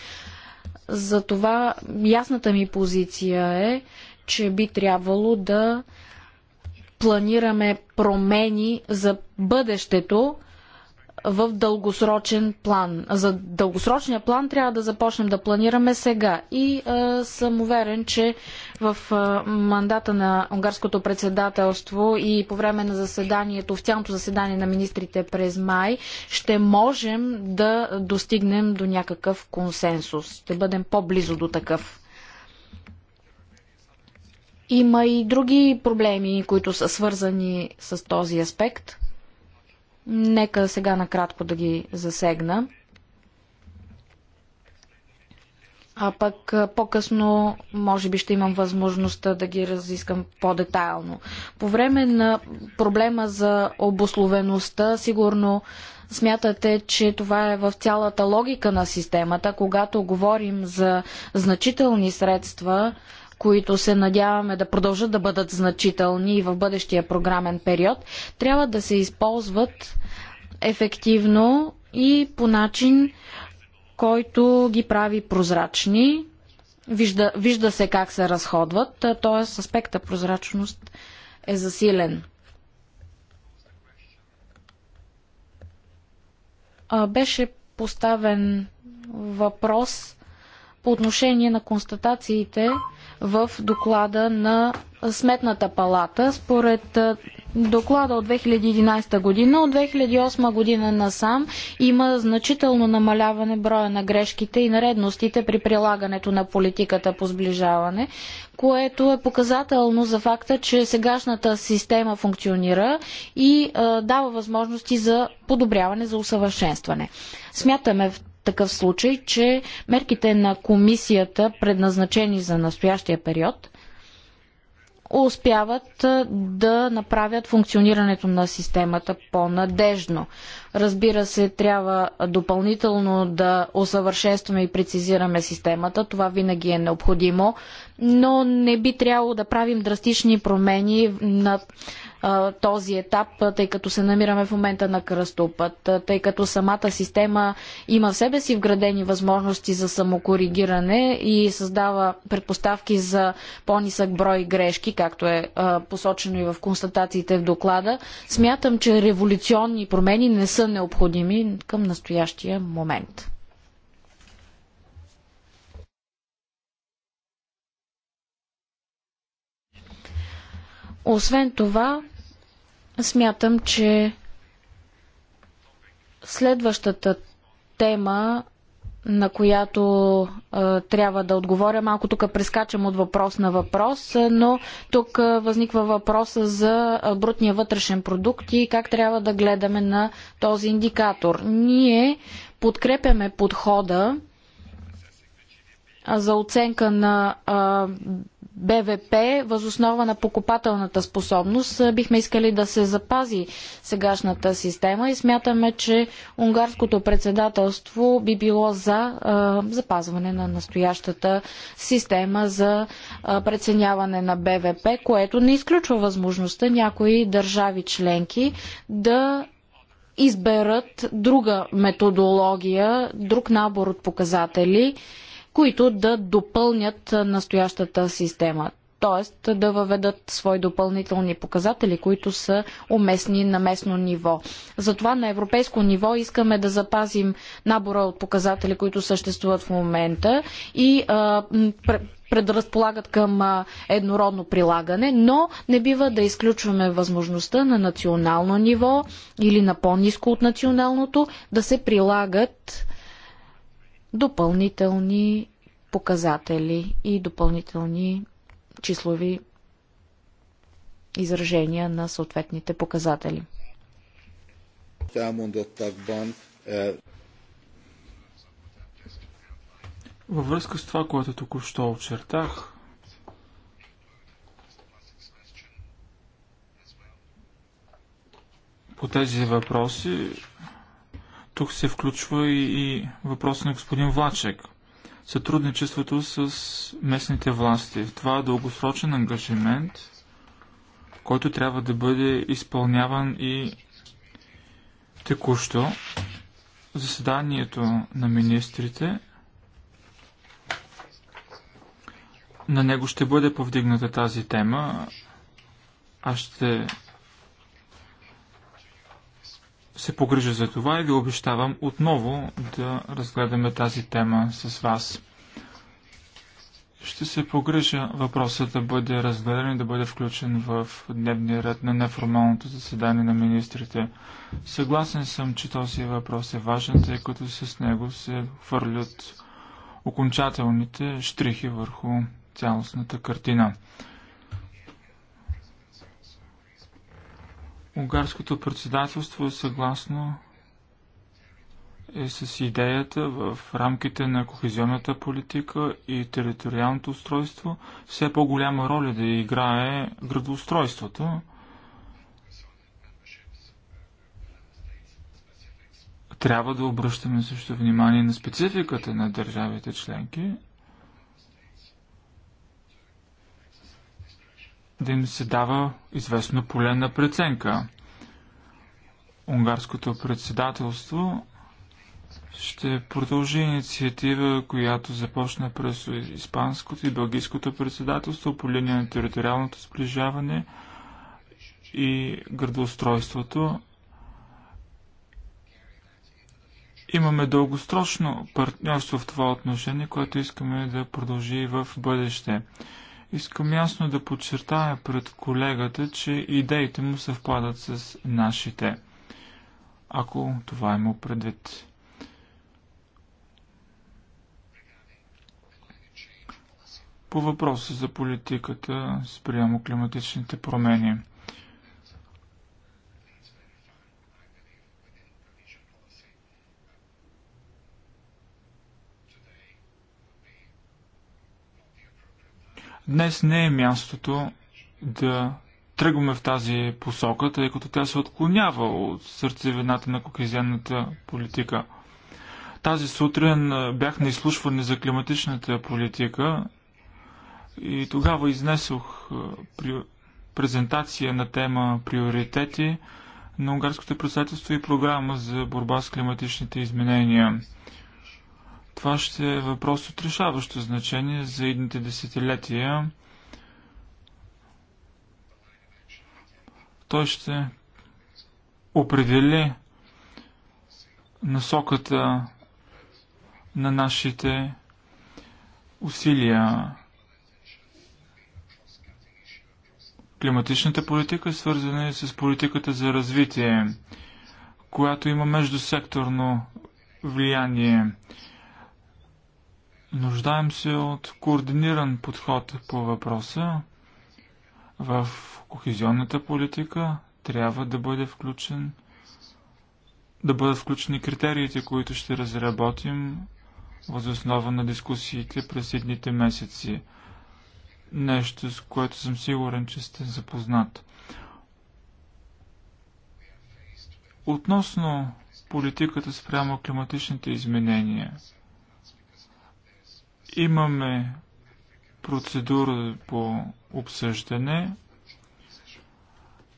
Затова ясната ми позиция е, че би трябвало да планираме промени за бъдещето, в дългосрочен план. За дългосрочния план трябва да започнем да планираме сега. И а, съм уверен, че в а, мандата на унгарското председателство и по време на заседанието, официалното заседание на министрите през май, ще можем да достигнем до някакъв консенсус. Ще бъдем по-близо до такъв. Има и други проблеми, които са свързани с този аспект – Нека сега накратко да ги засегна. А пък по-късно, може би, ще имам възможността да ги разискам по-детайлно. По време на проблема за обословеността, сигурно смятате, че това е в цялата логика на системата. Когато говорим за значителни средства, които се надяваме да продължат да бъдат значителни и в бъдещия програмен период, трябва да се използват ефективно и по начин, който ги прави прозрачни. Вижда, вижда се как се разходват, т.е. аспекта прозрачност е засилен. Беше поставен въпрос по отношение на констатациите в доклада на Сметната палата. Според доклада от 2011 година, от 2008 година насам има значително намаляване броя на грешките и наредностите при прилагането на политиката по сближаване, което е показателно за факта, че сегашната система функционира и а, дава възможности за подобряване, за усъвършенстване. Смятаме в такъв случай, че мерките на комисията, предназначени за настоящия период, успяват да направят функционирането на системата по-надежно. Разбира се, трябва допълнително да усъвършенстваме и прецизираме системата. Това винаги е необходимо, но не би трябвало да правим драстични промени на този етап, тъй като се намираме в момента на кръстопът, тъй като самата система има в себе си вградени възможности за самокоригиране и създава предпоставки за по-нисък брой грешки, както е посочено и в констатациите в доклада. Смятам, че революционни промени не са необходими към настоящия момент. Освен това, Смятам, че следващата тема, на която е, трябва да отговоря, малко тук прескачам от въпрос на въпрос, но тук възниква въпроса за брутния вътрешен продукт и как трябва да гледаме на този индикатор. Ние подкрепяме подхода за оценка на БВП възоснова на покупателната способност. Бихме искали да се запази сегашната система и смятаме, че унгарското председателство би било за а, запазване на настоящата система за а, преценяване на БВП, което не изключва възможността някои държави членки да изберат друга методология, друг набор от показатели които да допълнят настоящата система. Т.е. да въведат свои допълнителни показатели, които са уместни на местно ниво. Затова на европейско ниво искаме да запазим набора от показатели, които съществуват в момента и а, предразполагат към еднородно прилагане, но не бива да изключваме възможността на национално ниво или на по-низко от националното да се прилагат допълнителни показатели и допълнителни числови изражения на съответните показатели. Е, Във връзка с това, което току-що очертах, по тези въпроси тук се включва и, и въпрос на господин Влачек. Сътрудничеството с местните власти. Това е дългосрочен ангажимент, който трябва да бъде изпълняван и текущо. Заседанието на министрите на него ще бъде повдигната тази тема. Аз ще се погрижа за това и ви обещавам отново да разгледаме тази тема с вас. Ще се погрижа въпросът да бъде разгледан и да бъде включен в дневния ред на неформалното заседание на министрите. Съгласен съм, че този въпрос е важен, тъй като с него се хвърлят окончателните штрихи върху цялостната картина. Унгарското председателство е съгласно е с идеята в рамките на кохезионната политика и териториалното устройство все по-голяма роля да играе градоустройството. Трябва да обръщаме също внимание на спецификата на държавите членки – да им се дава известно поле на преценка. Унгарското председателство ще продължи инициатива, която започна през Испанското и белгийското председателство по линия на териториалното сближаване и градоустройството. Имаме дългосрочно партньорство в това отношение, което искаме да продължи и в бъдеще. Искам ясно да подчертая пред колегата, че идеите му съвпадат с нашите, ако това е му предвид. По въпроса за политиката спрямо климатичните промени – Днес не е мястото да тръгваме в тази посока, тъй като тя се отклонява от сърцевината на кохезионната политика. Тази сутрин бях на изслушване за климатичната политика и тогава изнесох презентация на тема Приоритети на унгарското председателство и програма за борба с климатичните изменения. Това ще е въпрос от решаващо значение за едните десетилетия. Той ще определи насоката на нашите усилия. Климатичната политика е свързана с политиката за развитие, която има междусекторно влияние. Нуждаем се от координиран подход по въпроса. В кохезионната политика трябва да бъде включен да бъдат включени критериите, които ще разработим въз основа на дискусиите през едните месеци. Нещо, с което съм сигурен, че сте запознат. Относно политиката спрямо климатичните изменения – Имаме процедура по обсъждане,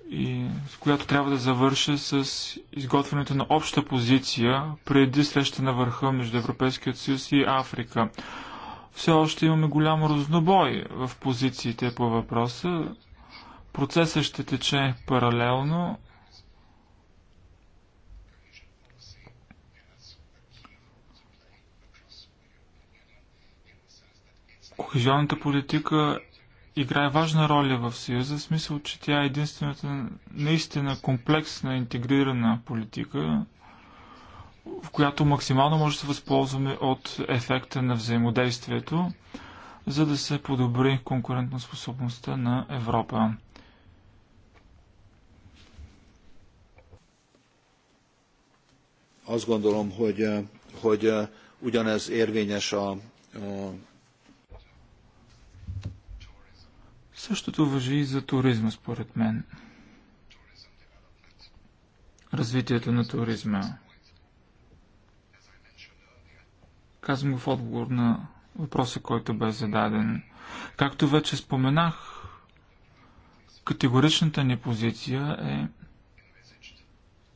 и с която трябва да завърша с изготвянето на обща позиция преди среща на върха между Европейския съюз и Африка. Все още имаме голям разнобой в позициите по въпроса. Процесът ще тече паралелно Кохезионната политика играе важна роля в Съюза, в смисъл, че тя е единствената наистина комплексна, интегрирана политика, в която максимално може да се възползваме от ефекта на взаимодействието, за да се подобри конкурентоспособността на Европа. Аз гондолам, че ugyanez érvényes a, a Същото въжи и за туризма, според мен. Развитието на туризма. Казвам го в отговор на въпроса, който бе зададен. Както вече споменах, категоричната ни позиция е,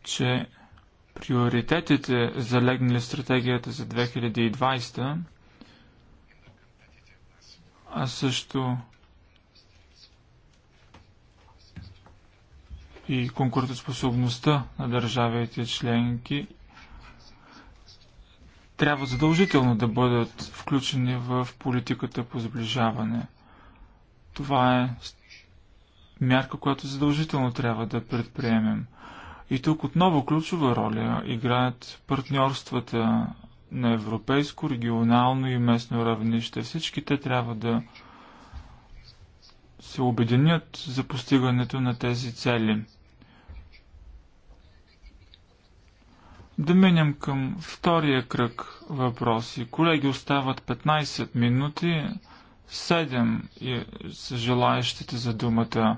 че приоритетите, залегнали в стратегията за 2020, а също и конкурентоспособността на държавите членки трябва задължително да бъдат включени в политиката по сближаване. Това е мярка, която задължително трябва да предприемем. И тук отново ключова роля играят партньорствата на европейско, регионално и местно равнище. Всички те трябва да се обединят за постигането на тези цели. Да минем към втория кръг въпроси. Колеги, остават 15 минути. 7 са желаящите за думата.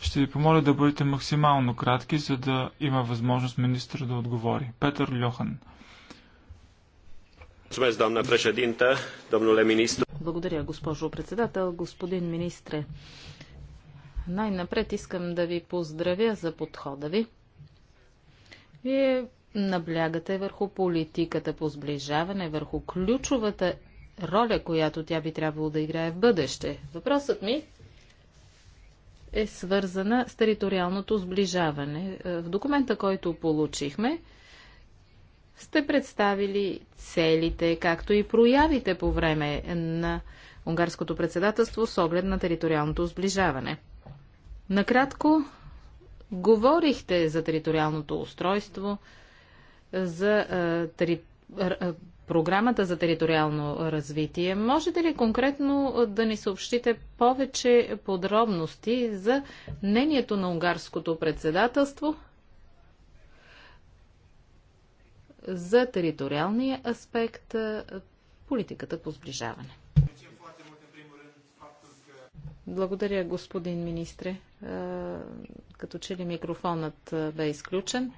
Ще ви помоля да бъдете максимално кратки, за да има възможност министър да отговори. Петър Льохан. Благодаря, госпожо председател, господин министре. Най-напред искам да ви поздравя за подхода ви. Вие наблягате върху политиката по сближаване, върху ключовата роля, която тя би трябвало да играе в бъдеще. Въпросът ми е свързана с териториалното сближаване. Е, в документа, който получихме, сте представили целите, както и проявите по време на унгарското председателство с оглед на териториалното сближаване. Накратко, говорихте за териториалното устройство, за тери... програмата за териториално развитие. Можете ли конкретно да ни съобщите повече подробности за мнението на унгарското председателство за териториалния аспект политиката по сближаване? Благодаря, господин министре. Като че ли микрофонът бе изключен?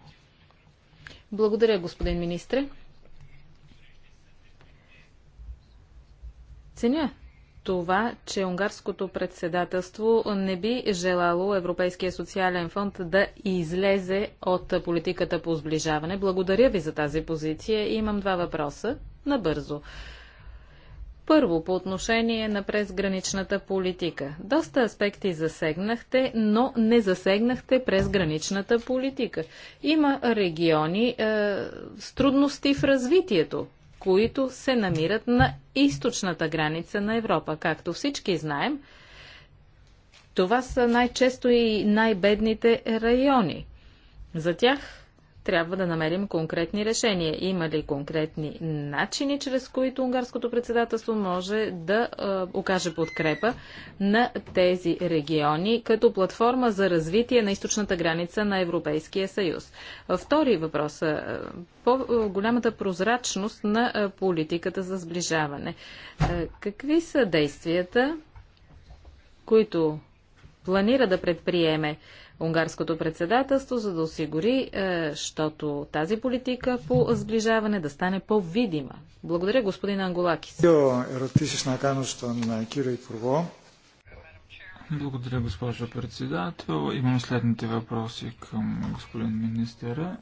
Благодаря, господин министре. Ценя това, че унгарското председателство не би желало Европейския социален фонд да излезе от политиката по сближаване. Благодаря ви за тази позиция. Имам два въпроса. Набързо. Първо, по отношение на презграничната политика. Доста аспекти засегнахте, но не засегнахте презграничната политика. Има региони е, с трудности в развитието, които се намират на източната граница на Европа. Както всички знаем, това са най-често и най-бедните райони. За тях трябва да намерим конкретни решения. Има ли конкретни начини, чрез които унгарското председателство може да е, окаже подкрепа на тези региони като платформа за развитие на източната граница на Европейския съюз? Втори въпрос. По-голямата прозрачност на политиката за сближаване. Какви са действията, които планира да предприеме унгарското председателство, за да осигури, защото е, тази политика по сближаване да стане по-видима. Благодаря, господин Анголакис. Благодаря, госпожо председател. Имам следните въпроси към господин министъра.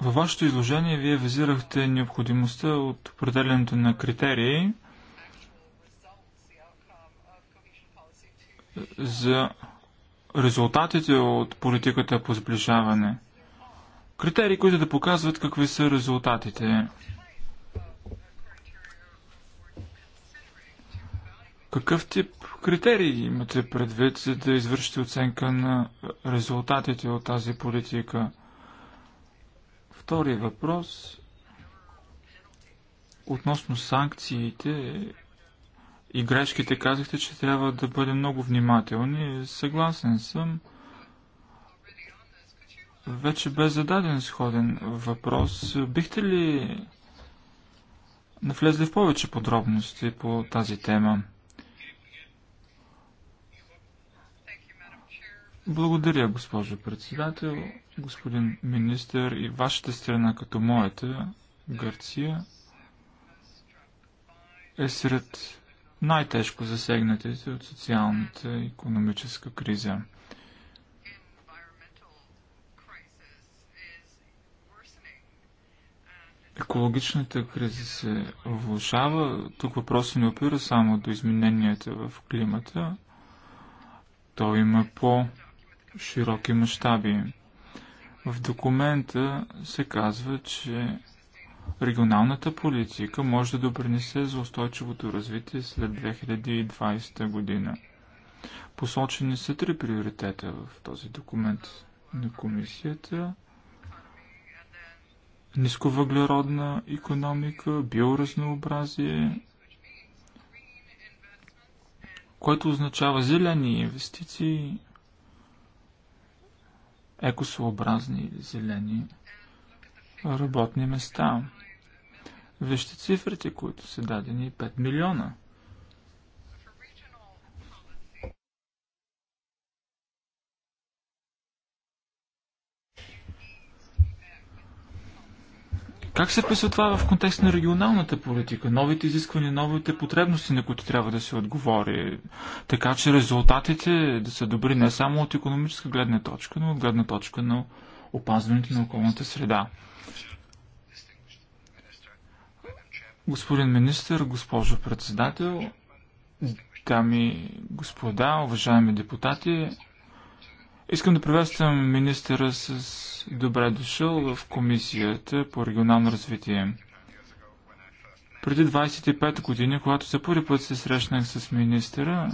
Във вашето изложение вие визирахте необходимостта от определенето на критерии – за резултатите от политиката по сближаване. Критерии, които да показват какви са резултатите. Какъв тип критерии имате предвид, за да извършите оценка на резултатите от тази политика? Втори въпрос относно санкциите и грешките казахте, че трябва да бъдем много внимателни. Съгласен съм. Вече бе зададен сходен въпрос. Бихте ли навлезли в повече подробности по тази тема? Благодаря, госпожо председател, господин министър и вашата страна като моята, Гърция, е сред най-тежко засегнатите от социалната и економическа криза. Екологичната криза се влушава. Тук въпросът не опира само до измененията в климата. То има по-широки мащаби. В документа се казва, че Регионалната политика може да допринесе за устойчивото развитие след 2020 година. Посочени са три приоритета в този документ на комисията. Нисковъглеродна економика, биоразнообразие, което означава зелени инвестиции, екосъобразни зелени работни места. Вижте цифрите, които са дадени 5 милиона. Как се вписва това в контекст на регионалната политика? Новите изисквания, новите потребности, на които трябва да се отговори. Така че резултатите да са добри не само от економическа гледна точка, но от гледна точка на опазването на околната среда. Господин министр, госпожо председател, дами господа, уважаеми депутати, искам да приветствам министъра с добре дошъл в Комисията по регионално развитие. Преди 25 години, когато за първи път се срещнах с министъра,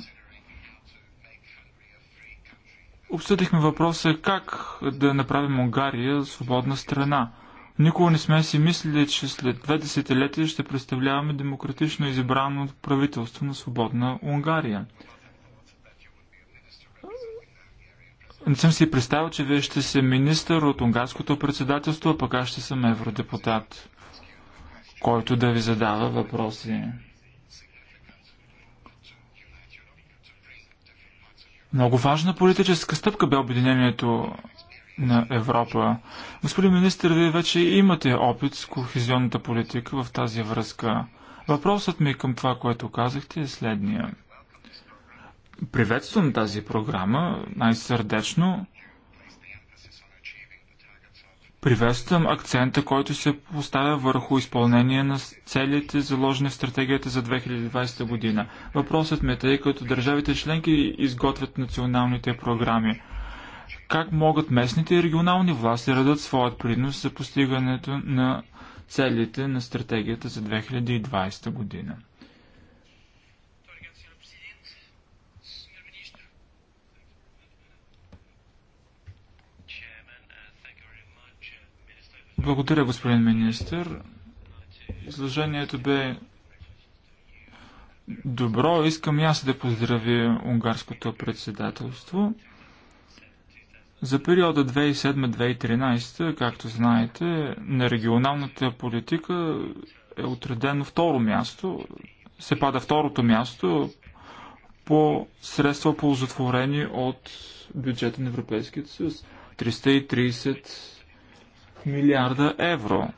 обсъдихме въпроса как да направим Унгария свободна страна – Никога не сме си мислили, че след две десетилетия ще представляваме демократично избрано правителство на свободна Унгария. Не съм си представил, че вие ще се министър от унгарското председателство, а пък аз ще съм евродепутат, който да ви задава въпроси. Много важна политическа стъпка бе обединението на Европа. Господин министр, вие вече имате опит с кохезионната политика в тази връзка. Въпросът ми към това, което казахте е следния. Приветствам тази програма най-сърдечно. Приветствам акцента, който се поставя върху изпълнение на целите, заложени в стратегията за 2020 година. Въпросът ми е тъй като държавите членки изготвят националните програми как могат местните и регионални власти да дадат своят принос за постигането на целите на стратегията за 2020 година. Благодаря, господин министр. Изложението бе добро. Искам и аз да поздравя унгарското председателство. За периода 2007-2013, както знаете, на регионалната политика е отредено второ място, се пада второто място по средства ползотворени от бюджета на Европейския съюз. 330 милиарда евро.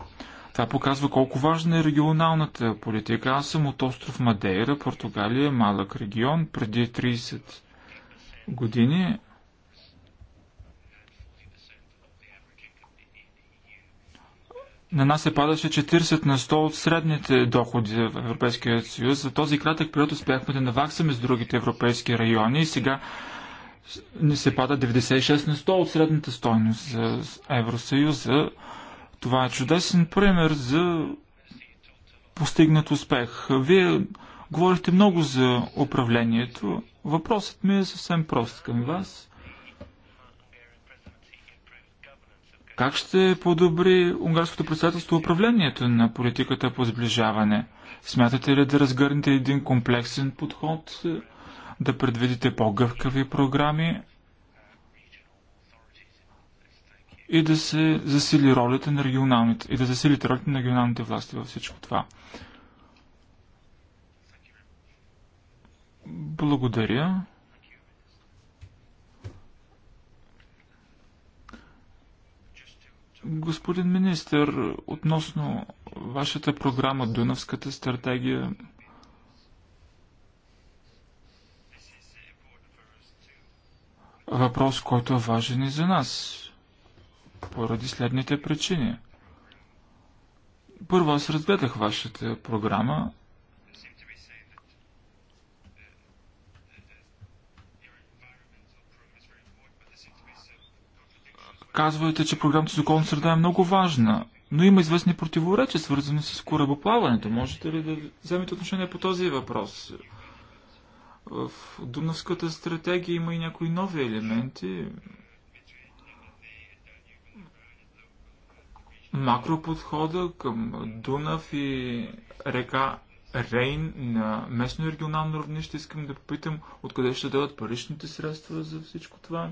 Това показва колко важна е регионалната политика. Аз съм от остров Мадейра, Португалия, малък регион. Преди 30 години на нас се падаше 40 на 100 от средните доходи в Европейския съюз. За този кратък период успяхме да наваксаме с другите европейски райони и сега ни се пада 96 на 100 от средната стойност за Евросъюза. Това е чудесен пример за постигнат успех. Вие говорихте много за управлението. Въпросът ми е съвсем прост към вас. Как ще подобри унгарското председателство управлението на политиката по сближаване? Смятате ли да разгърнете един комплексен подход, да предвидите по-гъвкави програми и да се засили ролята на регионалните и да засилите ролята на регионалните власти във всичко това? Благодаря. Господин министр, относно вашата програма Дунавската стратегия, въпрос, който е важен и за нас, поради следните причини. Първо, аз разгледах вашата програма, Казвате, че програмата за околна среда е много важна, но има известни противоречия, свързани с корабоплаването. Можете ли да вземете отношение по този въпрос? В Дунавската стратегия има и някои нови елементи. Макроподхода към Дунав и река Рейн на местно и регионално равнище. Искам да попитам откъде ще дадат паричните средства за всичко това.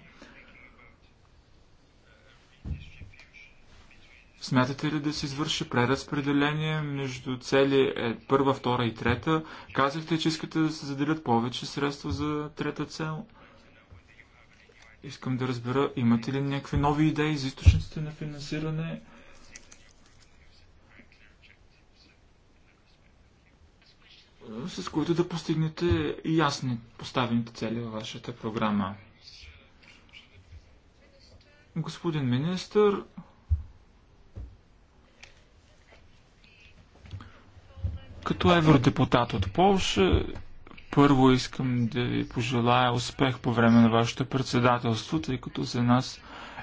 Смятате ли да се извърши преразпределение между цели е, първа, втора и трета? Казахте, че искате да се заделят повече средства за трета цел. Искам да разбера, имате ли някакви нови идеи за източниците на финансиране? с които да постигнете ясни поставените цели във вашата програма. Господин министър, като евродепутат от Полша, първо искам да ви пожелая успех по време на вашето председателство, тъй като за нас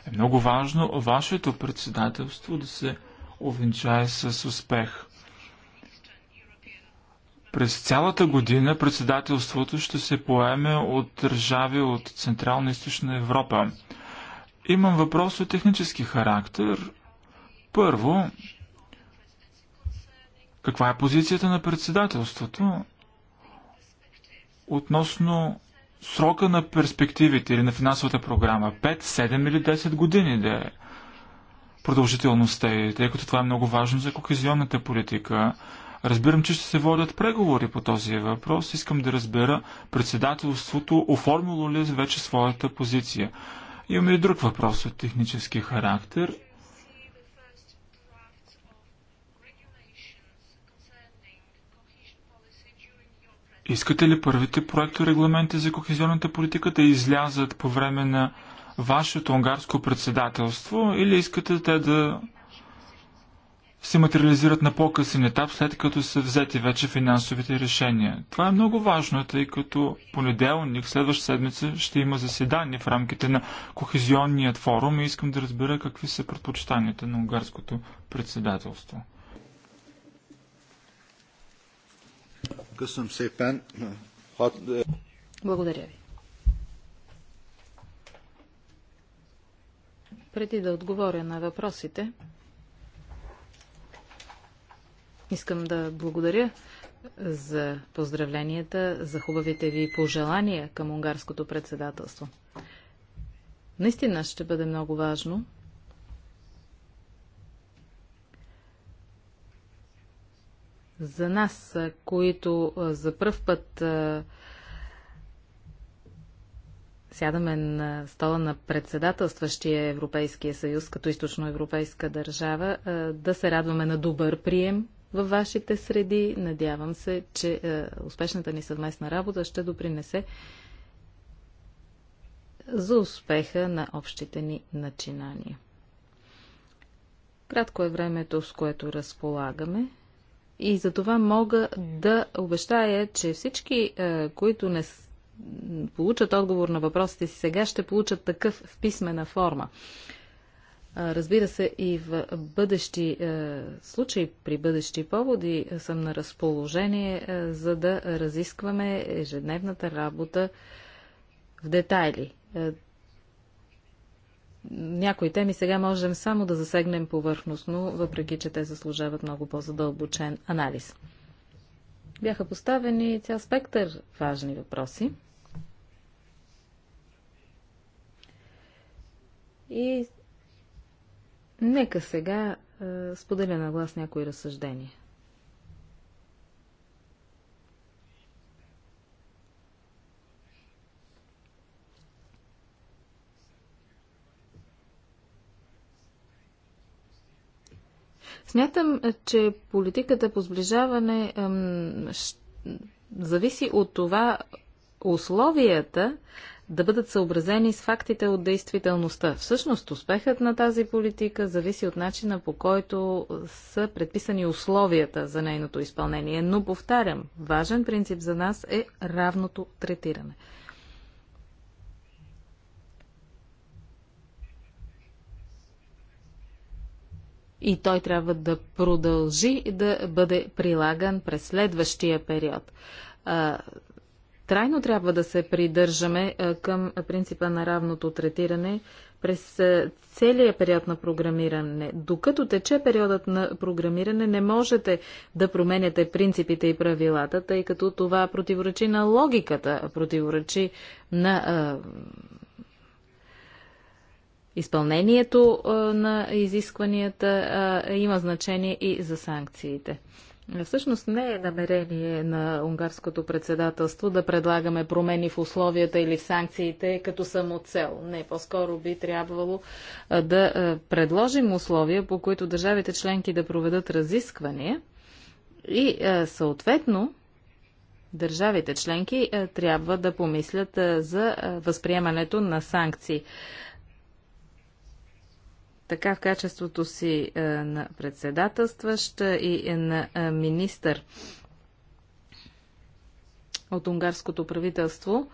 е много важно вашето председателство да се овенчае с успех. През цялата година председателството ще се поеме от държави от Централна и Източна Европа. Имам въпрос от технически характер. Първо, каква е позицията на председателството относно срока на перспективите или на финансовата програма? 5, 7 или 10 години да е продължителността и тъй като това е много важно за кохезионната политика. Разбирам, че ще се водят преговори по този въпрос. Искам да разбера председателството оформило ли вече своята позиция. Имаме и друг въпрос от технически характер. Искате ли първите проекто регламенти за кохезионната политика да излязат по време на вашето унгарско председателство или искате те да се материализират на по-късен етап, след като са взети вече финансовите решения. Това е много важно, тъй като понеделник, следваща седмица, ще има заседание в рамките на Кохезионният форум и искам да разбера какви са предпочитанията на унгарското председателство. Благодаря ви. Преди да отговоря на въпросите, Искам да благодаря за поздравленията, за хубавите ви пожелания към унгарското председателство. Наистина ще бъде много важно за нас, които за пръв път сядаме на стола на председателстващия Европейския съюз като източноевропейска държава, да се радваме на добър прием във вашите среди. Надявам се, че е, успешната ни съвместна работа ще допринесе за успеха на общите ни начинания. Кратко е времето, с което разполагаме. И за това мога да обещая, че всички, е, които не получат отговор на въпросите си сега, ще получат такъв в писмена форма. Разбира се, и в бъдещи е, случаи, при бъдещи поводи е, съм на разположение, е, за да разискваме ежедневната работа в детайли. някои теми сега можем само да засегнем повърхностно, въпреки че те заслужават много по-задълбочен анализ. Бяха поставени цял спектър важни въпроси. И Нека сега е, споделя на глас някои разсъждения. Смятам, че политиката по сближаване ем, ш... зависи от това условията, да бъдат съобразени с фактите от действителността. Всъщност успехът на тази политика зависи от начина по който са предписани условията за нейното изпълнение. Но повтарям, важен принцип за нас е равното третиране. и той трябва да продължи да бъде прилаган през следващия период. Трайно трябва да се придържаме към принципа на равното третиране през целия период на програмиране. Докато тече периодът на програмиране, не можете да променяте принципите и правилата, тъй като това противоречи на логиката, противоречи на изпълнението на изискванията, има значение и за санкциите. Всъщност не е намерение на унгарското председателство да предлагаме промени в условията или в санкциите като самоцел. Не, по-скоро би трябвало да предложим условия, по които държавите членки да проведат разисквания и съответно държавите членки трябва да помислят за възприемането на санкции така в качеството си е, на председателстваща и е, на е, министър от унгарското правителство,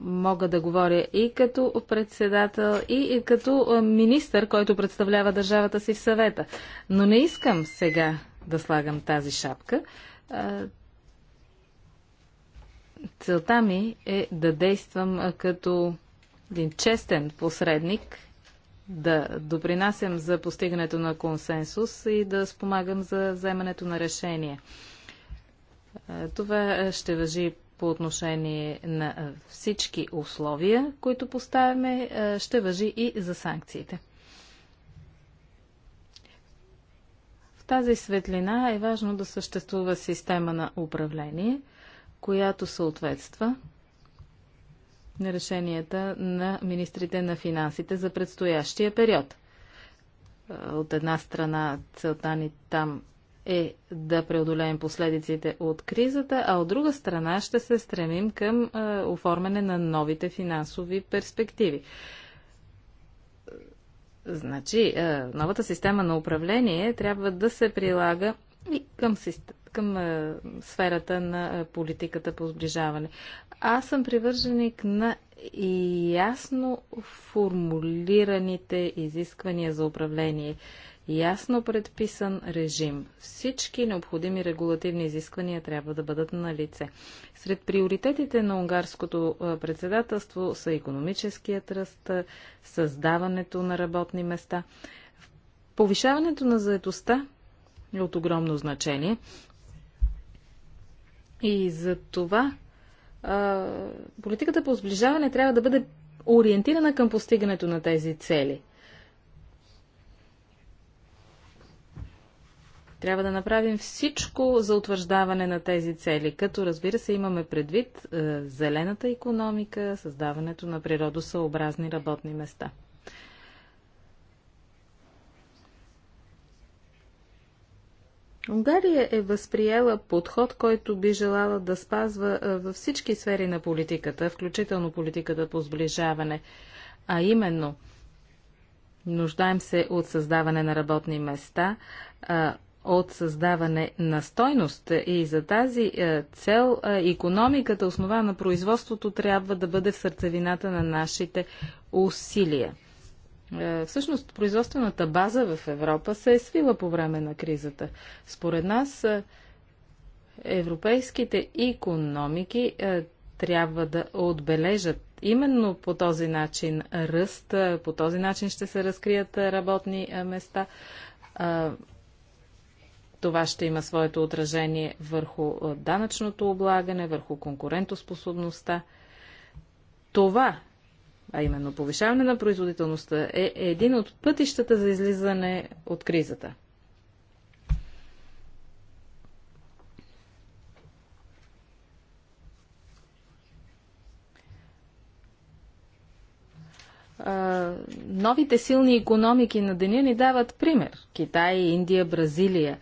мога да говоря и като председател, и като министър, който представлява държавата си в съвета. Но не искам сега да слагам тази шапка. Целта ми е да действам като един честен посредник, да допринасям за постигането на консенсус и да спомагам за вземането на решение. Е, това ще въжи по отношение на всички условия, които поставяме, е, ще въжи и за санкциите. В тази светлина е важно да съществува система на управление, която съответства решенията на министрите на финансите за предстоящия период. Е, от една страна целта ни там е да преодолеем последиците от кризата, а от друга страна ще се стремим към е, оформяне на новите финансови перспективи. Значи, е, новата система на управление трябва да се прилага и към към е, сферата на е, политиката по сближаване. Аз съм привърженик на ясно формулираните изисквания за управление, ясно предписан режим. Всички необходими регулативни изисквания трябва да бъдат на лице. Сред приоритетите на унгарското е, председателство са економическият ръст, създаването на работни места. Повишаването на заедостта е от огромно значение. И за това а, политиката по сближаване трябва да бъде ориентирана към постигането на тези цели. Трябва да направим всичко за утвърждаване на тези цели, като разбира се имаме предвид е, зелената економика, създаването на природосъобразни работни места. Унгария е възприела подход, който би желала да спазва във всички сфери на политиката, включително политиката по сближаване, а именно нуждаем се от създаване на работни места, от създаване на стойност и за тази цел економиката, основа на производството, трябва да бъде в сърцевината на нашите усилия. Е, всъщност, производствената база в Европа се е свила по време на кризата. Според нас, е, европейските економики е, трябва да отбележат именно по този начин ръст, по този начин ще се разкрият работни места. Това ще има своето отражение върху данъчното облагане, върху конкурентоспособността. Това а именно повишаване на производителността, е един от пътищата за излизане от кризата. новите силни економики на деня ни дават пример. Китай, Индия, Бразилия.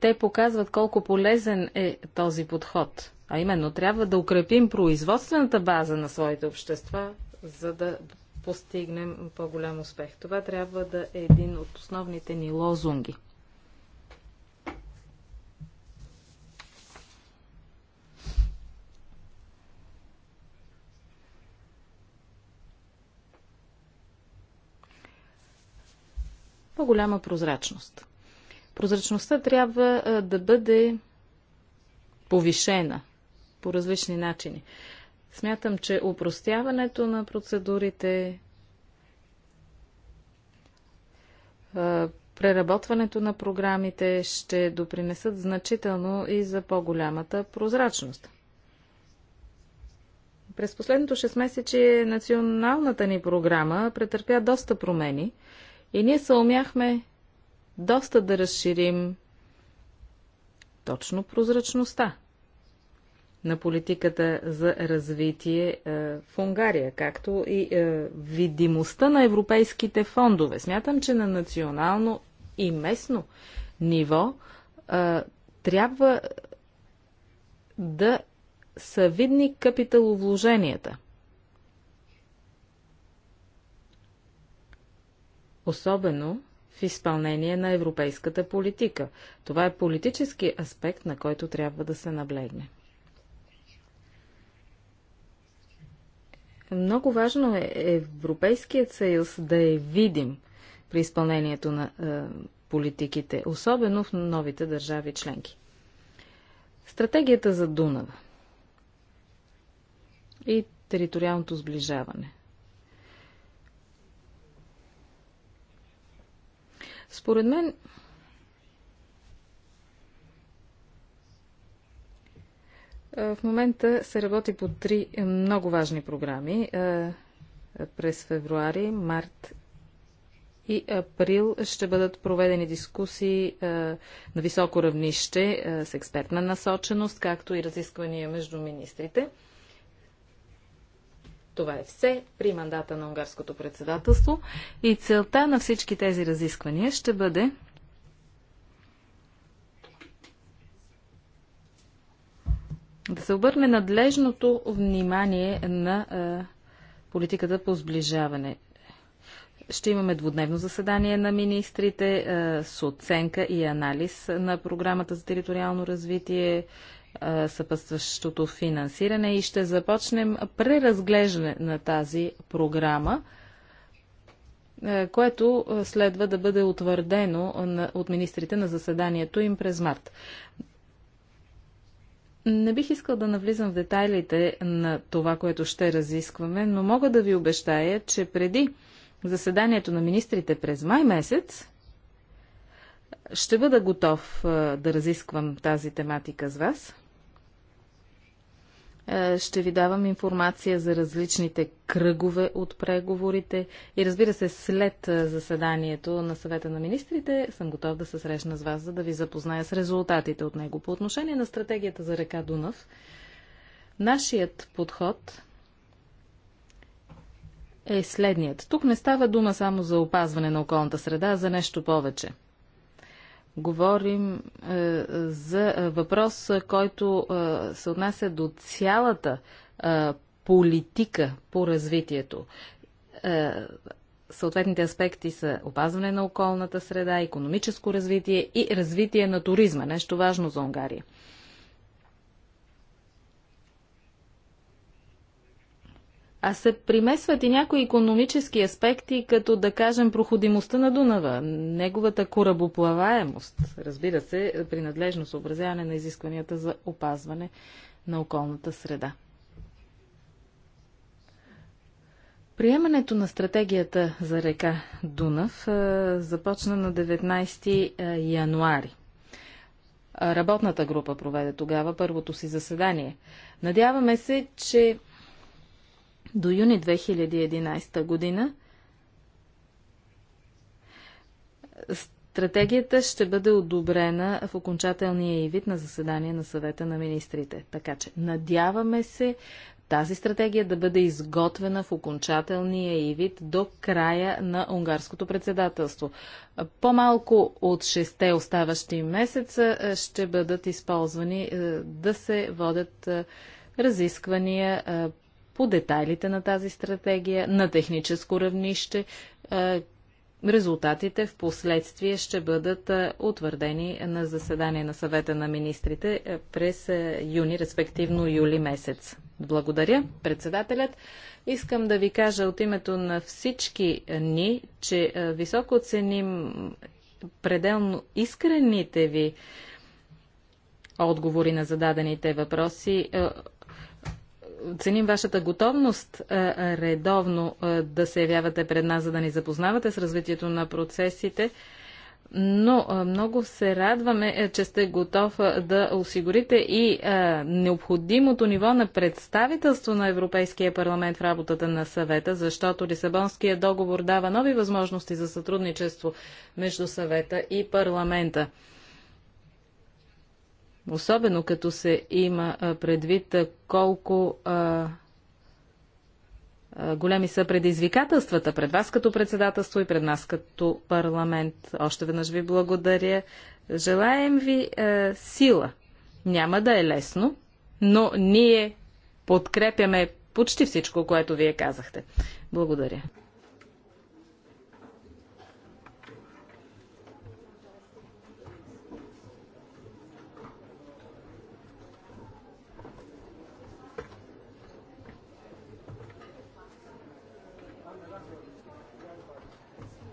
Те показват колко полезен е този подход. А именно, трябва да укрепим производствената база на своите общества, за да постигнем по-голям успех. Това трябва да е един от основните ни лозунги. По-голяма прозрачност. Прозрачността трябва да бъде повишена по различни начини. Смятам, че упростяването на процедурите, преработването на програмите ще допринесат значително и за по-голямата прозрачност. През последното 6 месече националната ни програма претърпя доста промени и ние се умяхме доста да разширим точно прозрачността на политиката за развитие е, в Унгария, както и е, видимостта на европейските фондове. Смятам, че на национално и местно ниво е, трябва да са видни капиталовложенията. Особено в изпълнение на европейската политика. Това е политически аспект, на който трябва да се наблегне. Много важно е Европейският съюз да е видим при изпълнението на е, политиките, особено в новите държави членки. Стратегията за Дунава и териториалното сближаване. Според мен Е, в момента се работи по три много важни програми. Е, през февруари, март и април ще бъдат проведени дискусии е, на високо равнище с експертна насоченост, както и разисквания между министрите. Това е все при мандата на унгарското председателство и целта на всички тези разисквания ще бъде да се обърне надлежното внимание на е, политиката по сближаване. Ще имаме двудневно заседание на министрите е, с оценка и анализ на програмата за териториално развитие, е, съпътстващото финансиране и ще започнем преразглеждане на тази програма, което следва да бъде утвърдено от министрите на заседанието им през март. Не бих искал да навлизам в детайлите на това, което ще разискваме, но мога да ви обещая, че преди заседанието на министрите през май месец ще бъда готов да разисквам тази тематика с вас. Е, ще ви давам информация за различните кръгове от преговорите и разбира се, след е, заседанието на съвета на министрите съм готов да се срещна с вас, за да ви запозная с резултатите от него. По отношение на стратегията за река Дунав, нашият подход е следният. Тук не става дума само за опазване на околната среда, а за нещо повече – говорим е, за въпрос, който е, се отнася до цялата е, политика по развитието. Е, съответните аспекти са опазване на околната среда, економическо развитие и развитие на туризма, нещо важно за Унгария. а се примесват и някои економически аспекти, като да кажем проходимостта на Дунава, неговата корабоплаваемост, разбира се, принадлежно съобразяване на изискванията за опазване на околната среда. Приемането на стратегията за река Дунав започна на 19 януари. Работната група проведе тогава първото си заседание. Надяваме се, че до юни 2011 година Стратегията ще бъде одобрена в окончателния и вид на заседание на съвета на министрите. Така че надяваме се тази стратегия да бъде изготвена в окончателния и вид до края на унгарското председателство. По-малко от 6 оставащи месеца е, ще бъдат използвани е, да се водят е, разисквания по детайлите на тази стратегия на техническо равнище. Е, резултатите в последствие ще бъдат е, утвърдени на заседание на съвета на министрите е, през юни, респективно юли месец. Благодаря, председателят. Искам да ви кажа от името на всички ни, че високо ценим пределно искрените ви отговори на зададените въпроси ценим вашата готовност е, е, редовно е, да се явявате пред нас, за да ни запознавате с развитието на процесите. Но много се радваме, че сте готов да осигурите и необходимото ниво на представителство на Европейския парламент в работата на съвета, защото Лисабонския договор дава нови възможности за сътрудничество между съвета и парламента. Особено като се има предвид колко а, а, големи са предизвикателствата пред вас като председателство и пред нас като парламент. Още веднъж ви благодаря. Желаем ви а, сила. Няма да е лесно, но ние подкрепяме почти всичко, което вие казахте. Благодаря.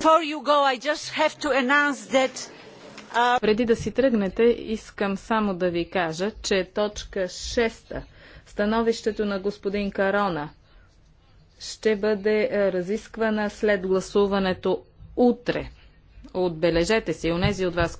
Uh, Преди да си тръгнете, искам само да ви кажа, че точка 6, становището на господин Карона, ще бъде е, разисквана след гласуването утре. Отбележете си, унези от вас,